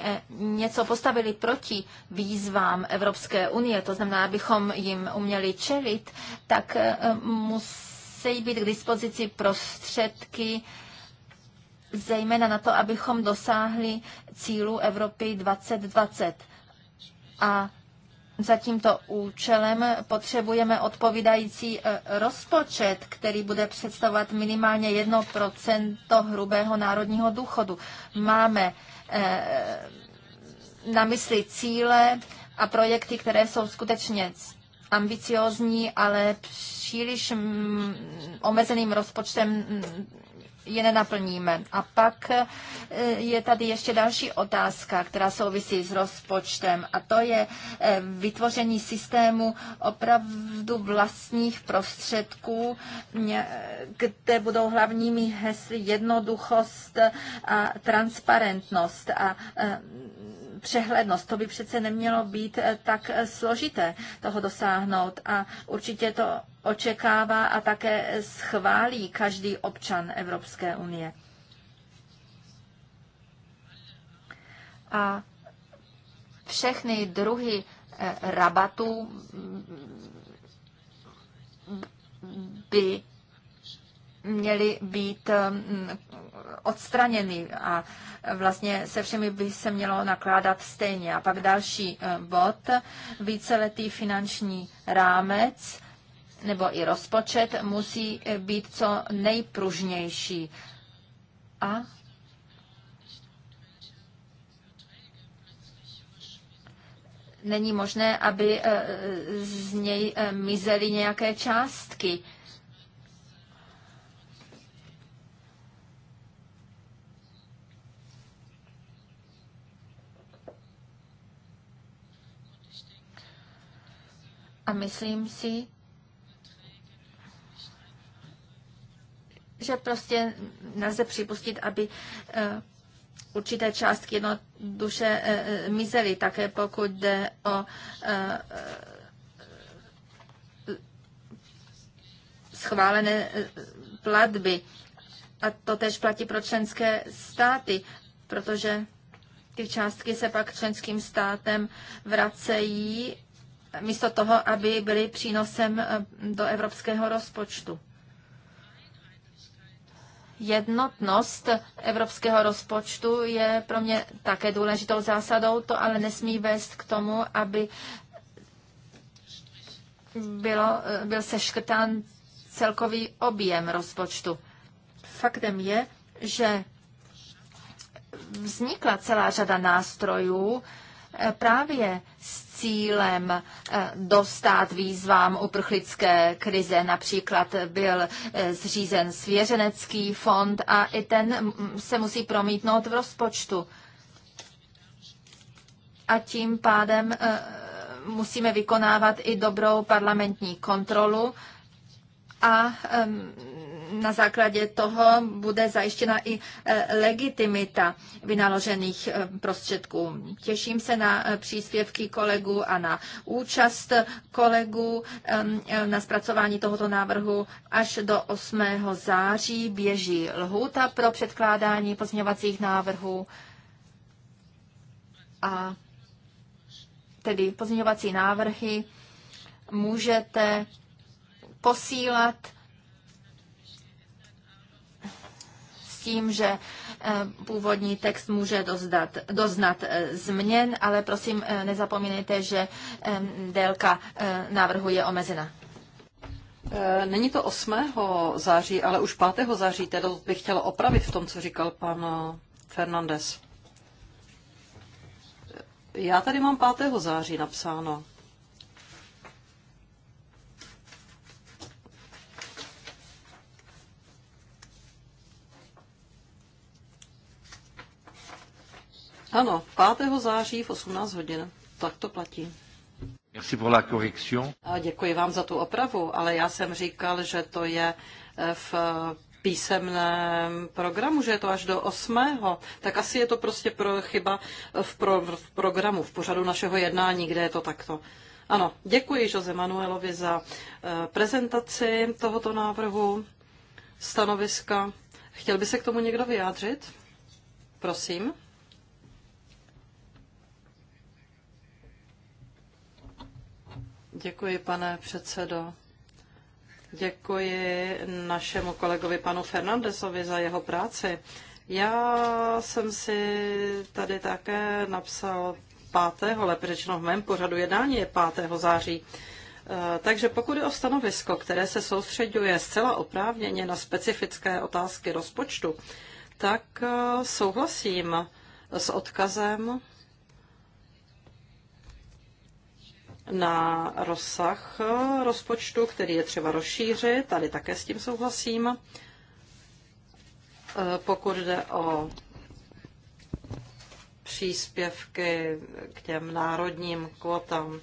eh, něco postavili proti výzvám Evropské unie, to znamená, abychom jim uměli čelit, tak eh, musí být k dispozici prostředky, zejména na to, abychom dosáhli cílu Evropy 2020. A za tímto účelem potřebujeme odpovídající e, rozpočet, který bude představovat minimálně 1% hrubého národního důchodu. Máme e, na mysli cíle a projekty, které jsou skutečně ambiciozní, ale příliš mm, omezeným rozpočtem mm, je nenaplníme. A pak e, je tady ještě další otázka, která souvisí s rozpočtem a to je e, vytvoření systému opravdu vlastních prostředků, kde budou hlavními hesly jednoduchost a transparentnost a e, přehlednost. To by přece nemělo být eh, tak eh, složité toho dosáhnout a určitě to očekává a také schválí každý občan Evropské unie. A všechny druhy eh, rabatů mm, by měly být odstraněny a vlastně se všemi by se mělo nakládat stejně. A pak další eh, bod, víceletý finanční rámec nebo i rozpočet musí eh, být co nejpružnější. A není možné, aby eh, z něj mizely nějaké částky. myslím si, že prostě nelze připustit, aby eh, určité částky jednoduše eh, eh, mizely, také pokud jde o schválené platby. A to tež platí pro členské státy, protože ty částky se pak členským státem vracejí místo toho, aby byly přínosem eh, do evropského rozpočtu. Jednotnost evropského rozpočtu je pro mě také důležitou zásadou, to ale nesmí vést k tomu, aby bylo, eh, byl seškrtán celkový objem rozpočtu. Faktem je, že vznikla celá řada nástrojů, právě s cílem eh, dostat výzvám uprchlické krize. Například byl eh, zřízen svěřenecký fond a i ten se musí promítnout v rozpočtu. A tím pádem eh, musíme vykonávat i dobrou parlamentní kontrolu a na základě toho bude zajištěna i e, legitimita vynaložených e, prostředků. Těším se na e, příspěvky kolegů a na účast kolegů na zpracování tohoto návrhu až do 8. září běží lhůta pro předkládání pozměňovacích návrhů a tedy pozměňovací návrhy můžete posílat tím, že eh, původní text může dozdat, doznat eh, změn, ale prosím eh, nezapomínejte, že délka návrhu je omezena. Není to 8. září, ale už 5. září, tedy bych chtěla opravit v tom, co říkal pan Fernandez. Já tady mám 5. září napsáno. Ano, 5. září v 18 hodin. Tak to platí. Merci pour la correction. A děkuji vám za tu opravu, ale já jsem říkal, že to je eh, v písemném programu, že je to až do 8. Tak asi je to prostě pro chyba v, pro, v programu, v pořadu našeho jednání, kde je to takto. Ano, děkuji Jose Manuelovi za eh, prezentaci tohoto návrhu stanoviska. Chtěl by se k tomu někdo vyjádřit? Prosím. Děkuji, pane předsedo. Děkuji našemu kolegovi panu Fernandesovi za jeho práci. Já jsem si tady také napsal 5. ale řečeno v mém pořadu jednání je 5. září. Eh, takže pokud je o stanovisko, které se soustředuje zcela oprávněně na specifické otázky rozpočtu, tak eh, souhlasím s odkazem na rozsah rozpočtu, který je třeba rozšířit. Tady také s tím souhlasím. E, pokud jde o příspěvky k těm národním kvotám,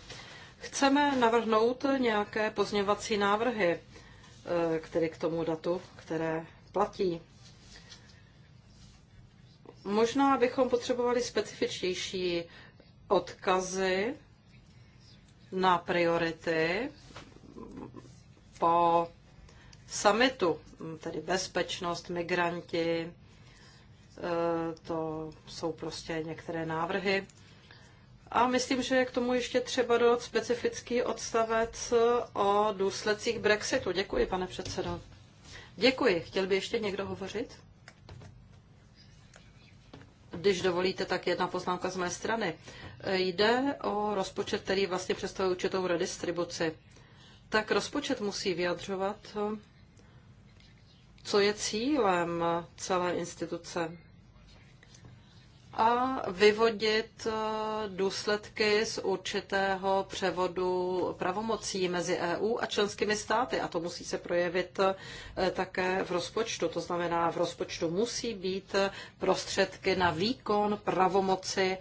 chceme navrhnout nějaké pozměvací návrhy, e, které k tomu datu, které platí. Možná bychom potřebovali specifičtější odkazy na priority po summitu, tedy bezpečnost, migranti, e, to jsou prostě některé návrhy. A myslím, že je k tomu ještě třeba dodat specifický odstavec o důsledcích Brexitu. Děkuji, pane předsedo. Děkuji. Chtěl by ještě někdo hovořit? Když dovolíte, tak jedna poznámka z mé strany. Jde o rozpočet, který vlastně představuje určitou redistribuci. Tak rozpočet musí vyjadřovat, co je cílem celé instituce a vyvodit eh, důsledky z určitého převodu pravomocí mezi EU a členskými státy. A to musí se projevit eh, také v rozpočtu. To znamená, v rozpočtu musí být eh, prostředky na výkon pravomoci,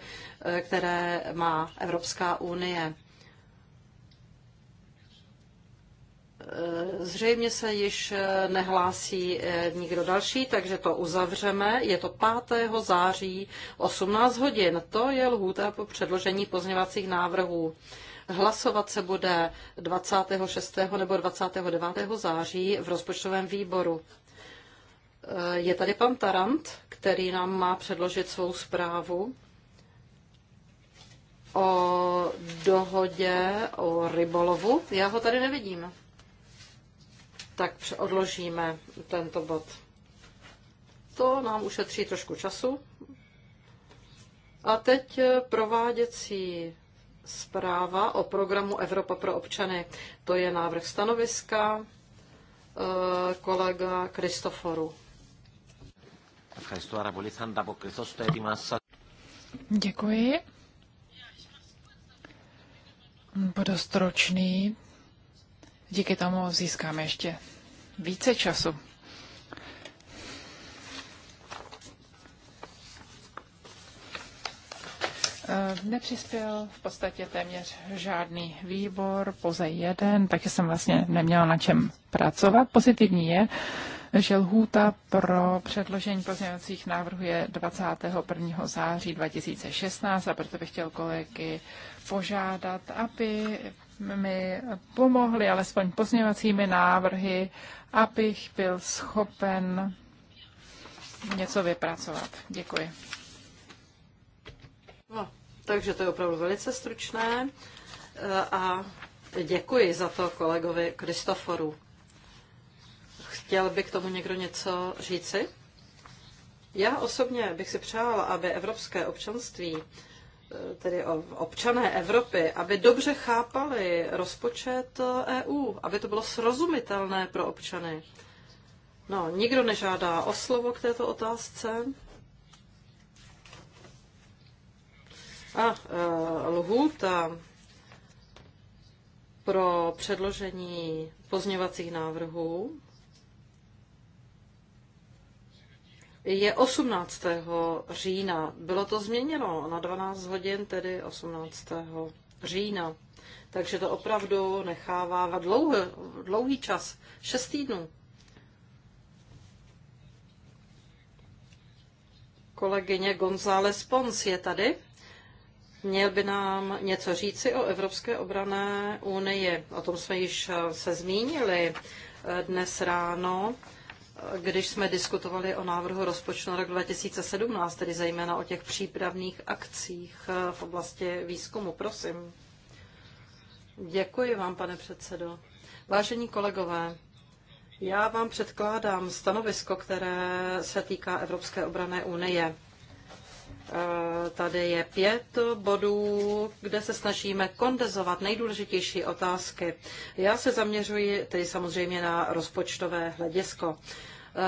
které má Evropská unie. Eh, zřejmě se již eh, nehlásí eh, nikdo další, takže to uzavřeme. Je to 5. září 18 hodin. To je lhůta po předložení pozněvacích návrhů. Hlasovat se bude 26. nebo 29. září v rozpočtovém výboru. Je tady pan Tarant, který nám má předložit svou zprávu o dohodě o rybolovu. Já ho tady nevidím tak odložíme tento bod. To nám ušetří trošku času. A teď eh, prováděcí zpráva o programu Evropa pro občany. To je návrh stanoviska eh, kolega Kristoforu. Děkuji. Budu stročný, Díky tomu získáme ještě více času. Eh, Nepřispěl v podstatě téměř žádný výbor, pouze jeden, takže jsem vlastně neměla na čem pracovat. Pozitivní je, že lhůta pro předložení pozměňovacích návrhů je 21. září 2016 a proto bych chtěl kolegy požádat, aby mi pomohli alespoň pozměňovacími návrhy, abych byl schopen něco vypracovat. Děkuji. No, takže to je opravdu velice stručné eh, a děkuji za to kolegovi Kristoforu. Chtěl by k tomu někdo něco říci? Já osobně bych si přála, aby evropské občanství Eh, tedy občané Evropy, aby dobře chápali rozpočet EU, eh, e aby to bylo srozumitelné pro občany. No, nikdo nežádá o slovo k této otázce. A eh, lhůta pro předložení pozněvacích návrhů je 18. října. Bylo to změněno na 12 hodin, tedy 18. října. Takže to opravdu nechává dlouhý, dlouhý čas, 6 týdnů. Kolegyně González Pons je tady. Měl by nám něco říci o Evropské obrané unii. O tom jsme již eh, se zmínili eh, dnes ráno když jsme diskutovali o návrhu rozpočtu na rok 2017, tedy zejména o těch přípravných akcích eh, v oblasti výzkumu. Prosím. Děkuji vám, pane předsedo. Vážení kolegové, já vám předkládám stanovisko, které se týká Evropské obrané unie. Eh, tady je pět bodů, kde se snažíme kondenzovat nejdůležitější otázky. Já se zaměřuji tedy samozřejmě na rozpočtové hledisko.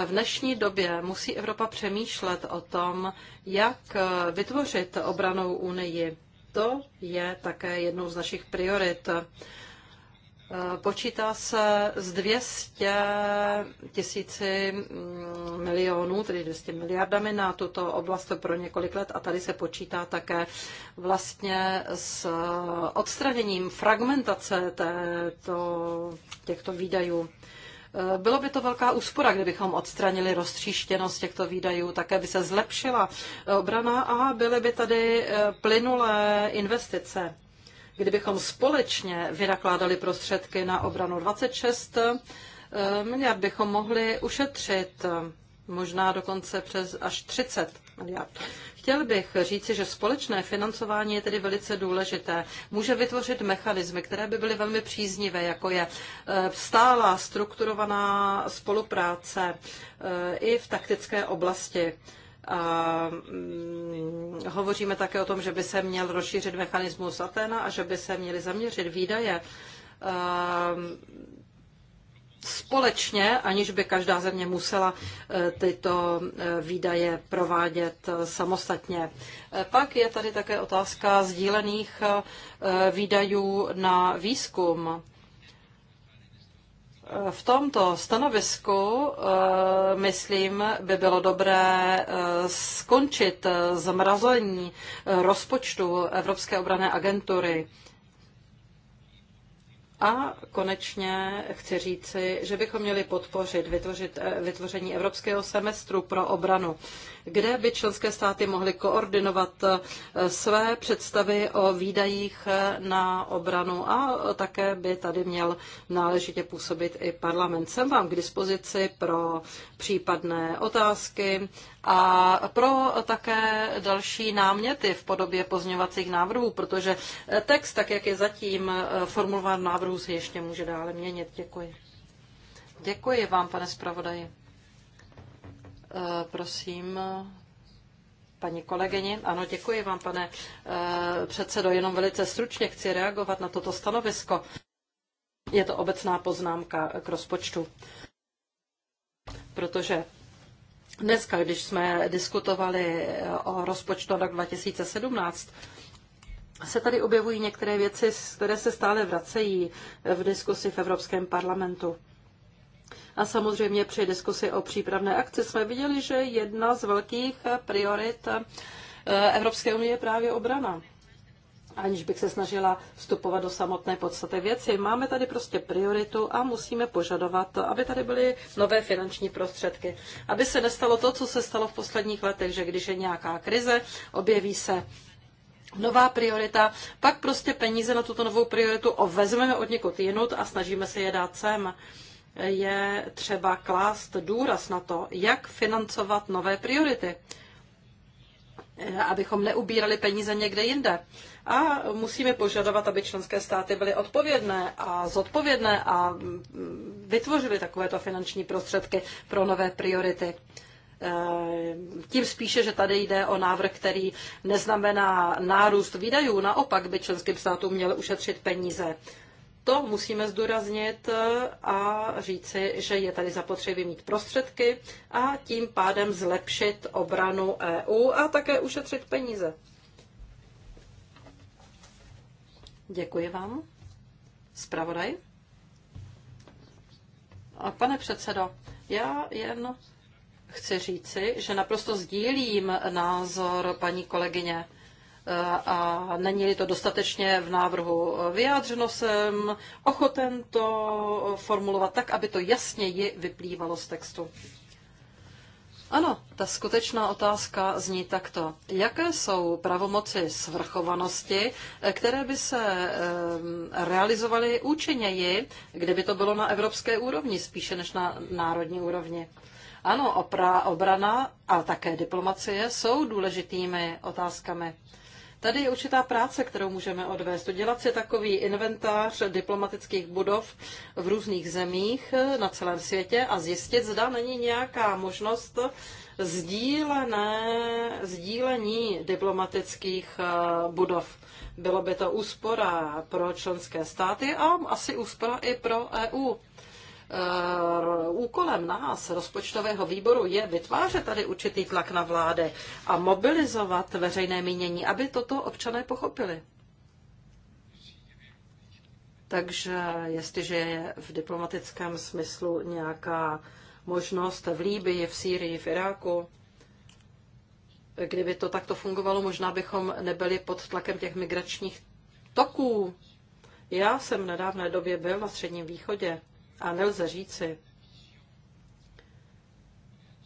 Eh, v dnešní době musí Evropa přemýšlet o tom, jak eh, vytvořit obranou unii. To je také jednou z našich priorit. Eh, počítá se z 200 tisíci mm, milionů, tedy 200 miliardami na tuto oblast pro několik let a tady se počítá také vlastně s eh, odstraněním fragmentace této, těchto výdajů. Eh, bylo by to velká úspora, kdybychom odstranili roztříštěnost těchto výdajů, také by se zlepšila obrana a byly by tady plynulé investice kdybychom společně vynakládali prostředky na obranu 26 eh, miliard, bychom mohli ušetřit eh, možná dokonce přes až 30 miliard. Chtěl bych říci, že společné financování je tedy velice důležité. Může vytvořit mechanismy, které by byly velmi příznivé, jako je eh, stálá strukturovaná spolupráce i v taktické oblasti. Mm, hovoříme také o tom, že by se měl rozšířit mechanismus Atena a že by se měly zaměřit výdaje společně, aniž by každá země musela e, tyto e, výdaje provádět e, samostatně. Pak je tady také otázka sdílených výdajů na výzkum. V tomto stanovisku, eh, myslím, by bylo dobré eh, skončit zmrazení rozpočtu Evropské obrané agentury. A konečně chci říci, že bychom měli podpořit vytvořit, eh, vytvoření evropského semestru pro obranu kde by členské státy mohly koordinovat eh, své představy o výdajích eh, na obranu a také by tady měl náležitě působit i parlament. Jsem vám k dispozici pro případné otázky a pro také další náměty v podobě pozňovacích návrhů, protože eh, text, tak jak je zatím formulován návrhu, se ještě může dále měnit. Děkuji. Děkuji vám, pane zpravodaji. Eh, prosím, paní kolegyně. Ano, děkuji vám, pane eh, předsedo. Jenom velice stručně chci reagovat na toto stanovisko. Je to obecná poznámka k rozpočtu. Protože dneska, když jsme diskutovali eh, o rozpočtu rok 2017, se tady objevují některé věci, které se stále vracejí v diskusi v Evropském parlamentu. A samozřejmě při diskusi o přípravné akci jsme viděli, že jedna z velkých priorit eh, Evropské unie je právě obrana. Aniž bych se snažila vstupovat do samotné podstaty věci, máme tady prostě prioritu a musíme požadovat, to, aby tady byly nové finanční prostředky. Aby se nestalo to, co se stalo v posledních letech, že když je nějaká krize, objeví se nová priorita, pak prostě peníze na tuto novou prioritu vezmeme od někud jinut a snažíme se je dát sem je třeba klást důraz na to, jak financovat nové priority, abychom neubírali peníze někde jinde. A musíme požadovat, aby členské státy byly odpovědné a zodpovědné a vytvořily takovéto finanční prostředky pro nové priority. Eh, tím spíše, že tady jde o návrh, který neznamená nárůst výdajů, naopak by členským státům měl ušetřit peníze. To musíme zdůraznit eh, a říci, že je tady zapotřebí mít prostředky a tím pádem zlepšit obranu EU a také ušetřit peníze. Děkuji vám. Spravodaj? A pane předsedo, já jen chci říci, že naprosto sdílím názor paní kolegyně a není-li to dostatečně v návrhu vyjádřeno, jsem ochoten to formulovat tak, aby to jasně ji vyplývalo z textu. Ano, ta skutečná otázka zní takto. Jaké jsou pravomoci svrchovanosti, které by se realizovaly účinněji, kdyby to bylo na evropské úrovni spíše než na národní úrovni? Ano, opra, obrana a také diplomacie jsou důležitými otázkami. Tady je určitá práce, kterou můžeme odvést. Udělat si takový inventář diplomatických budov v různých zemích na celém světě a zjistit, zda není nějaká možnost sdílené, sdílení diplomatických eh, budov. Bylo by to úspora pro členské státy a asi úspora i pro EU. Eh, úkolem nás, rozpočtového výboru, je vytvářet tady určitý tlak na vlády a mobilizovat veřejné mínění, aby toto občané pochopili. Takže jestliže je v diplomatickém smyslu nějaká možnost v Líbii, v Sýrii, v Iráku, kdyby to takto fungovalo, možná bychom nebyli pod tlakem těch migračních toků. Já jsem v nedávné době byl na Středním východě a nelze říci,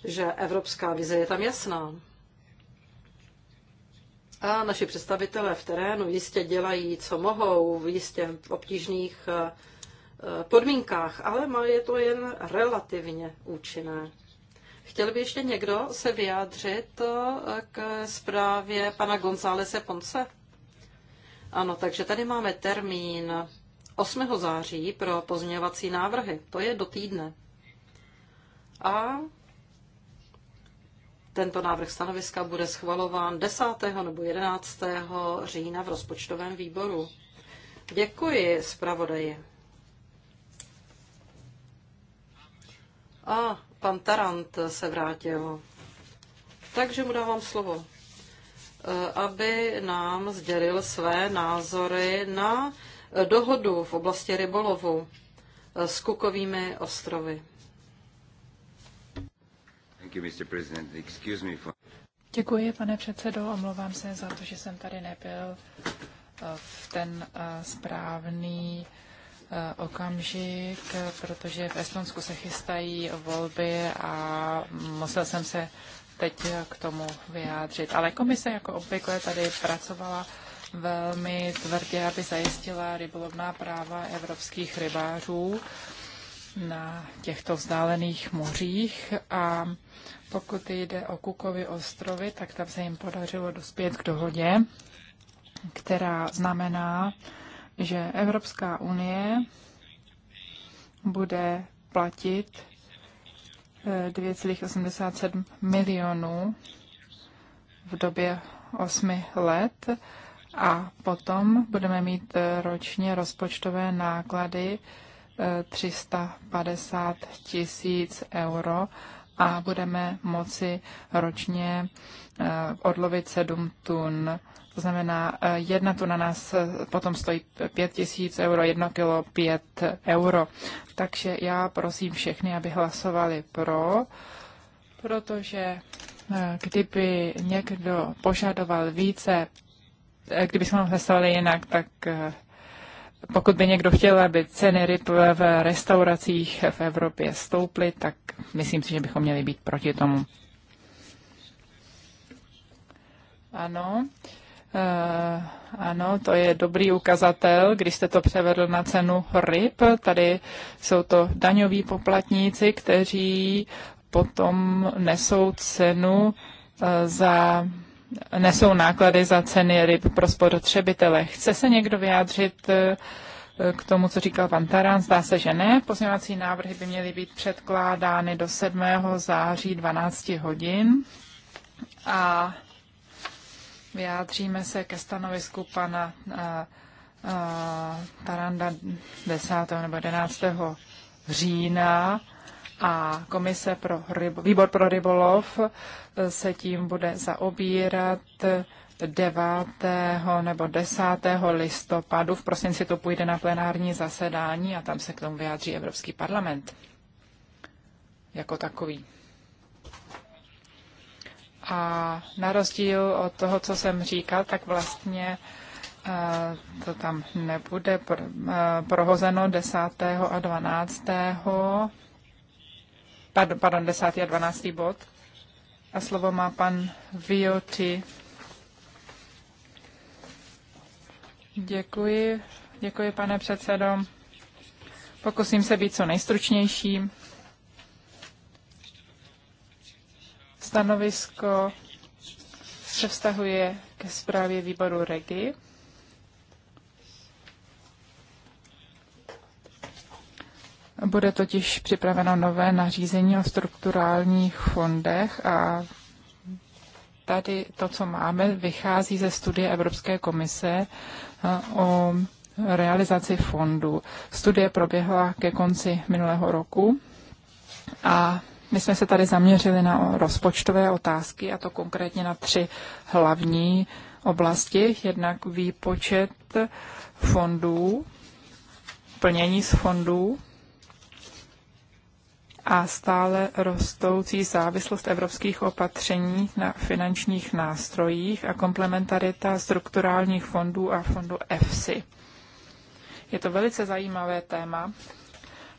že evropská vize je tam jasná. A naši představitelé v terénu jistě dělají, co mohou, v jistě obtížných eh, podmínkách, ale je to jen relativně účinné. Chtěl by ještě někdo se vyjádřit eh, k zprávě pana Gonzálese Ponce? Ano, takže tady máme termín 8. září pro pozměňovací návrhy. To je do týdne. A tento návrh stanoviska bude schvalován 10. nebo 11. října v rozpočtovém výboru. Děkuji zpravodaji. A pan Tarant se vrátil. Takže mu dávám slovo, eh, aby nám sdělil své názory na dohodu v oblasti rybolovu eh, s Kukovými ostrovy. Děkuji, pane předsedo. Omlouvám se za to, že jsem tady nebyl eh, v ten eh, správný okamžik, protože v Estonsku se chystají volby a musel jsem se teď k tomu vyjádřit. Ale komise jako obvykle tady pracovala velmi tvrdě, aby zajistila rybolovná práva evropských rybářů na těchto vzdálených mořích a pokud jde o Kukovy ostrovy, tak tam se jim podařilo dospět k dohodě, která znamená, že Evropská unie bude platit 2,87 eh, milionů v době 8 let a potom budeme mít e, ročně rozpočtové náklady 350 e, tisíc euro a budeme moci ročně e, odlovit 7 tun. To znamená, jedna tuna nás potom stojí 5 tisíc euro, jedno kilo 5 euro. Takže já prosím všechny, aby hlasovali pro, protože kdyby někdo požadoval více Eh, kdybychom hlasovali jinak, tak eh, pokud by někdo chtěl, aby ceny ryb v restauracích v Evropě stouply, tak myslím si, že bychom měli být proti tomu. Ano, uh, ano, to je dobrý ukazatel, když jste to převedl na cenu ryb. Tady jsou to daňoví poplatníci, kteří potom nesou cenu uh, za nesou náklady za ceny ryb pro spotřebitele. Chce se někdo vyjádřit eh, k tomu, co říkal pan Tarán? Zdá se, že ne. Pozměňovací návrhy by měly být předkládány do 7. září 12 hodin. A vyjádříme se ke stanovisku pana a, eh, a, eh, Taranda 10. nebo 11. října a komise pro rybo, výbor pro rybolov se tím bude zaobírat 9. nebo 10. listopadu. V prosinci to půjde na plenární zasedání a tam se k tomu vyjádří Evropský parlament jako takový. A na rozdíl od toho, co jsem říkal, tak vlastně eh, to tam nebude eh, prohozeno 10. a 12. Pardon, 10. a 12. bod. A slovo má pan Vioti. Děkuji. Děkuji, pane předsedo. Pokusím se být co nejstručnější. Stanovisko se vztahuje ke zprávě výboru REGI. Bude totiž připraveno nové nařízení o strukturálních fondech a tady to, co máme, vychází ze studie Evropské komise eh, o realizaci fondu. Studie proběhla ke konci minulého roku a my jsme se tady zaměřili na rozpočtové otázky, a to konkrétně na tři hlavní oblasti. Jednak výpočet fondů, plnění z fondů, a stále rostoucí závislost evropských opatření na finančních nástrojích a komplementarita strukturálních fondů a fondu EFSI. Je to velice zajímavé téma.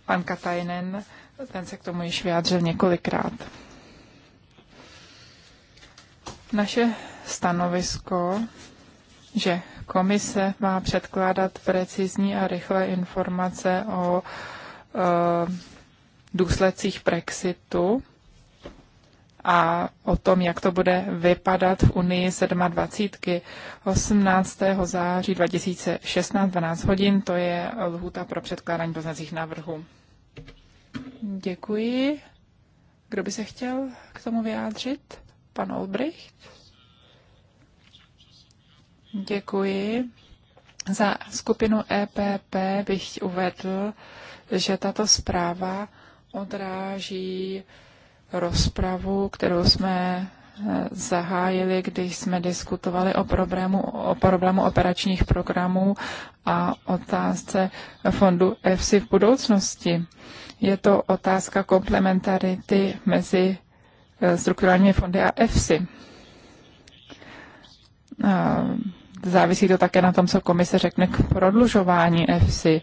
Pan Katajnen, ten se k tomu již vyjádřil několikrát. Naše stanovisko, že komise má předkládat precizní a rychlé informace o e, důsledcích Brexitu a o tom, jak to bude vypadat v Unii 27. 18. září 2016, 12 hodin, to je lhůta pro předkládání poznacích návrhů. Děkuji. Kdo by se chtěl k tomu vyjádřit? Pan Olbricht? Děkuji. Za skupinu EPP bych uvedl, že tato zpráva odráží rozpravu, kterou jsme eh, zahájili, když jsme diskutovali o problému, o problému operačních programů a otázce fondu EFSI v budoucnosti. Je to otázka komplementarity mezi eh, strukturálními fondy a EFSI. Eh, závisí to také na tom, co komise řekne k prodlužování EFSI.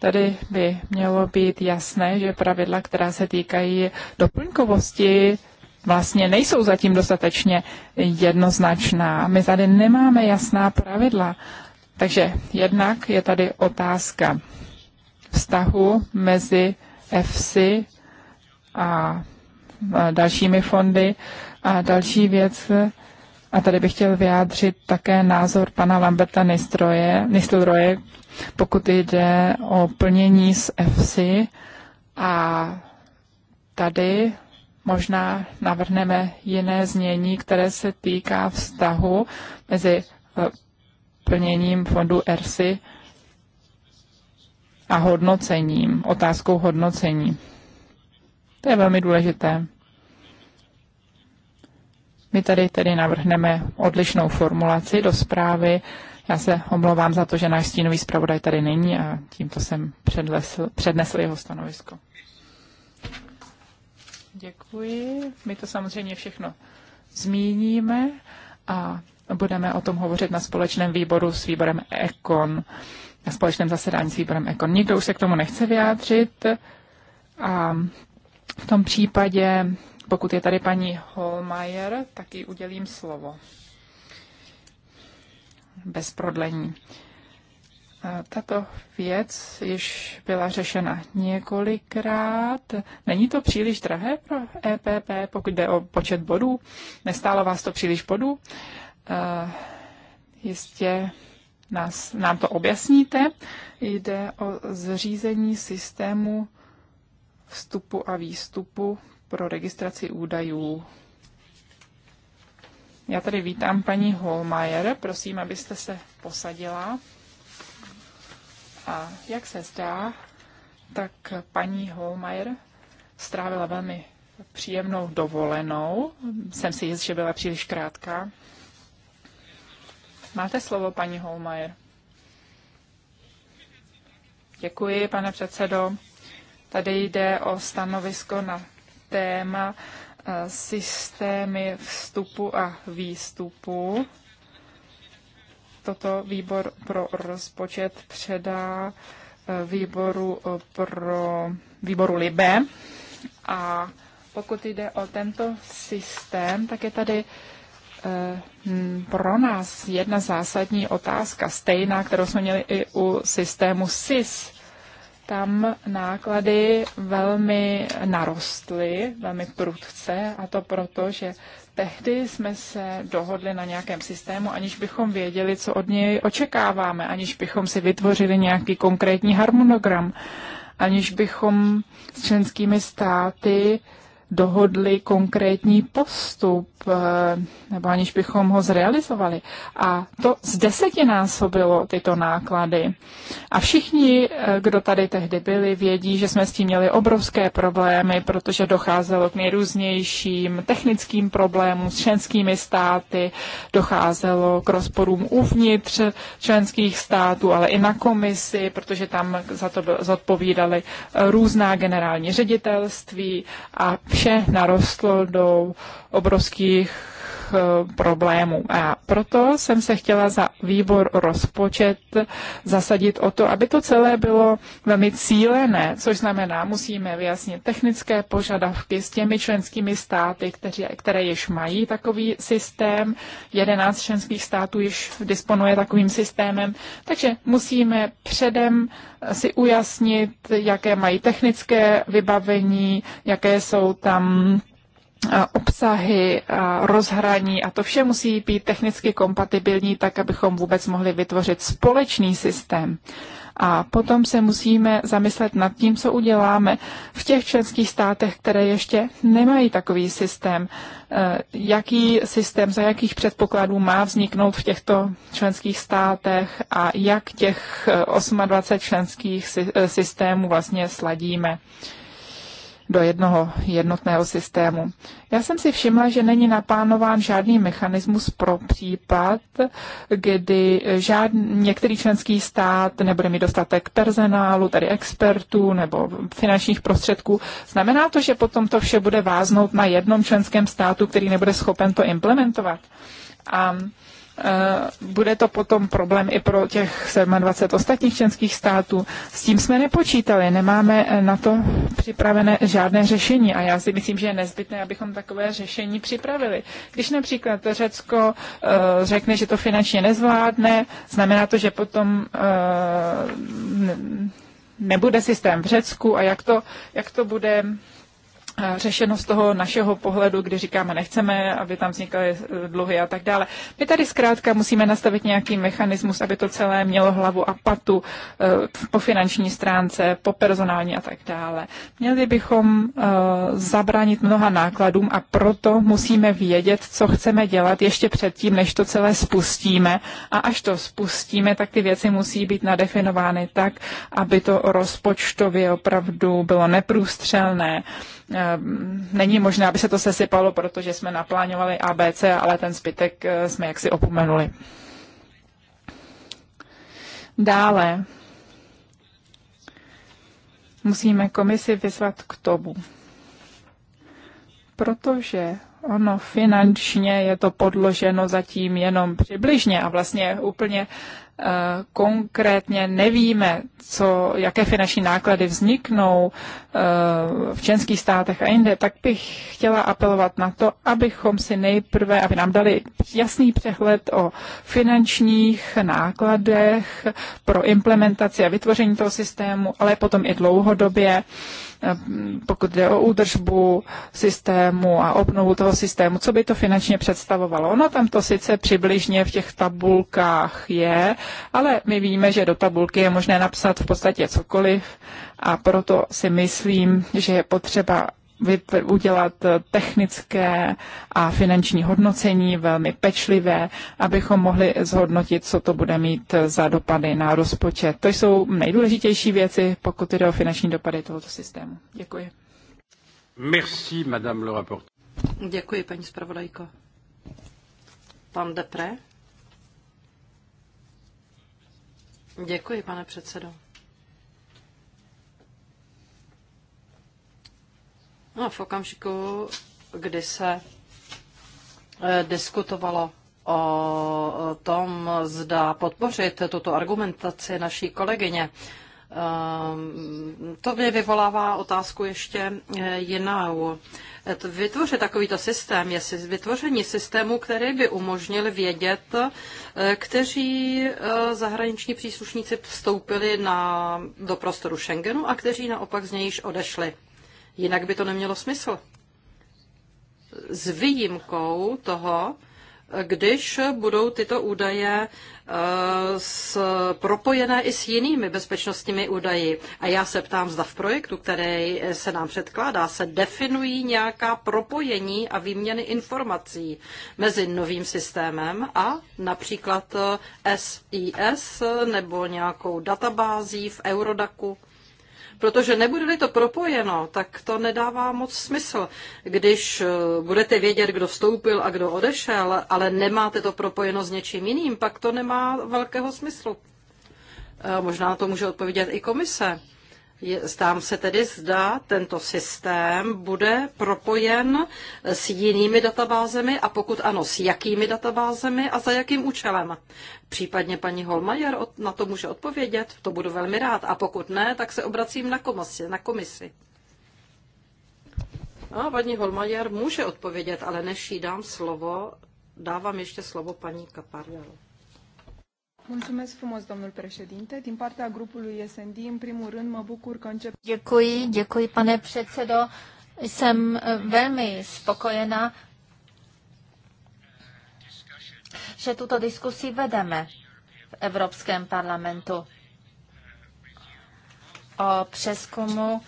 Tady by mělo být jasné, že pravidla, která se týkají doplňkovosti, vlastně nejsou zatím dostatečně jednoznačná. My tady nemáme jasná pravidla. Takže jednak je tady otázka vztahu mezi EFSI a dalšími fondy. A další věc a tady bych chtěl vyjádřit také názor pana Lamberta Nistroje, Nistroje pokud jde o plnění z EFSI. A tady možná navrhneme jiné znění, které se týká vztahu mezi eh, plněním fondu ERSI a hodnocením, otázkou hodnocení. To je velmi důležité. My tady tedy navrhneme odlišnou formulaci do zprávy. Já se omlouvám za to, že náš stínový zpravodaj tady není a tímto jsem předlesl, přednesl jeho stanovisko. Děkuji. My to samozřejmě všechno zmíníme a budeme o tom hovořit na společném výboru s výborem Ekon, na společném zasedání s výborem Ekon. Nikdo už se k tomu nechce vyjádřit a v tom případě, pokud je tady paní Holmeier, tak ji udělím slovo. Bez prodlení. Tato věc již byla řešena několikrát. Není to příliš drahé pro EPP, pokud jde o počet bodů? Nestálo vás to příliš bodů? Jistě nás, nám to objasníte. Jde o zřízení systému vstupu a výstupu pro registraci údajů. Já tady vítám paní Holmajer, prosím, abyste se posadila. A jak se zdá, tak paní Holmajer strávila velmi příjemnou dovolenou. Jsem si jist, že byla příliš krátká. Máte slovo, paní Holmajer. Děkuji, pane předsedo. Tady jde o stanovisko na téma eh, systémy vstupu a výstupu. Toto výbor pro rozpočet předá eh, výboru eh, pro výboru Libe. A pokud jde o tento systém, tak je tady pro nás jedna zásadní otázka, stejná, kterou jsme měli i u systému SIS tam náklady velmi narostly, velmi prudce, a to proto, že tehdy jsme se dohodli na nějakém systému, aniž bychom věděli, co od něj očekáváme, aniž bychom si vytvořili nějaký konkrétní harmonogram, aniž bychom s členskými státy dohodli konkrétní postup, eh, nebo aniž bychom ho zrealizovali. A to z desetinásobilo tyto náklady. A všichni, eh, kdo tady tehdy byli, vědí, že jsme s tím měli obrovské problémy, protože docházelo k nejrůznějším technickým problémům s členskými státy, docházelo k rozporům uvnitř členských států, ale i na komisi, protože tam za to zodpovídali různá generální ředitelství a vše narostlo do obrovských těch eh, problémů. A proto jsem se chtěla za výbor rozpočet zasadit o to, aby to celé bylo velmi cílené, což znamená, musíme vyjasnit technické požadavky s těmi členskými státy, které které již mají takový systém. 11 členských států již disponuje takovým systémem, takže musíme předem si ujasnit, jaké mají technické vybavení, jaké jsou tam obsahy, rozhraní a to vše musí být technicky kompatibilní, tak abychom vůbec mohli vytvořit společný systém. A potom se musíme zamyslet nad tím, co uděláme v těch členských státech, které ještě nemají takový systém. E, jaký systém, za jakých předpokladů má vzniknout v těchto členských státech a jak těch 28 e, členských e, systémů vlastně sladíme do jednoho jednotného systému. Já jsem si všimla, že není naplánován žádný mechanismus pro případ, kdy žádný, některý členský stát nebude mít dostatek personálu, tedy expertů nebo finančních prostředků. Znamená to, že potom to vše bude váznout na jednom členském státu, který nebude schopen to implementovat. A Eh, bude to potom problém i pro těch 27 ostatních členských států. S tím jsme nepočítali, nemáme eh, na to připravené žádné řešení a já si myslím, že je nezbytné, abychom takové řešení připravili. Když například Řecko eh, řekne, že to finančně nezvládne, znamená to, že potom nebude systém v Řecku a jak to, jak to bude Eh, řešeno z toho našeho pohledu, kdy říkáme, nechceme, aby tam vznikaly eh, dluhy a tak dále. My tady zkrátka musíme nastavit nějaký mechanismus, aby to celé mělo hlavu a patu eh, po finanční stránce, po personální a tak dále. Měli bychom zabránit mnoha nákladům a proto musíme vědět, co chceme dělat ještě předtím, než to celé spustíme. A až to spustíme, tak ty věci musí být nadefinovány tak, aby to rozpočtově opravdu bylo neprůstřelné Eh, není možné, aby se to sesypalo, protože jsme naplánovali ABC, ale ten zbytek eh, jsme jaksi opomenuli. Dále musíme komisi vyzvat k tomu, protože ono finančně je to podloženo zatím jenom přibližně a vlastně úplně Eh, konkrétně nevíme, co, jaké finanční náklady vzniknou eh, v členských státech a jinde, tak bych chtěla apelovat na to, abychom si nejprve, aby nám dali jasný přehled o finančních nákladech pro implementaci a vytvoření toho systému, ale potom i dlouhodobě pokud jde o údržbu systému a obnovu toho systému, co by to finančně představovalo. Ono tam to sice přibližně v těch tabulkách je, ale my víme, že do tabulky je možné napsat v podstatě cokoliv a proto si myslím, že je potřeba udělat eh, technické a finanční hodnocení velmi pečlivé, abychom mohli zhodnotit, co to bude mít eh, za dopady na rozpočet. To jsou nejdůležitější věci, pokud jde o finanční dopady tohoto systému. Děkuji. Merci, madame le rapporteur. Děkuji, paní zpravodajko. Pan Depre? Děkuji, pane předsedo. No, v okamžiku, kdy se eh, diskutovalo o tom, zda podpořit tuto argumentaci naší kolegyně, ehm, to mě vyvolává otázku ještě eh, jinou. Eh, vytvořit takovýto systém je vytvoření systému, který by umožnil vědět, kteří zahraniční příslušníci vstoupili na, do prostoru Schengenu a kteří naopak z něj již odešli. Jinak by to nemělo smysl. S výjimkou toho, když budou tyto údaje eh, s, propojené i s jinými bezpečnostními údaji. A já se ptám, zda v projektu, který se nám předkládá, se definují nějaká propojení a výměny informací mezi novým systémem a například SIS eh, nebo nějakou databází v Eurodaku protože nebude-li to propojeno, tak to nedává moc smysl. Když eh, budete vědět, kdo vstoupil a kdo odešel, ale nemáte to propojeno s něčím jiným, pak to nemá velkého smyslu. Eh, možná to může odpovědět i komise. Stám se tedy, zda tento systém bude propojen s jinými databázemi a pokud ano, s jakými databázemi a za jakým účelem. Případně paní Holmajer na to může odpovědět, to budu velmi rád. A pokud ne, tak se obracím na komisi. Na komisi. A no, paní Holmajer může odpovědět, ale než jí dám slovo, dávám ještě slovo paní Kaparjalo. Mulțumesc frumos, domnul președinte. Din partea grupului SND, în primul rând, mă bucur că încep... Děkuji, děkuji, pane předsedo. Jsem eh, velmi spokojená. že tuto diskusi vedeme v Evropském parlamentu o přeskumu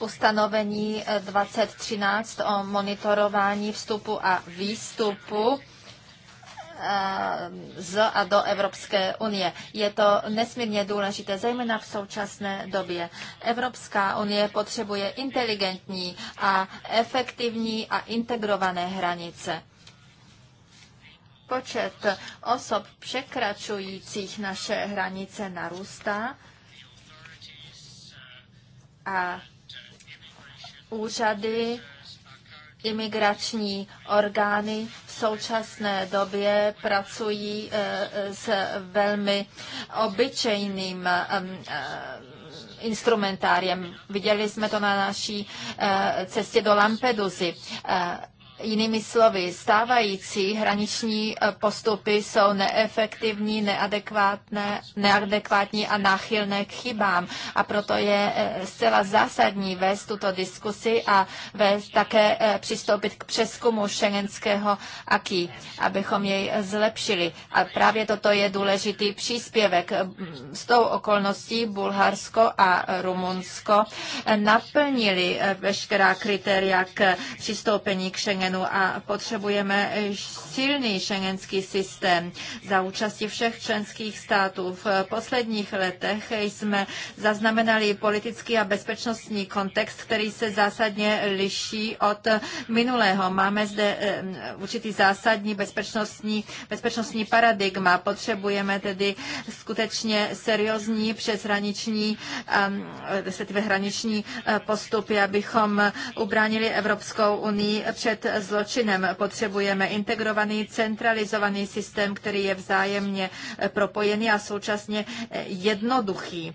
ustanovení 2013 eh, o monitorování vstupu a výstupu eh, z a do Evropské unie. Je to nesmírně důležité, zejména v současné době. Evropská unie potřebuje inteligentní a efektivní a integrované hranice. Počet osob překračujících naše hranice narůstá a úřady, imigrační orgány v současné době pracují eh, eh, s velmi obyčejným eh, instrumentáriem. Viděli jsme to na naší cestě do Lampedusy. Jinými slovy, stávající hraniční eh, postupy jsou neefektivní, neadekvátné, neadekvátní a náchylné k chybám. A proto je eh, zcela zásadní vést tuto diskusi a vést také eh, přistoupit k přeskumu šengenského aký, abychom jej zlepšili. A právě toto je důležitý příspěvek. S tou okolností Bulharsko a Rumunsko naplnili veškerá kritéria k přistoupení k Schengen Schengenu a potřebujeme silný šengenský systém za účasti všech členských států. V posledních letech jsme zaznamenali politický a bezpečnostní kontext, který se zásadně liší od minulého. Máme zde eh, určitý zásadní bezpečnostní, bezpečnostní paradigma. Potřebujeme tedy skutečně seriózní přeshraniční, ehm, hraniční eh, postupy, abychom ubránili Evropskou unii před zločinem. Potřebujeme integrovaný, centralizovaný systém, který je vzájemně propojený a současně jednoduchý.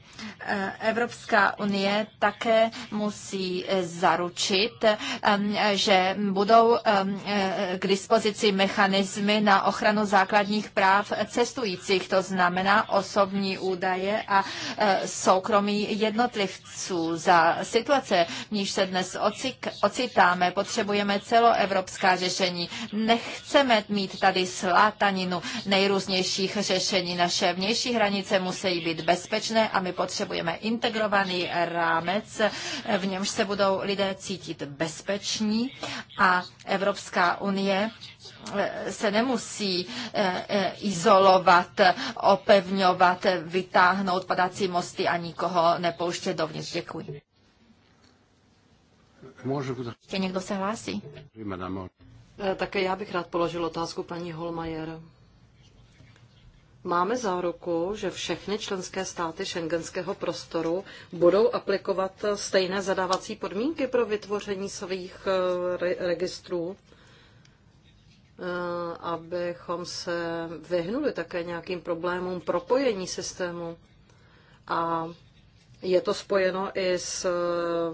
Evropská unie také musí zaručit, že budou k dispozici mechanismy na ochranu základních práv cestujících, to znamená osobní údaje a e, soukromí jednotlivců. Za situace, v níž se dnes ocitáme, potřebujeme celoevropské evropská řešení. Nechceme mít tady slátaninu nejrůznějších řešení. Naše vnější hranice musí být bezpečné a my potřebujeme integrovaný rámec, v němž se budou lidé cítit bezpeční a Evropská unie eh, se nemusí eh, eh, izolovat, opevňovat, vytáhnout padací mosty a nikoho nepouštět dovnitř. Děkuji. Ještě někdo se hlásí? Eh, také já bych rád položil otázku paní Holmajer. Máme záruku, že všechny členské státy šengenského prostoru budou aplikovat stejné zadávací podmínky pro vytvoření svých eh, re- registrů, eh, abychom se vyhnuli také nějakým problémům propojení systému a je to spojeno i s,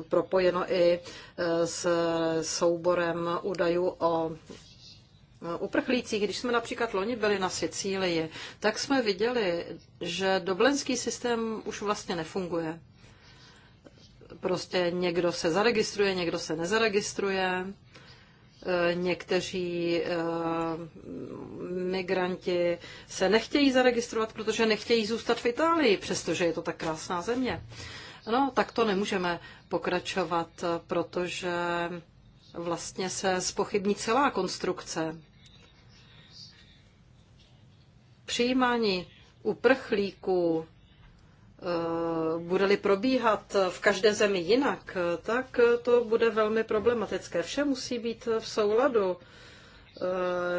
propojeno i e, s souborem údajů o e, uprchlících. Když jsme například loni byli na Sicílii, tak jsme viděli, že doblenský systém už vlastně nefunguje. Prostě někdo se zaregistruje, někdo se nezaregistruje Eh, někteří eh, migranti se nechtějí zaregistrovat, protože nechtějí zůstat v Itálii, přestože je to tak krásná země. No, tak to nemůžeme pokračovat, protože vlastně se spochybní celá konstrukce. Přijímání uprchlíků Eh, bude-li probíhat v každé zemi jinak, tak to bude velmi problematické. Vše musí být v souladu. Eh,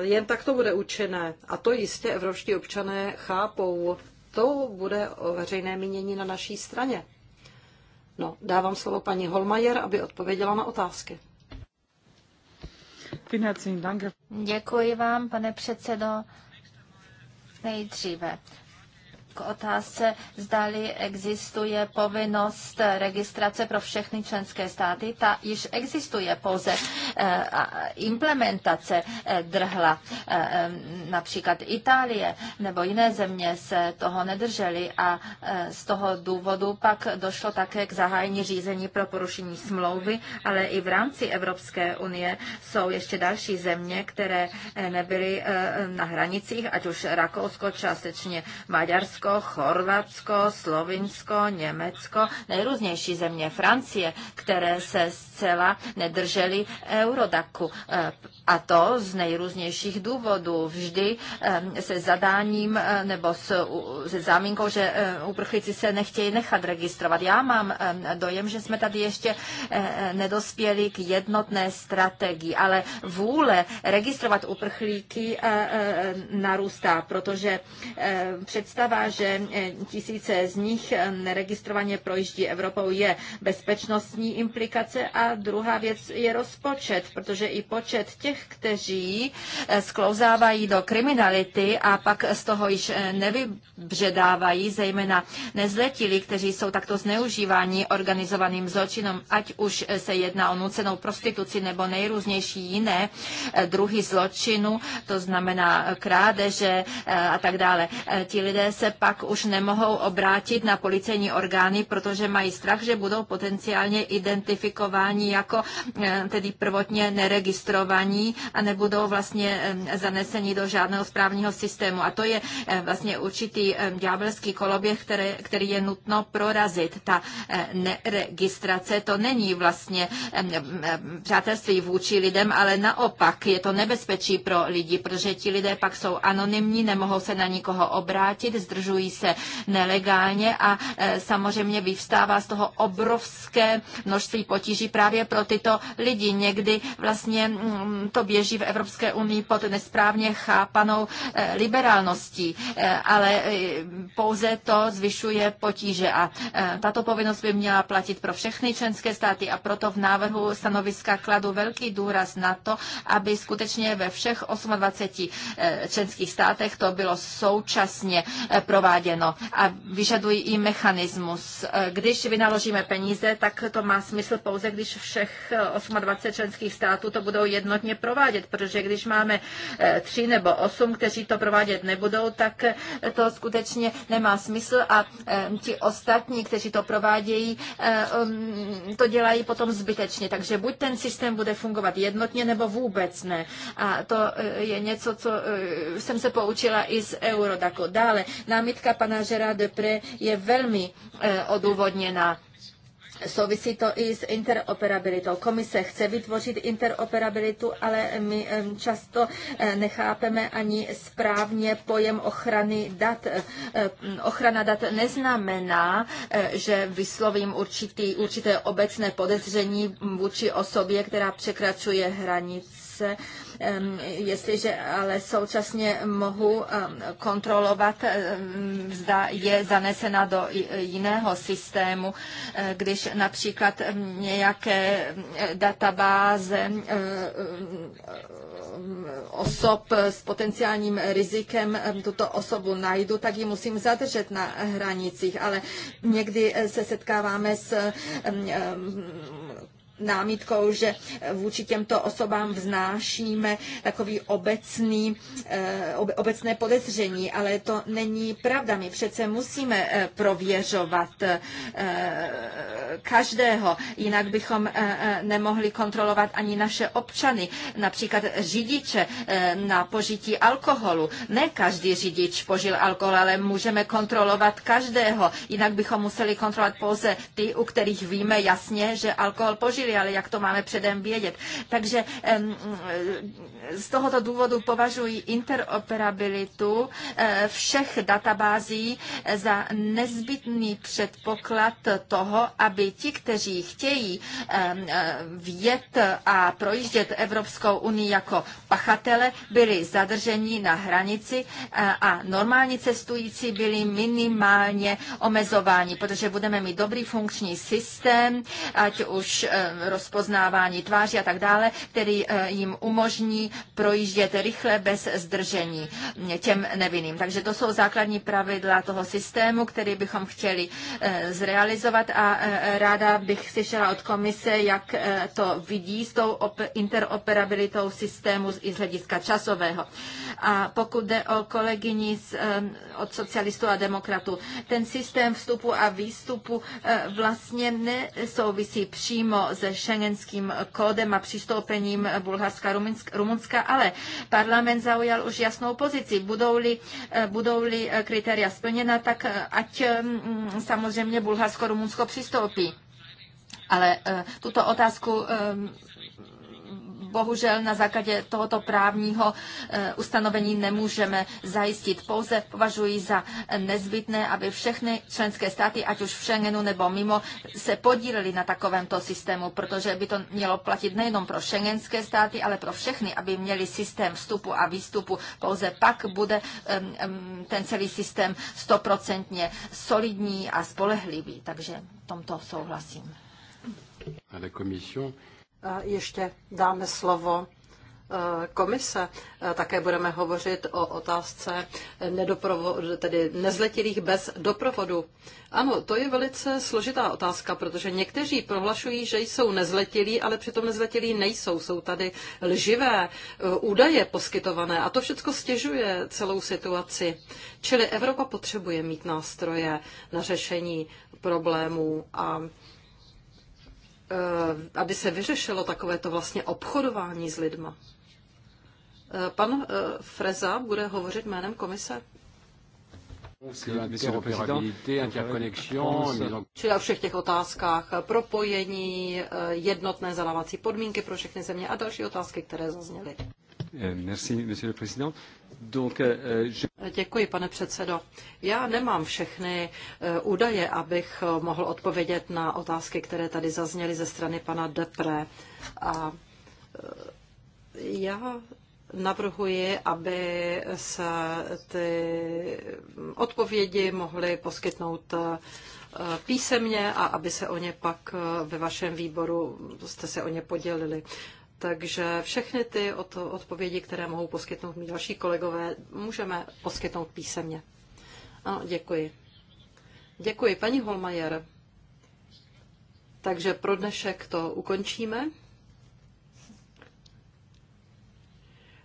jen tak to bude učené. A to jistě evropští občané chápou. To bude veřejné mínění na naší straně. No, dávám slovo paní Holmajer, aby odpověděla na otázky. Děkuji vám, pane předsedo. Nejdříve k otázce, zdali existuje povinnost registrace pro všechny členské státy. Ta již existuje pouze eh, implementace eh, drhla. Eh, například Itálie nebo jiné země se toho nedržely a z toho důvodu pak došlo také k zahájení řízení pro porušení smlouvy, ale i v rámci Evropské unie jsou ještě další země, které nebyly na hranicích, ať už Rakousko, částečně Maďarsko, Polsko, Chorvatsko, Slovinsko, Německo, nejrůznější země, Francie, které se zcela nedrželi Eurodaku. Eh, a to z nejrůznějších důvodů. Vždy eh, se zadáním eh, nebo se zámínkou, že uprchlíci se nechtějí nechat registrovat. Já mám dojem, že jsme tady ještě nedospěli k jednotné strategii, ale vůle registrovat uprchlíky narůstá, protože představa, že eh, tisíce z nich eh, neregistrovaně projíždí Evropou, je bezpečnostní implikace a druhá věc je rozpočet, protože i počet těch, kteří eh, sklouzávají do kriminality a pak z toho již nevybředávají, zejména nezletilí, kteří jsou takto zneužíváni organizovaným zločinem, ať už se jedná o nucenou prostituci nebo nejrůznější jiné druhy zločinu, to znamená krádeže a tak dále. Ti lidé se pak už nemohou obrátit na policejní orgány, protože mají strach, že budou potenciálně identifikováni jako eh, tedy prvotně neregistrovaní a nebudou vlastně eh, zaneseni do žádného správního systému. A to je eh, vlastně určitý ďábelský koloběh, který, který je nutno prorazit. Ta neregistrace to není vlastně přátelství vůči lidem, ale naopak je to nebezpečí pro lidi, protože ti lidé pak jsou anonymní, nemohou se na nikoho obrátit, zdržují vytvářují se nelegálně a e, samozřejmě vyvstává z toho obrovské množství potíží právě pro tyto lidi. Někdy vlastně mm, to běží v Evropské unii pod nesprávně chápanou e, liberálností, e, ale pouze to zvyšuje potíže a tato povinnost by měla platit pro všechny členské státy a proto v návrhu stanoviska kladu velký důraz na to, aby skutečně ve všech 28 členských státech to bylo současně pro prováděno a vyžadují i mechanismus. Eh, když vynaložíme peníze, tak to má smysl pouze, když všech 28 eh, členských států to budou jednotně provádět, protože když máme eh, tři nebo osm, kteří to provádět nebudou, tak to skutečně nemá smysl a ti ostatní, kteří to provádějí, um, to dělají potom zbytečně. Takže buď ten systém bude fungovat jednotně, nebo vůbec ne. A to je něco, co jsem se poučila i z Eurodaku. Dále nám námitka pana Žera Depre je velmi eh, odůvodněná. Souvisí to i s interoperabilitou. Komise chce vytvořit interoperabilitu, ale my často eh, nechápeme ani správně pojem ochrany dat. Eh, ochrana dat neznamená, že vyslovím určitý, určité obecné podezření vůči osobě, která překračuje hranice jestliže ale současně mohu kontrolovat, zda je zanesena do jiného systému, eh, když například nějaké databáze osob s potenciálním rizikem tuto osobu najdu, tak ji musím zadržet na hranicích, ale někdy eh, se setkáváme s námitkou, že vůči těmto osobám vznášíme takový obecný, eh, obecné podezření, ale to není pravda. My přece musíme eh, prověřovat eh, každého, jinak bychom nemohli kontrolovat ani naše občany, například řidiče na požití alkoholu. Ne každý řidič požil alkohol, ale můžeme kontrolovat každého, jinak bychom museli kontrolovat pouze ty, u kterých víme jasně, že alkohol požili nebyli, ale jak to máme předem vědět. Takže z tohoto důvodu považuji interoperabilitu eh, všech databází za nezbytný předpoklad toho, aby ti, kteří chtějí eh, vjet a projíždět Evropskou unii jako pachatele, byli zadrženi na hranici eh, a normální cestující byli minimálně omezováni, protože budeme mít dobrý funkční systém, ať už rozpoznávání tváří a tak dále, který eh, jim umožní projíždět rychle bez zdržení těm nevinným. Takže to jsou základní pravidla toho systému, který bychom chtěli eh, zrealizovat a eh, ráda bych slyšela od komise, jak to vidí s tou interoperabilitou systému i z hlediska časového. A pokud jde o kolegyni z, od socialistů a demokratů, ten systém vstupu a výstupu vlastně nesouvisí přímo s se šengenským kódem a přistoupením Bulharska a Rumunska, ale parlament zaujal už jasnou pozici. Budou-li, eh, budou-li eh, kritéria splněna, tak eh, ať mm, samozřejmě Bulharsko-Rumunsko přistoupí. Ale tuto otázku bohužel na základě tohoto právního eh, ustanovení nemůžeme zajistit. Pouze považuji za nezbytné, aby všechny členské státy, ať už v Schengenu nebo mimo, se podíleli na takovémto systému, protože by to mělo platit nejenom pro šengenské státy, ale pro všechny, aby měli systém vstupu a výstupu. Pouze pak bude ten celý systém stoprocentně solidní a spolehlivý. Takže tomto souhlasím. Ještě dáme slovo e, komise. E, také budeme hovořit o otázce tedy nezletilých bez doprovodu. Ano, to je velice složitá otázka, protože někteří prohlašují, že jsou nezletilí, ale přitom nezletilí nejsou. Jsou tady lživé e, údaje poskytované a to všechno stěžuje celou situaci. Čili Evropa potřebuje mít nástroje na řešení problémů a Eh, aby se vyřešilo takovéto vlastně obchodování s lidma. Eh, pan eh, Freza bude hovořit jménem komise. Čili o všech těch otázkách propojení, jednotné zadávací podmínky pro všechny země a další otázky, které zazněly. Eh, eh, eh, děkuji, pane předsedo. Já nemám všechny údaje, abych mohl odpovědět na otázky, které tady zazněly ze strany pana Depre. A já navrhuji, aby se ty odpovědi mohly poskytnout písemně a aby se o ně pak ve vašem výboru jste se o ně podělili. Takže všechny ty odpovědi, které mohou poskytnout mi další kolegové, můžeme poskytnout písemně. Ano, děkuji. Děkuji, paní Holmajer. Takže pro dnešek to ukončíme.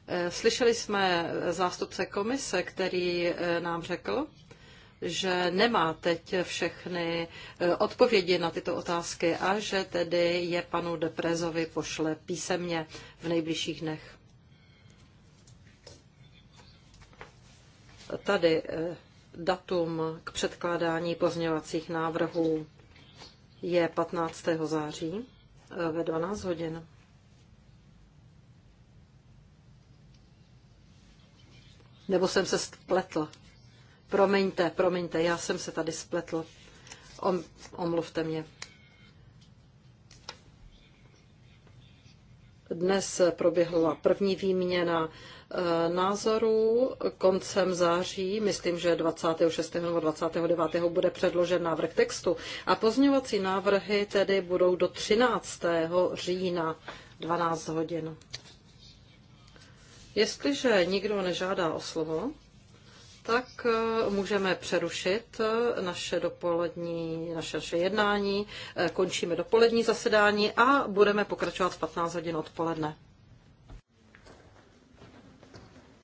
Eh, slyšeli jsme zástupce komise, který eh, nám řekl, že nemá teď všechny eh, odpovědi na tyto otázky a že tedy je panu Deprezovi pošle písemně v nejbližších dnech. Tady eh, datum k předkládání pozměňovacích návrhů je 15. září eh, ve 12 hodin. Nebo jsem se spletl? Promiňte, promiňte, já jsem se tady spletl. Om, omluvte mě. Dnes proběhla první výměna eh, názorů. Koncem září, myslím, že 26. nebo 29. bude předložen návrh textu a pozměňovací návrhy tedy budou do 13. října 12 hodin. Jestliže nikdo nežádá o slovo, tak eh, můžeme přerušit eh, naše dopolední, naše, naše jednání, eh, končíme dopolední zasedání a budeme pokračovat v 15 hodin odpoledne.